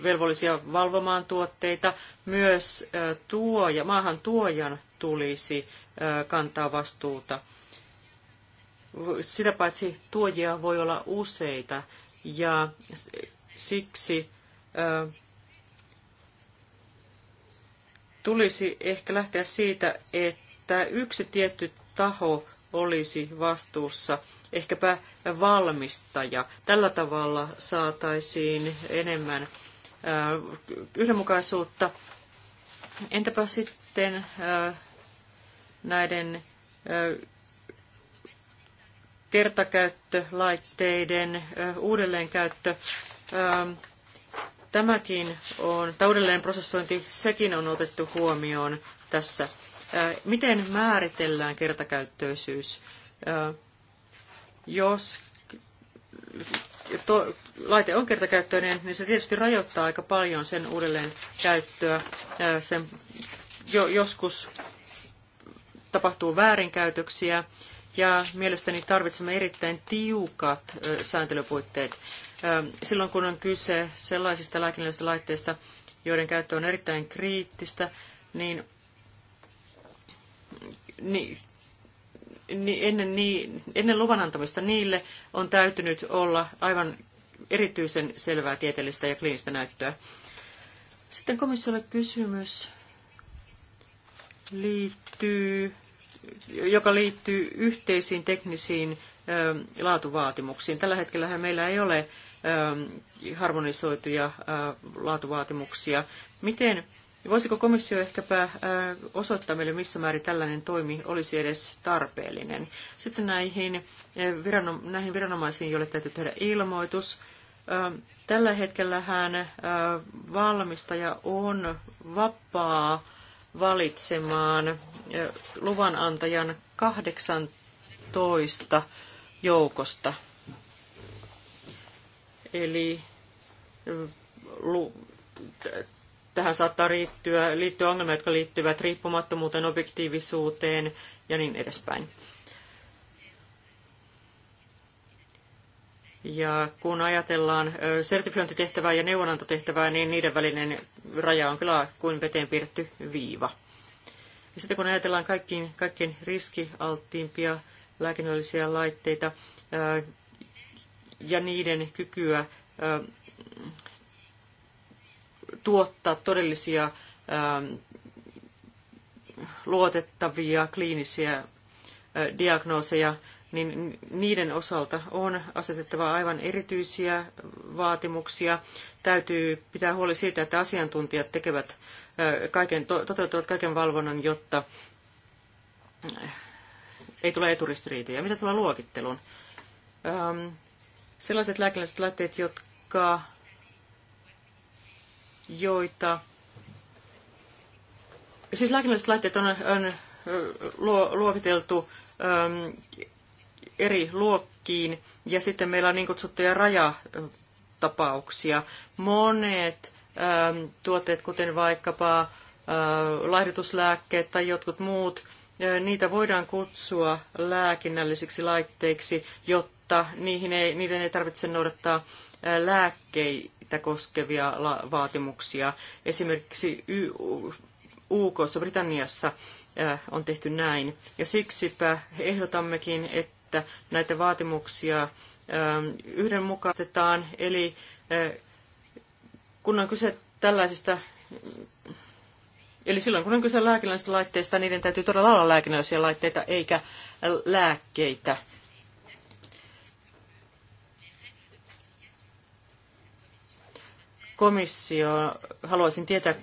velvollisia valvomaan tuotteita. Myös tuoja, maahan tuojan tulisi kantaa vastuuta. Sitä paitsi tuojia voi olla useita ja siksi tulisi ehkä lähteä siitä, että yksi tietty taho olisi vastuussa ehkäpä valmistaja. Tällä tavalla saataisiin enemmän äh, yhdenmukaisuutta. Entäpä sitten äh, näiden äh, kertakäyttölaitteiden uudelleenkäyttö. Ähm, tämäkin on, tämä uudelleenprosessointi, sekin on otettu huomioon tässä Miten määritellään kertakäyttöisyys? Jos to, laite on kertakäyttöinen, niin se tietysti rajoittaa aika paljon sen uudelleen käyttöä. Sen jo, joskus tapahtuu väärinkäytöksiä ja mielestäni tarvitsemme erittäin tiukat sääntelypuitteet. Silloin kun on kyse sellaisista lääkinnällisistä laitteista, joiden käyttö on erittäin kriittistä, niin niin, niin ennen, niin, ennen luvan antamista niille on täytynyt olla aivan erityisen selvää tieteellistä ja kliinistä näyttöä. Sitten komissiolle kysymys liittyy, joka liittyy yhteisiin teknisiin ö, laatuvaatimuksiin. Tällä hetkellä meillä ei ole ö, harmonisoituja ö, laatuvaatimuksia. Miten Voisiko komissio ehkäpä äh, osoittaa meille, missä määrin tällainen toimi olisi edes tarpeellinen? Sitten näihin, äh, näihin viranomaisiin, joille täytyy tehdä ilmoitus. Ähm, tällä hetkellähän äh, valmistaja on vapaa valitsemaan luvanantajan 18 joukosta. Eli Tähän saattaa liittyä, liittyä ongelmia, jotka liittyvät riippumattomuuteen, objektiivisuuteen ja niin edespäin. Ja kun ajatellaan sertifiointitehtävää ja neuvonantotehtävää, niin niiden välinen raja on kyllä kuin veteen piirretty viiva. Ja sitten kun ajatellaan kaikkiin, kaikkein riskialttiimpia lääkinnällisiä laitteita ja niiden kykyä tuottaa todellisia ähm, luotettavia kliinisiä äh, diagnooseja, niin niiden osalta on asetettava aivan erityisiä vaatimuksia. Täytyy pitää huoli siitä, että asiantuntijat tekevät äh, kaiken, toteuttavat kaiken valvonnan, jotta äh, ei tule eturistiriitoja. Mitä tulee luokitteluun? Ähm, sellaiset lääkinnälliset laitteet, jotka joita... Siis lääkinnälliset laitteet on, on luokiteltu äm, eri luokkiin ja sitten meillä on niin kutsuttuja rajatapauksia. Monet äm, tuotteet, kuten vaikkapa ä, laihdutuslääkkeet tai jotkut muut, niitä voidaan kutsua lääkinnällisiksi laitteiksi, jotta niihin ei, niiden ei tarvitse noudattaa lääkkei, sitä koskevia vaatimuksia. Esimerkiksi UK, Britanniassa äh, on tehty näin. Ja siksipä ehdotammekin, että näitä vaatimuksia ähm, yhdenmukaistetaan. Eli äh, kun on kyse tällaisista Eli silloin kun on kyse lääkinnällisistä laitteista, niiden täytyy todella olla lääkinnällisiä laitteita eikä lääkkeitä. komissio, haluaisin tietää,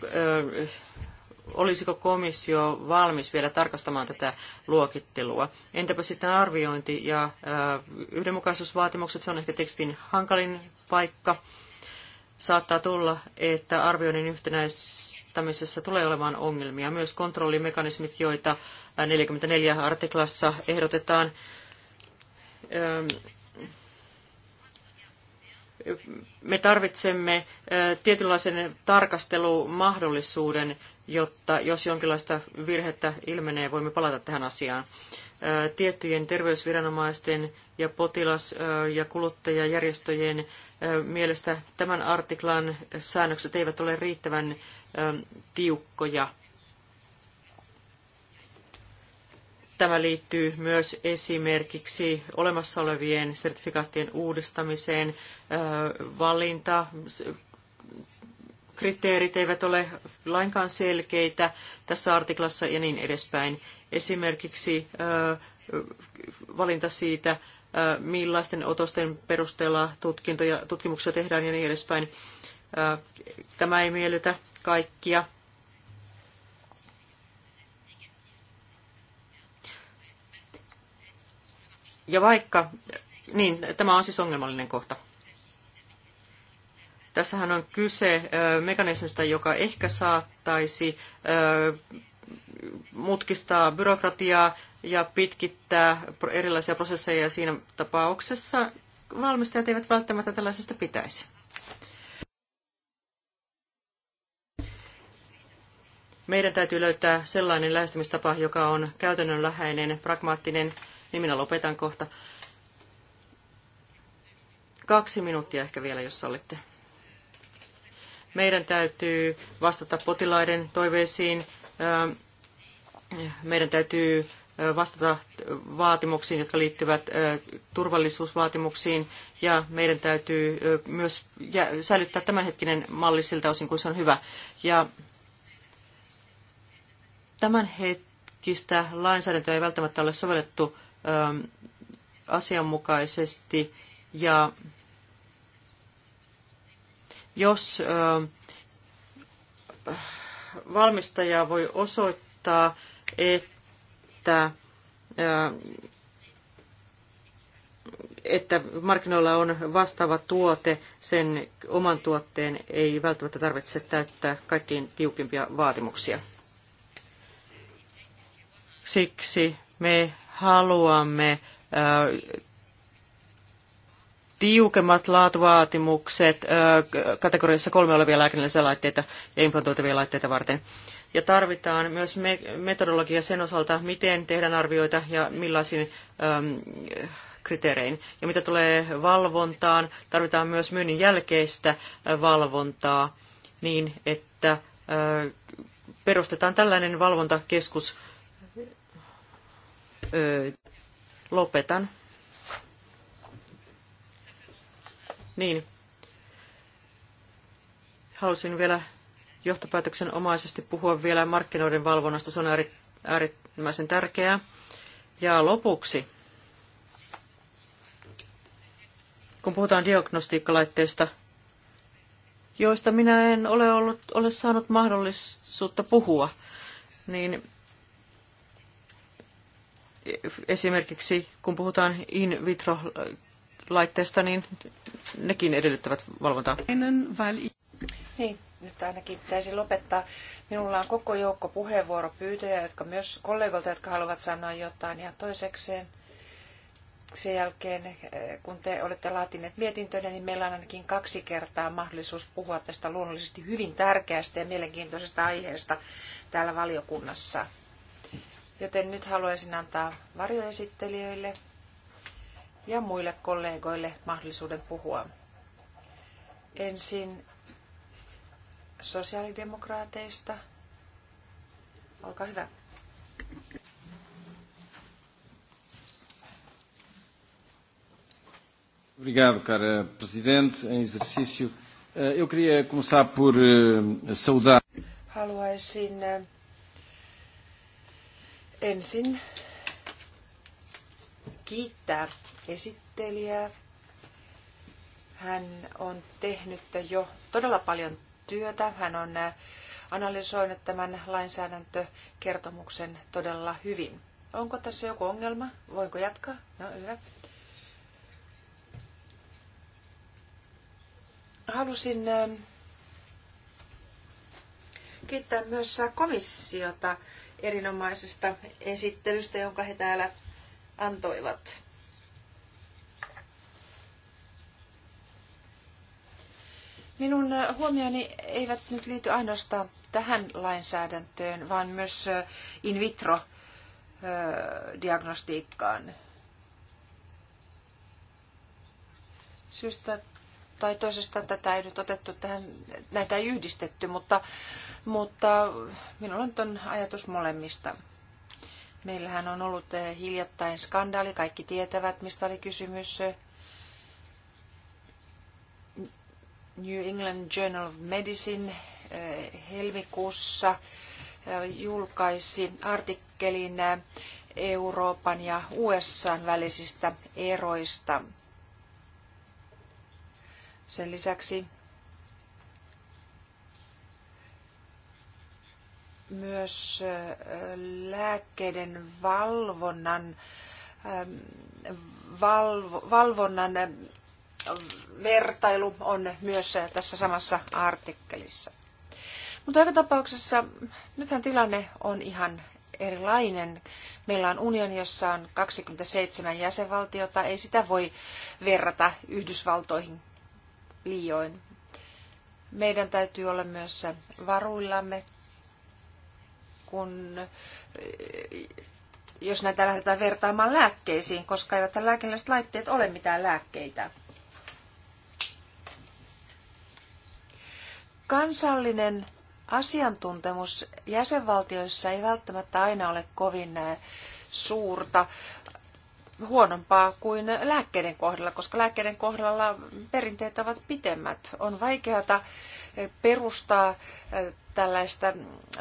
olisiko komissio valmis vielä tarkastamaan tätä luokittelua. Entäpä sitten arviointi ja yhdenmukaisuusvaatimukset, se on ehkä tekstin hankalin paikka. Saattaa tulla, että arvioinnin yhtenäistämisessä tulee olemaan ongelmia. Myös kontrollimekanismit, joita 44 artiklassa ehdotetaan, me tarvitsemme tietynlaisen tarkastelumahdollisuuden, jotta jos jonkinlaista virhettä ilmenee, voimme palata tähän asiaan. Tiettyjen terveysviranomaisten ja potilas- ja kuluttajajärjestöjen mielestä tämän artiklan säännökset eivät ole riittävän tiukkoja. Tämä liittyy myös esimerkiksi olemassa olevien sertifikaattien uudistamiseen, valinta, kriteerit eivät ole lainkaan selkeitä tässä artiklassa ja niin edespäin. Esimerkiksi valinta siitä, millaisten otosten perusteella tutkintoja, tutkimuksia tehdään ja niin edespäin. Tämä ei miellytä kaikkia. Ja vaikka, niin tämä on siis ongelmallinen kohta. Tässähän on kyse mekanismista, joka ehkä saattaisi mutkistaa byrokratiaa ja pitkittää erilaisia prosesseja ja siinä tapauksessa valmistajat eivät välttämättä tällaisesta pitäisi. Meidän täytyy löytää sellainen lähestymistapa, joka on käytännönläheinen, pragmaattinen, niin minä lopetan kohta. Kaksi minuuttia ehkä vielä, jos sallitte. Meidän täytyy vastata potilaiden toiveisiin, meidän täytyy vastata vaatimuksiin, jotka liittyvät turvallisuusvaatimuksiin, ja meidän täytyy myös säilyttää tämänhetkinen malli siltä osin, kun se on hyvä. Ja tämänhetkistä lainsäädäntöä ei välttämättä ole sovellettu asianmukaisesti, ja jos valmistaja voi osoittaa, että että markkinoilla on vastaava tuote, sen oman tuotteen ei välttämättä tarvitse täyttää kaikkiin tiukimpia vaatimuksia. Siksi me haluamme tiukemmat laatuvaatimukset kategoriassa kolme olevia lääkinnällisiä laitteita ja implantoitavia laitteita varten. Ja tarvitaan myös me- metodologia sen osalta, miten tehdään arvioita ja millaisin äm, kriteerein. Ja mitä tulee valvontaan, tarvitaan myös myynnin jälkeistä valvontaa niin, että ä, perustetaan tällainen valvontakeskus. Ö, lopetan. Niin. Halusin vielä johtopäätöksen omaisesti puhua vielä markkinoiden valvonnasta. Se on äärimmäisen tärkeää. Ja lopuksi, kun puhutaan diagnostiikkalaitteista, joista minä en ole, ollut, ole saanut mahdollisuutta puhua, niin esimerkiksi kun puhutaan in vitro laitteesta, niin nekin edellyttävät valvontaa. Niin, nyt ainakin pitäisi lopettaa. Minulla on koko joukko puheenvuoropyyntöjä, jotka myös kollegoilta, jotka haluavat sanoa jotain. Ja toisekseen sen jälkeen, eh, kun te olette laatineet mietintöjä, niin meillä on ainakin kaksi kertaa mahdollisuus puhua tästä luonnollisesti hyvin tärkeästä ja mielenkiintoisesta aiheesta täällä valiokunnassa. Joten nyt haluaisin antaa varjoesittelijöille ja muille kollegoille mahdollisuuden puhua. Ensin sosiaalidemokraateista. Olkaa hyvä. Obrigado, cara Presidente, em exercício. Eh, eu queria começar por eh, saudar. Haluaisin eh, ensin kiittää esittelijää. Hän on tehnyt jo todella paljon työtä. Hän on äh, analysoinut tämän lainsäädäntökertomuksen todella hyvin. Onko tässä joku ongelma? Voinko jatkaa? No hyvä. Halusin ähm, kiittää myös komissiota erinomaisesta esittelystä, jonka he täällä antoivat. Minun äh, huomioni eivät nyt liity ainoastaan tähän lainsäädäntöön, vaan myös äh, in vitro äh, diagnostiikkaan. Syystä tai toisesta tätä ei nyt otettu tähän, näitä ei yhdistetty, mutta, mutta minulla nyt on ajatus molemmista. Meillähän on ollut hiljattain skandaali, kaikki tietävät mistä oli kysymys New England Journal of Medicine eh, helmikuussa eh, julkaisi artikkelin eh, Euroopan ja USAn välisistä eroista. Sen lisäksi myös lääkkeiden valvonnan, valvonnan vertailu on myös tässä samassa artikkelissa. Mutta joka tapauksessa nythän tilanne on ihan erilainen. Meillä on unioni, jossa on 27 jäsenvaltiota. Ei sitä voi verrata Yhdysvaltoihin liioin. Meidän täytyy olla myös varuillamme, kun jos näitä lähdetään vertaamaan lääkkeisiin, koska eivät lääkinnälliset laitteet ole mitään lääkkeitä. kansallinen asiantuntemus jäsenvaltioissa ei välttämättä aina ole kovin suurta, huonompaa kuin lääkkeiden kohdalla, koska lääkkeiden kohdalla perinteet ovat pitemmät. On vaikeata perustaa tällaista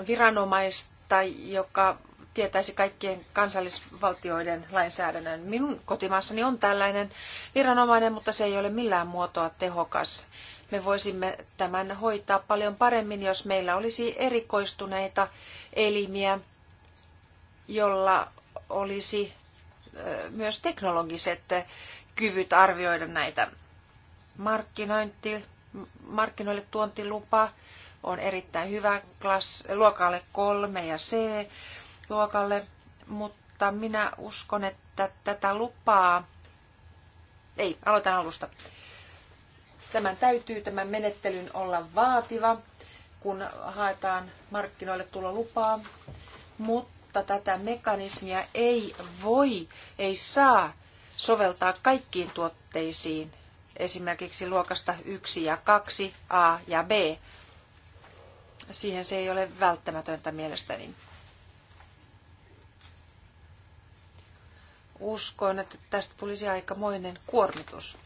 viranomaista, joka tietäisi kaikkien kansallisvaltioiden lainsäädännön. Minun kotimaassani on tällainen viranomainen, mutta se ei ole millään muotoa tehokas. Me voisimme tämän hoitaa paljon paremmin, jos meillä olisi erikoistuneita elimiä, jolla olisi myös teknologiset kyvyt arvioida näitä. Markkinointi, markkinoille tuontilupa on erittäin hyvä klass, luokalle 3 ja C luokalle, mutta minä uskon, että tätä lupaa, ei, aloitan alusta. Tämän täytyy tämän menettelyn olla vaativa, kun haetaan markkinoille tulla lupaa, mutta tätä mekanismia ei voi, ei saa soveltaa kaikkiin tuotteisiin, esimerkiksi luokasta 1 ja 2, A ja B. Siihen se ei ole välttämätöntä mielestäni. Uskoin, että tästä tulisi aikamoinen kuormitus.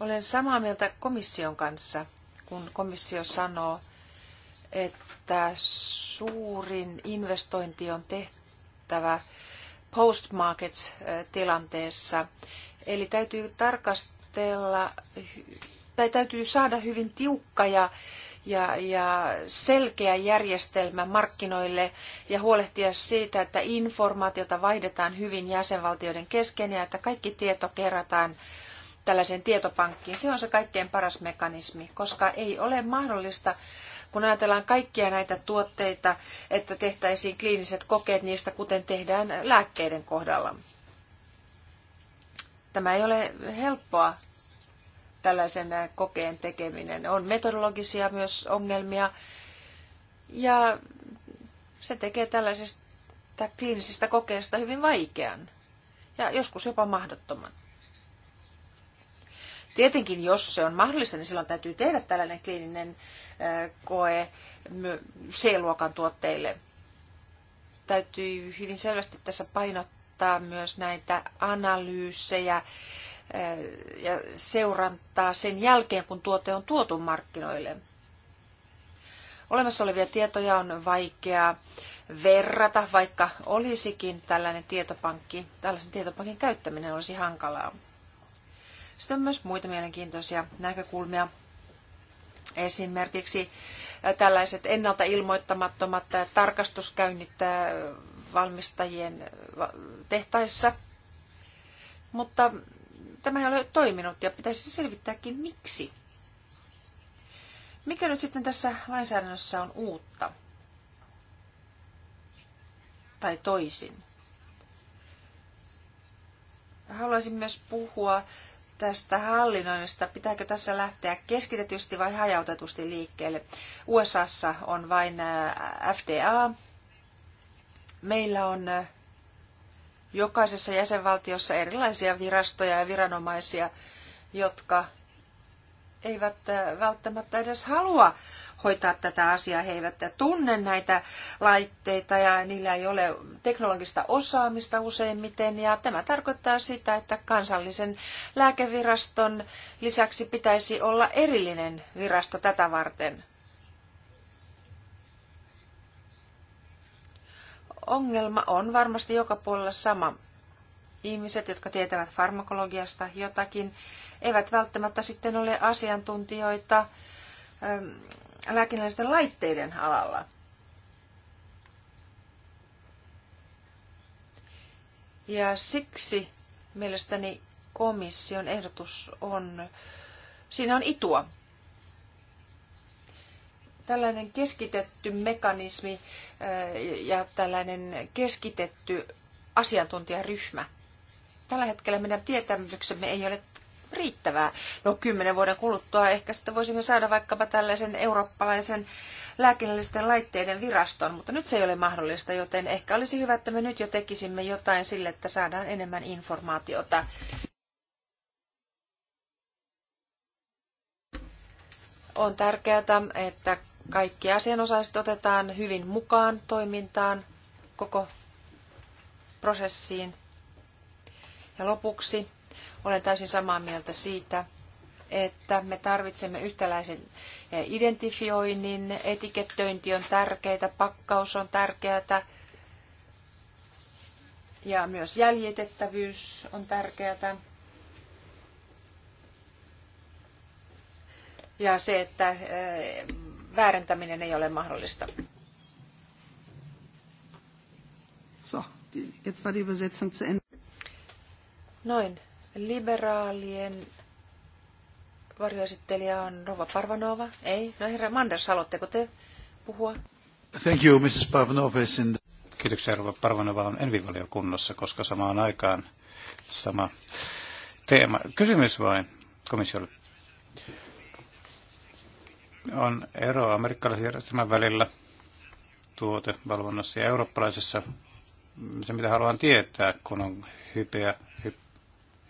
Olen samaa mieltä komission kanssa, kun komissio sanoo, että suurin investointi on tehtävä post-markets-tilanteessa. Eli täytyy tarkastella, tai täytyy saada hyvin tiukka ja, ja, ja selkeä järjestelmä markkinoille ja huolehtia siitä, että informaatiota vaihdetaan hyvin jäsenvaltioiden kesken ja että kaikki tieto kerätään tällaiseen tietopankkiin. Se on se kaikkein paras mekanismi, koska ei ole mahdollista, kun ajatellaan kaikkia näitä tuotteita, että tehtäisiin kliiniset kokeet niistä, kuten tehdään lääkkeiden kohdalla. Tämä ei ole helppoa tällaisen kokeen tekeminen. On metodologisia myös ongelmia ja se tekee tällaisesta kliinisestä kokeesta hyvin vaikean ja joskus jopa mahdottoman. Tietenkin, jos se on mahdollista, niin silloin täytyy tehdä tällainen kliininen koe C-luokan tuotteille. Täytyy hyvin selvästi tässä painottaa myös näitä analyysejä ja seurantaa sen jälkeen, kun tuote on tuotu markkinoille. Olemassa olevia tietoja on vaikea verrata, vaikka olisikin tällainen tietopankki, tällaisen tietopankin käyttäminen olisi hankalaa. Sitten on myös muita mielenkiintoisia näkökulmia. Esimerkiksi tällaiset ennalta ilmoittamattomat tarkastuskäynnit valmistajien tehtaissa. Mutta tämä ei ole toiminut ja pitäisi selvittääkin miksi. Mikä nyt sitten tässä lainsäädännössä on uutta? Tai toisin? Haluaisin myös puhua tästä hallinnoinnista. Pitääkö tässä lähteä keskitetysti vai hajautetusti liikkeelle? USAssa on vain äh, FDA. Meillä on äh, jokaisessa jäsenvaltiossa erilaisia virastoja ja viranomaisia, jotka eivät äh, välttämättä edes halua hoitaa tätä asiaa. He eivät tunne näitä laitteita ja niillä ei ole teknologista osaamista useimmiten. Ja tämä tarkoittaa sitä, että kansallisen lääkeviraston lisäksi pitäisi olla erillinen virasto tätä varten. Ongelma on varmasti joka puolella sama. Ihmiset, jotka tietävät farmakologiasta jotakin, eivät välttämättä sitten ole asiantuntijoita lääkinnällisten laitteiden alalla. Ja siksi mielestäni komission ehdotus on, siinä on itua. Tällainen keskitetty mekanismi eh, ja tällainen keskitetty asiantuntijaryhmä. Tällä hetkellä meidän tietämyksemme ei ole riittävää. No kymmenen vuoden kuluttua ehkä sitten voisimme saada vaikkapa tällaisen eurooppalaisen lääkinnällisten laitteiden viraston, mutta nyt se ei ole mahdollista, joten ehkä olisi hyvä, että me nyt jo tekisimme jotain sille, että saadaan enemmän informaatiota. On tärkeää, että kaikki asianosaiset otetaan hyvin mukaan toimintaan, koko prosessiin. Ja lopuksi olen täysin samaa mieltä siitä, että me tarvitsemme yhtäläisen eh, identifioinnin, etikettöinti on tärkeää, pakkaus on tärkeää ja myös jäljitettävyys on tärkeää. Ja se, että eh, väärentäminen ei ole mahdollista. So, jetzt war die Übersetzung zu Ende. Noin, Liberaalien varjoesittelijä on Rova Parvanova. Ei? No herra Manders, haluatteko te puhua? Thank you, Mrs. Parvanova. Is in the... Kiitoksia, Rova Parvanova on envivaliokunnassa, koska samaan aikaan sama teema. Kysymys vain komissiolle. On ero amerikkalaisen järjestelmän välillä tuotevalvonnassa ja eurooppalaisessa. Se, mitä haluan tietää, kun on hypeä, hyp,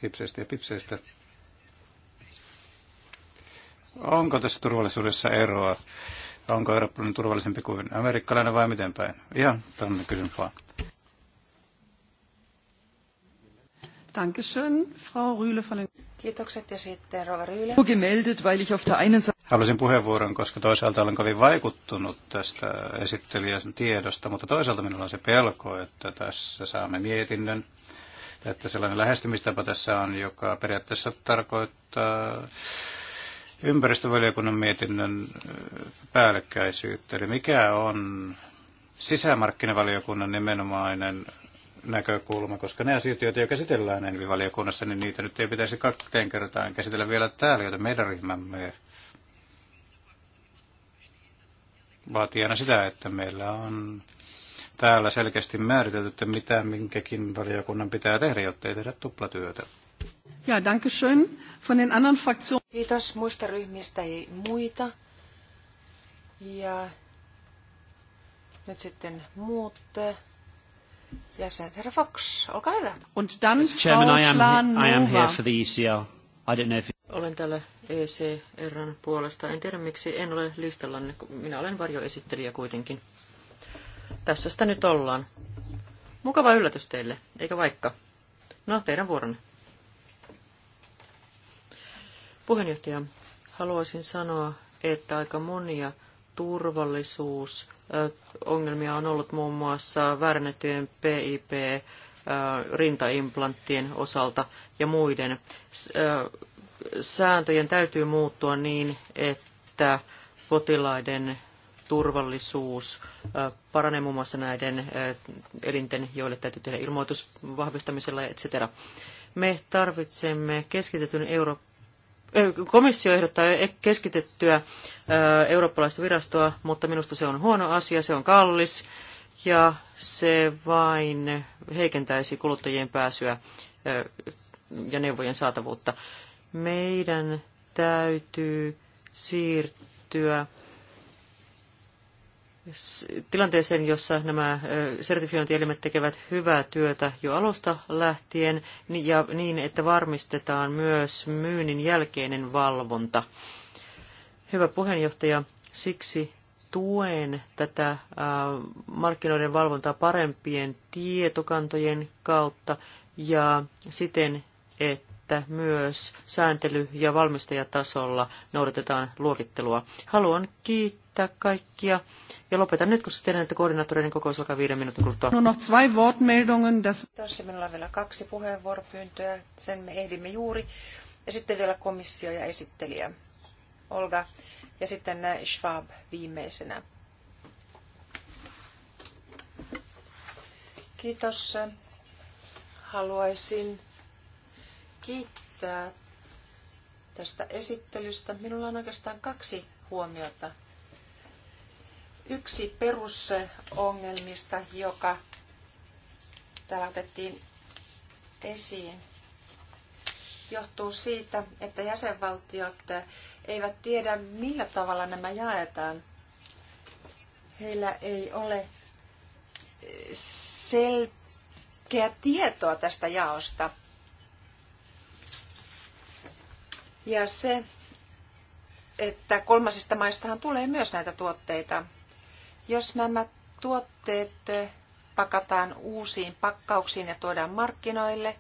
hipseistä ja pipseistä. Onko tässä turvallisuudessa eroa? Onko eurooppalainen turvallisempi kuin amerikkalainen vai miten päin? Ihan tämmöinen kysymys vaan. Frau Rühle von Kiitokset ja sitten Rova Rühle. Haluaisin puheenvuoron, koska toisaalta olen kovin vaikuttunut tästä esittelijän tiedosta, mutta toisaalta minulla on se pelko, että tässä saamme mietinnön, että sellainen lähestymistapa tässä on, joka periaatteessa tarkoittaa ympäristövaliokunnan mietinnön äh, päällekkäisyyttä. Eli mikä on sisämarkkinavaliokunnan nimenomainen näkökulma, koska ne asiat, joita jo käsitellään Envi-valiokunnassa, niin niitä nyt ei pitäisi kahteen kertaan käsitellä vielä täällä, joten meidän ryhmämme vaatii aina sitä, että meillä on täällä selkeästi määritelty, että mitä minkäkin valiokunnan pitää tehdä, jotta ei tehdä tuplatyötä. Ja, danke schön. Von den anderen fraktion... Kiitos. Muista ryhmistä ei muita. Ja nyt sitten muut jäsenet. Herra Fox, olkaa hyvä. Und dann Mr. Chairman, I am, I am here for the ECL. I don't know if... Olen täällä ECRn puolesta. En tiedä miksi en ole listallanne. Minä olen varjoesittelijä kuitenkin. Tässä sitä nyt ollaan. Mukava yllätys teille, eikä vaikka. No, teidän vuoronne. Puheenjohtaja, haluaisin sanoa, että aika monia turvallisuusongelmia on ollut muun muassa väärennettyjen PIP, rintaimplanttien osalta ja muiden. Sääntöjen täytyy muuttua niin, että potilaiden turvallisuus paranee muun muassa näiden elinten, joille täytyy tehdä ilmoitus vahvistamisella, etc. Me tarvitsemme keskitetyn Euro- Komissio ehdottaa keskitettyä eurooppalaista virastoa, mutta minusta se on huono asia, se on kallis ja se vain heikentäisi kuluttajien pääsyä ja neuvojen saatavuutta. Meidän täytyy siirtyä tilanteeseen, jossa nämä sertifiointielimet tekevät hyvää työtä jo alusta lähtien ja niin, että varmistetaan myös myynnin jälkeinen valvonta. Hyvä puheenjohtaja, siksi tuen tätä markkinoiden valvontaa parempien tietokantojen kautta ja siten, että että myös sääntely- ja valmistajatasolla noudatetaan luokittelua. Haluan kiittää kaikkia ja lopetan nyt, koska tiedän, että koordinaattoreiden kokous alkaa viiden minuutin kuluttua. No, no, zwei Wortmeldungen. Das... Tässä minulla on vielä kaksi puheenvuoropyyntöä, sen me ehdimme juuri. Ja sitten vielä komissio ja esittelijä Olga ja sitten äh, Schwab viimeisenä. Kiitos. Haluaisin kiittää tästä esittelystä. Minulla on oikeastaan kaksi huomiota. Yksi perusongelmista, joka täällä otettiin esiin, johtuu siitä, että jäsenvaltiot eivät tiedä, millä tavalla nämä jaetaan. Heillä ei ole selkeää tietoa tästä jaosta. Ja se, että kolmasista maistahan tulee myös näitä tuotteita. Jos nämä tuotteet pakataan uusiin pakkauksiin ja tuodaan markkinoille,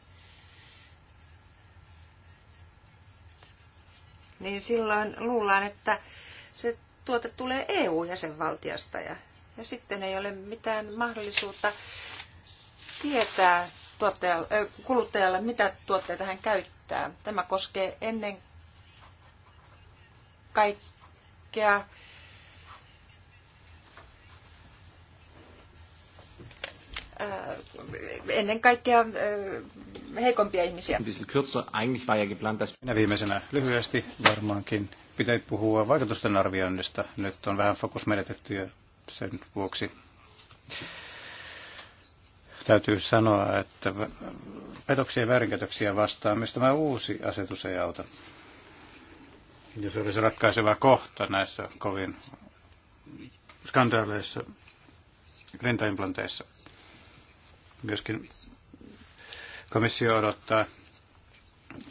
niin silloin luullaan, että se tuote tulee EU-jäsenvaltiosta ja, ja sitten ei ole mitään mahdollisuutta tietää kuluttajalle, mitä tuotteita hän käyttää. Tämä koskee ennen kaikkea äh, ennen kaikkea äh, heikompia ihmisiä. Minä viimeisenä lyhyesti varmaankin pitäisi puhua vaikutusten arvioinnista. Nyt on vähän fokus menetetty ja sen vuoksi täytyy sanoa, että petoksia ja väärinkäytöksiä vastaan mistä tämä uusi asetus ei auta. Ja se se ratkaiseva kohta näissä kovin skandaaleissa rintaimplanteissa. Myöskin komissio odottaa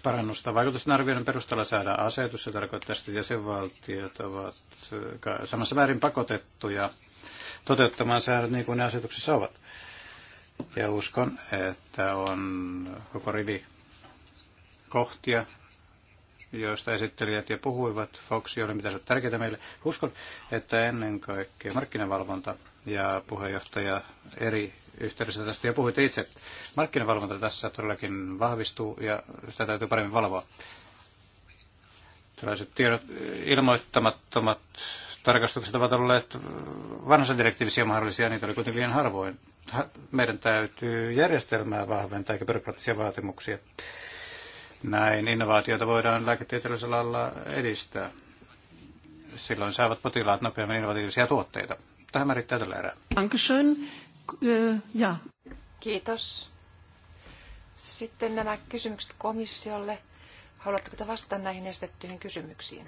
parannusta. Vaikutusten arvioiden perusteella saadaan asetus. Se tarkoittaa, että jäsenvaltiot ovat äh, samassa väärin pakotettuja toteuttamaan säädöt niin kuin ne asetuksessa ovat. Ja uskon, että on koko rivi kohtia, joista esittelijät ja puhuivat, Fox, joille se on tärkeää meille. Uskon, että ennen kaikkea markkinavalvonta ja puheenjohtaja eri yhteydessä tästä jo puhuitte itse. Markkinavalvonta tässä todellakin vahvistuu ja sitä täytyy paremmin valvoa. Tällaiset tiedot, ilmoittamattomat tarkastukset ovat olleet vanhassa direktiivissä mahdollisia, niitä oli kuitenkin liian harvoin. Meidän täytyy järjestelmää vahventaa eikä byrokraattisia vaatimuksia. Näin innovaatioita voidaan lääketieteellisellä alalla edistää. Silloin saavat potilaat nopeammin innovatiivisia tuotteita. Tähän määrittää tällä erää. Dankeschön. Ja. Kiitos. Sitten nämä kysymykset komissiolle. Haluatteko te vastata näihin esitettyihin kysymyksiin?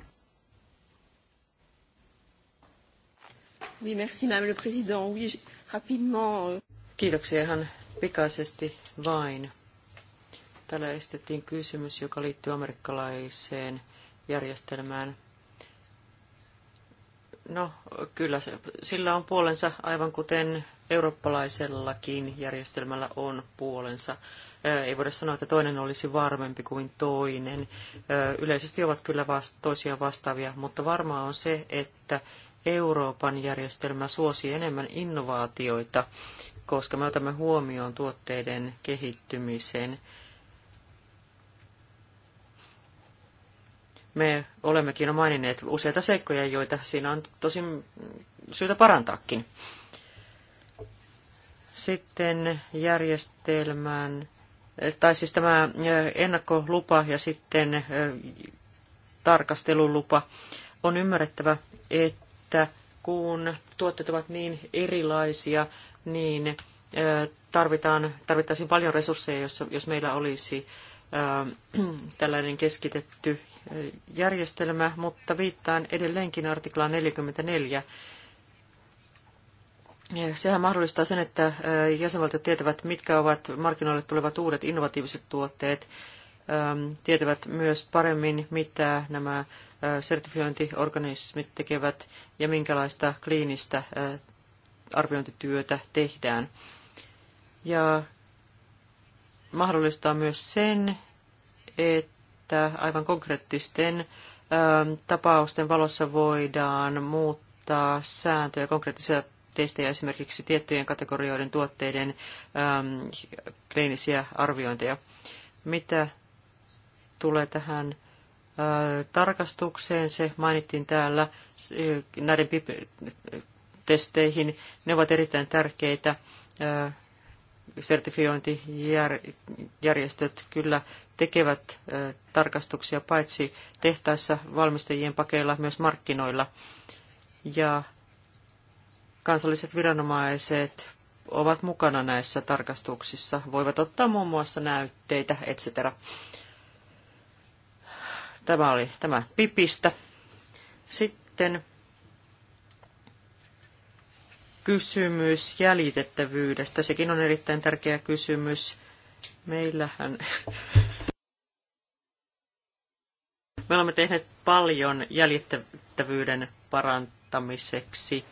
Oui, merci, madame le président. Oui, rapidement. Euh. Kiitoksia ihan pikaisesti vain. Täällä estettiin kysymys, joka liittyy amerikkalaiseen järjestelmään. No kyllä, sillä on puolensa, aivan kuten eurooppalaisellakin järjestelmällä on puolensa. Ei voida sanoa, että toinen olisi varmempi kuin toinen. Yleisesti ovat kyllä toisia toisiaan vastaavia, mutta varmaa on se, että Euroopan järjestelmä suosii enemmän innovaatioita, koska me otamme huomioon tuotteiden kehittymisen me olemmekin jo maininneet useita seikkoja, joita siinä on tosi syytä parantaakin. Sitten järjestelmän, tai siis tämä ennakkolupa ja sitten tarkastelulupa on ymmärrettävä, että kun tuotteet ovat niin erilaisia, niin tarvitaan, tarvittaisiin paljon resursseja, jos, jos meillä olisi tällainen keskitetty järjestelmä, mutta viittaan edelleenkin artiklaan 44. Sehän mahdollistaa sen, että jäsenvaltiot tietävät, mitkä ovat markkinoille tulevat uudet innovatiiviset tuotteet, tietävät myös paremmin, mitä nämä sertifiointiorganismit tekevät ja minkälaista kliinistä arviointityötä tehdään. Ja mahdollistaa myös sen, että että aivan konkreettisten tapausten valossa voidaan muuttaa sääntöjä konkreettisia testejä, esimerkiksi tiettyjen kategorioiden tuotteiden äm, kliinisiä arviointeja. Mitä tulee tähän tarkastukseen, se mainittiin täällä näiden testeihin. Ne ovat erittäin tärkeitä sertifiointijärjestöt kyllä tekevät tarkastuksia paitsi tehtaissa valmistajien pakeilla, myös markkinoilla. Ja kansalliset viranomaiset ovat mukana näissä tarkastuksissa, voivat ottaa muun muassa näytteitä, etc. Tämä oli tämä pipistä. Sitten kysymys jäljitettävyydestä. Sekin on erittäin tärkeä kysymys. Meillähän... Me olemme tehneet paljon jäljittävyyden parantamiseksi.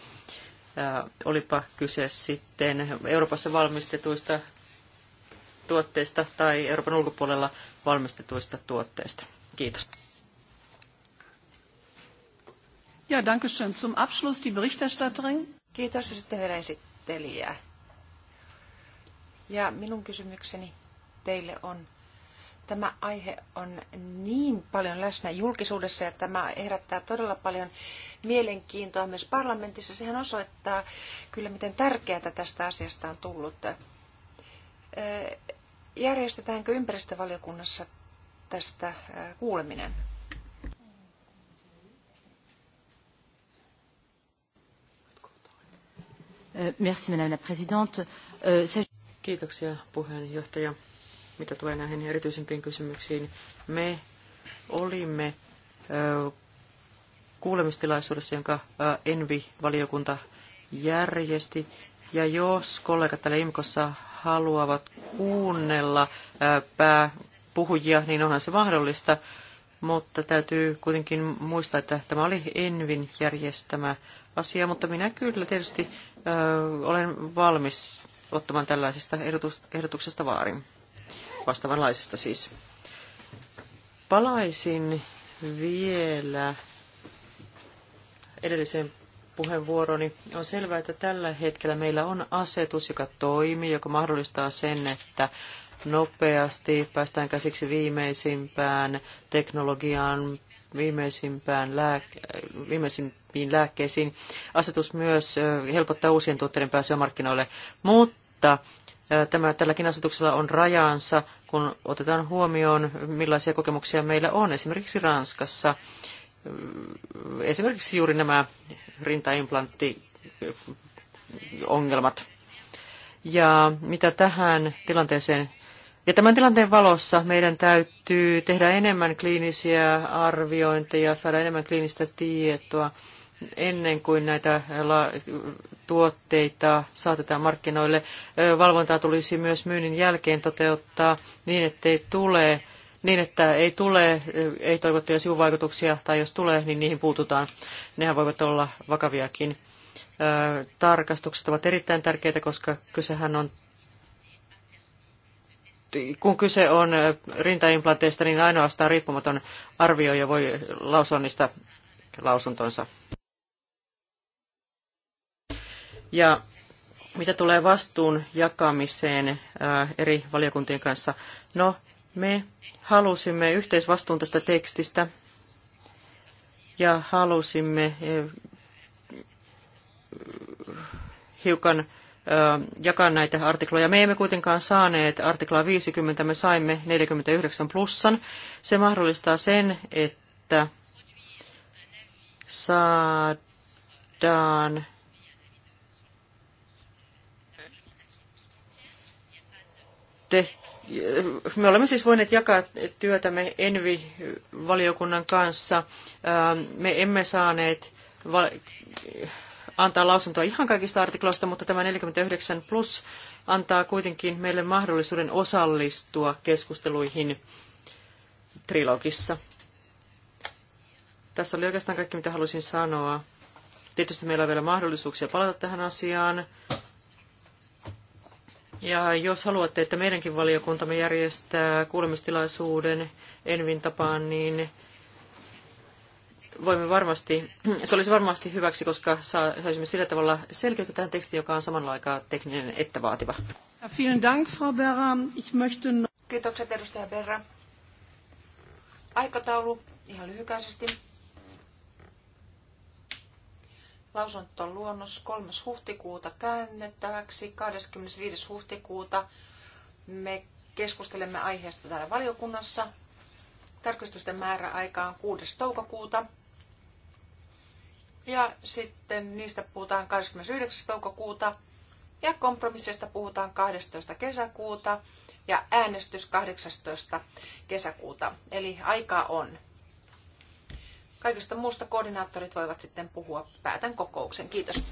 Äh, olipa kyse sitten Euroopassa valmistetuista tuotteista tai Euroopan ulkopuolella valmistetuista tuotteista. Kiitos. Ja, danke schön. Zum Abschluss die Berichterstatterin. Kiitos ja sitten vielä esittelijää. Ja minun kysymykseni teille on, tämä aihe on niin paljon läsnä julkisuudessa ja tämä herättää todella paljon mielenkiintoa myös parlamentissa. Sehän osoittaa kyllä, miten tärkeää tästä asiasta on tullut. Järjestetäänkö ympäristövaliokunnassa tästä kuuleminen? Euh, merci, madame la présidente. Euh, Kiitoksia puheenjohtaja. Mitä tulee näihin erityisempiin kysymyksiin, me olimme kuulemistilaisuudessa, jonka Envi-valiokunta järjesti. Ja jos kollegat täällä IMKossa haluavat kuunnella pääpuhujia, niin onhan se mahdollista. Mutta täytyy kuitenkin muistaa, että tämä oli Envin järjestämä asia, mutta minä kyllä tietysti olen valmis ottamaan tällaisesta ehdotuksesta vaarin, vastaavanlaisesta siis. Palaisin vielä edelliseen puheenvuoroni. On selvää, että tällä hetkellä meillä on asetus, joka toimii, joka mahdollistaa sen, että nopeasti päästään käsiksi viimeisimpään teknologiaan, viimeisimpään lääk- viimeisimpiin lääkkeisiin. Asetus myös helpottaa uusien tuotteiden pääsyä markkinoille, mutta Tämä, tälläkin asetuksella on rajansa, kun otetaan huomioon, millaisia kokemuksia meillä on esimerkiksi Ranskassa. Esimerkiksi juuri nämä rintaimplanttiongelmat. Ja mitä tähän tilanteeseen ja tämän tilanteen valossa meidän täytyy tehdä enemmän kliinisiä arviointeja, saada enemmän kliinistä tietoa ennen kuin näitä tuotteita saatetaan markkinoille. Valvontaa tulisi myös myynnin jälkeen toteuttaa niin, että ei tule, niin että ei tule ei toivottuja sivuvaikutuksia, tai jos tulee, niin niihin puututaan. Nehän voivat olla vakaviakin. Tarkastukset ovat erittäin tärkeitä, koska kysehän on kun kyse on rintaimplanteista, niin ainoastaan riippumaton arvioija voi lausua niistä lausuntonsa. Ja mitä tulee vastuun jakamiseen eri valiokuntien kanssa? No, me halusimme yhteisvastuun tästä tekstistä ja halusimme hiukan jakaa näitä artikloja. Me emme kuitenkaan saaneet artiklaa 50, me saimme 49 plussan. Se mahdollistaa sen, että saadaan te, me olemme siis voineet jakaa työtämme Envi-valiokunnan kanssa. Me emme saaneet antaa lausuntoa ihan kaikista artikloista, mutta tämä 49 plus antaa kuitenkin meille mahdollisuuden osallistua keskusteluihin trilogissa. Tässä oli oikeastaan kaikki, mitä halusin sanoa. Tietysti meillä on vielä mahdollisuuksia palata tähän asiaan. Ja jos haluatte, että meidänkin valiokuntamme järjestää kuulemistilaisuuden Envin tapaan, niin voimme varmasti, se olisi varmasti hyväksi, koska saisimme sillä tavalla selkeyttä tähän tekstiin, joka on samalla aikaa tekninen että vaativa. Vielen Dank, Frau Berra. Ich möchte... Kiitokset, edustaja Berra. Aikataulu ihan lyhykäisesti. Lausunto luonnos 3. huhtikuuta käännettäväksi. 25. huhtikuuta me keskustelemme aiheesta täällä valiokunnassa. Tarkistusten määräaika on 6. toukokuuta ja sitten niistä puhutaan 29. toukokuuta ja kompromissista puhutaan 12. kesäkuuta ja äänestys 18. kesäkuuta. Eli aikaa on. Kaikesta muusta koordinaattorit voivat sitten puhua. Päätän kokouksen. Kiitos.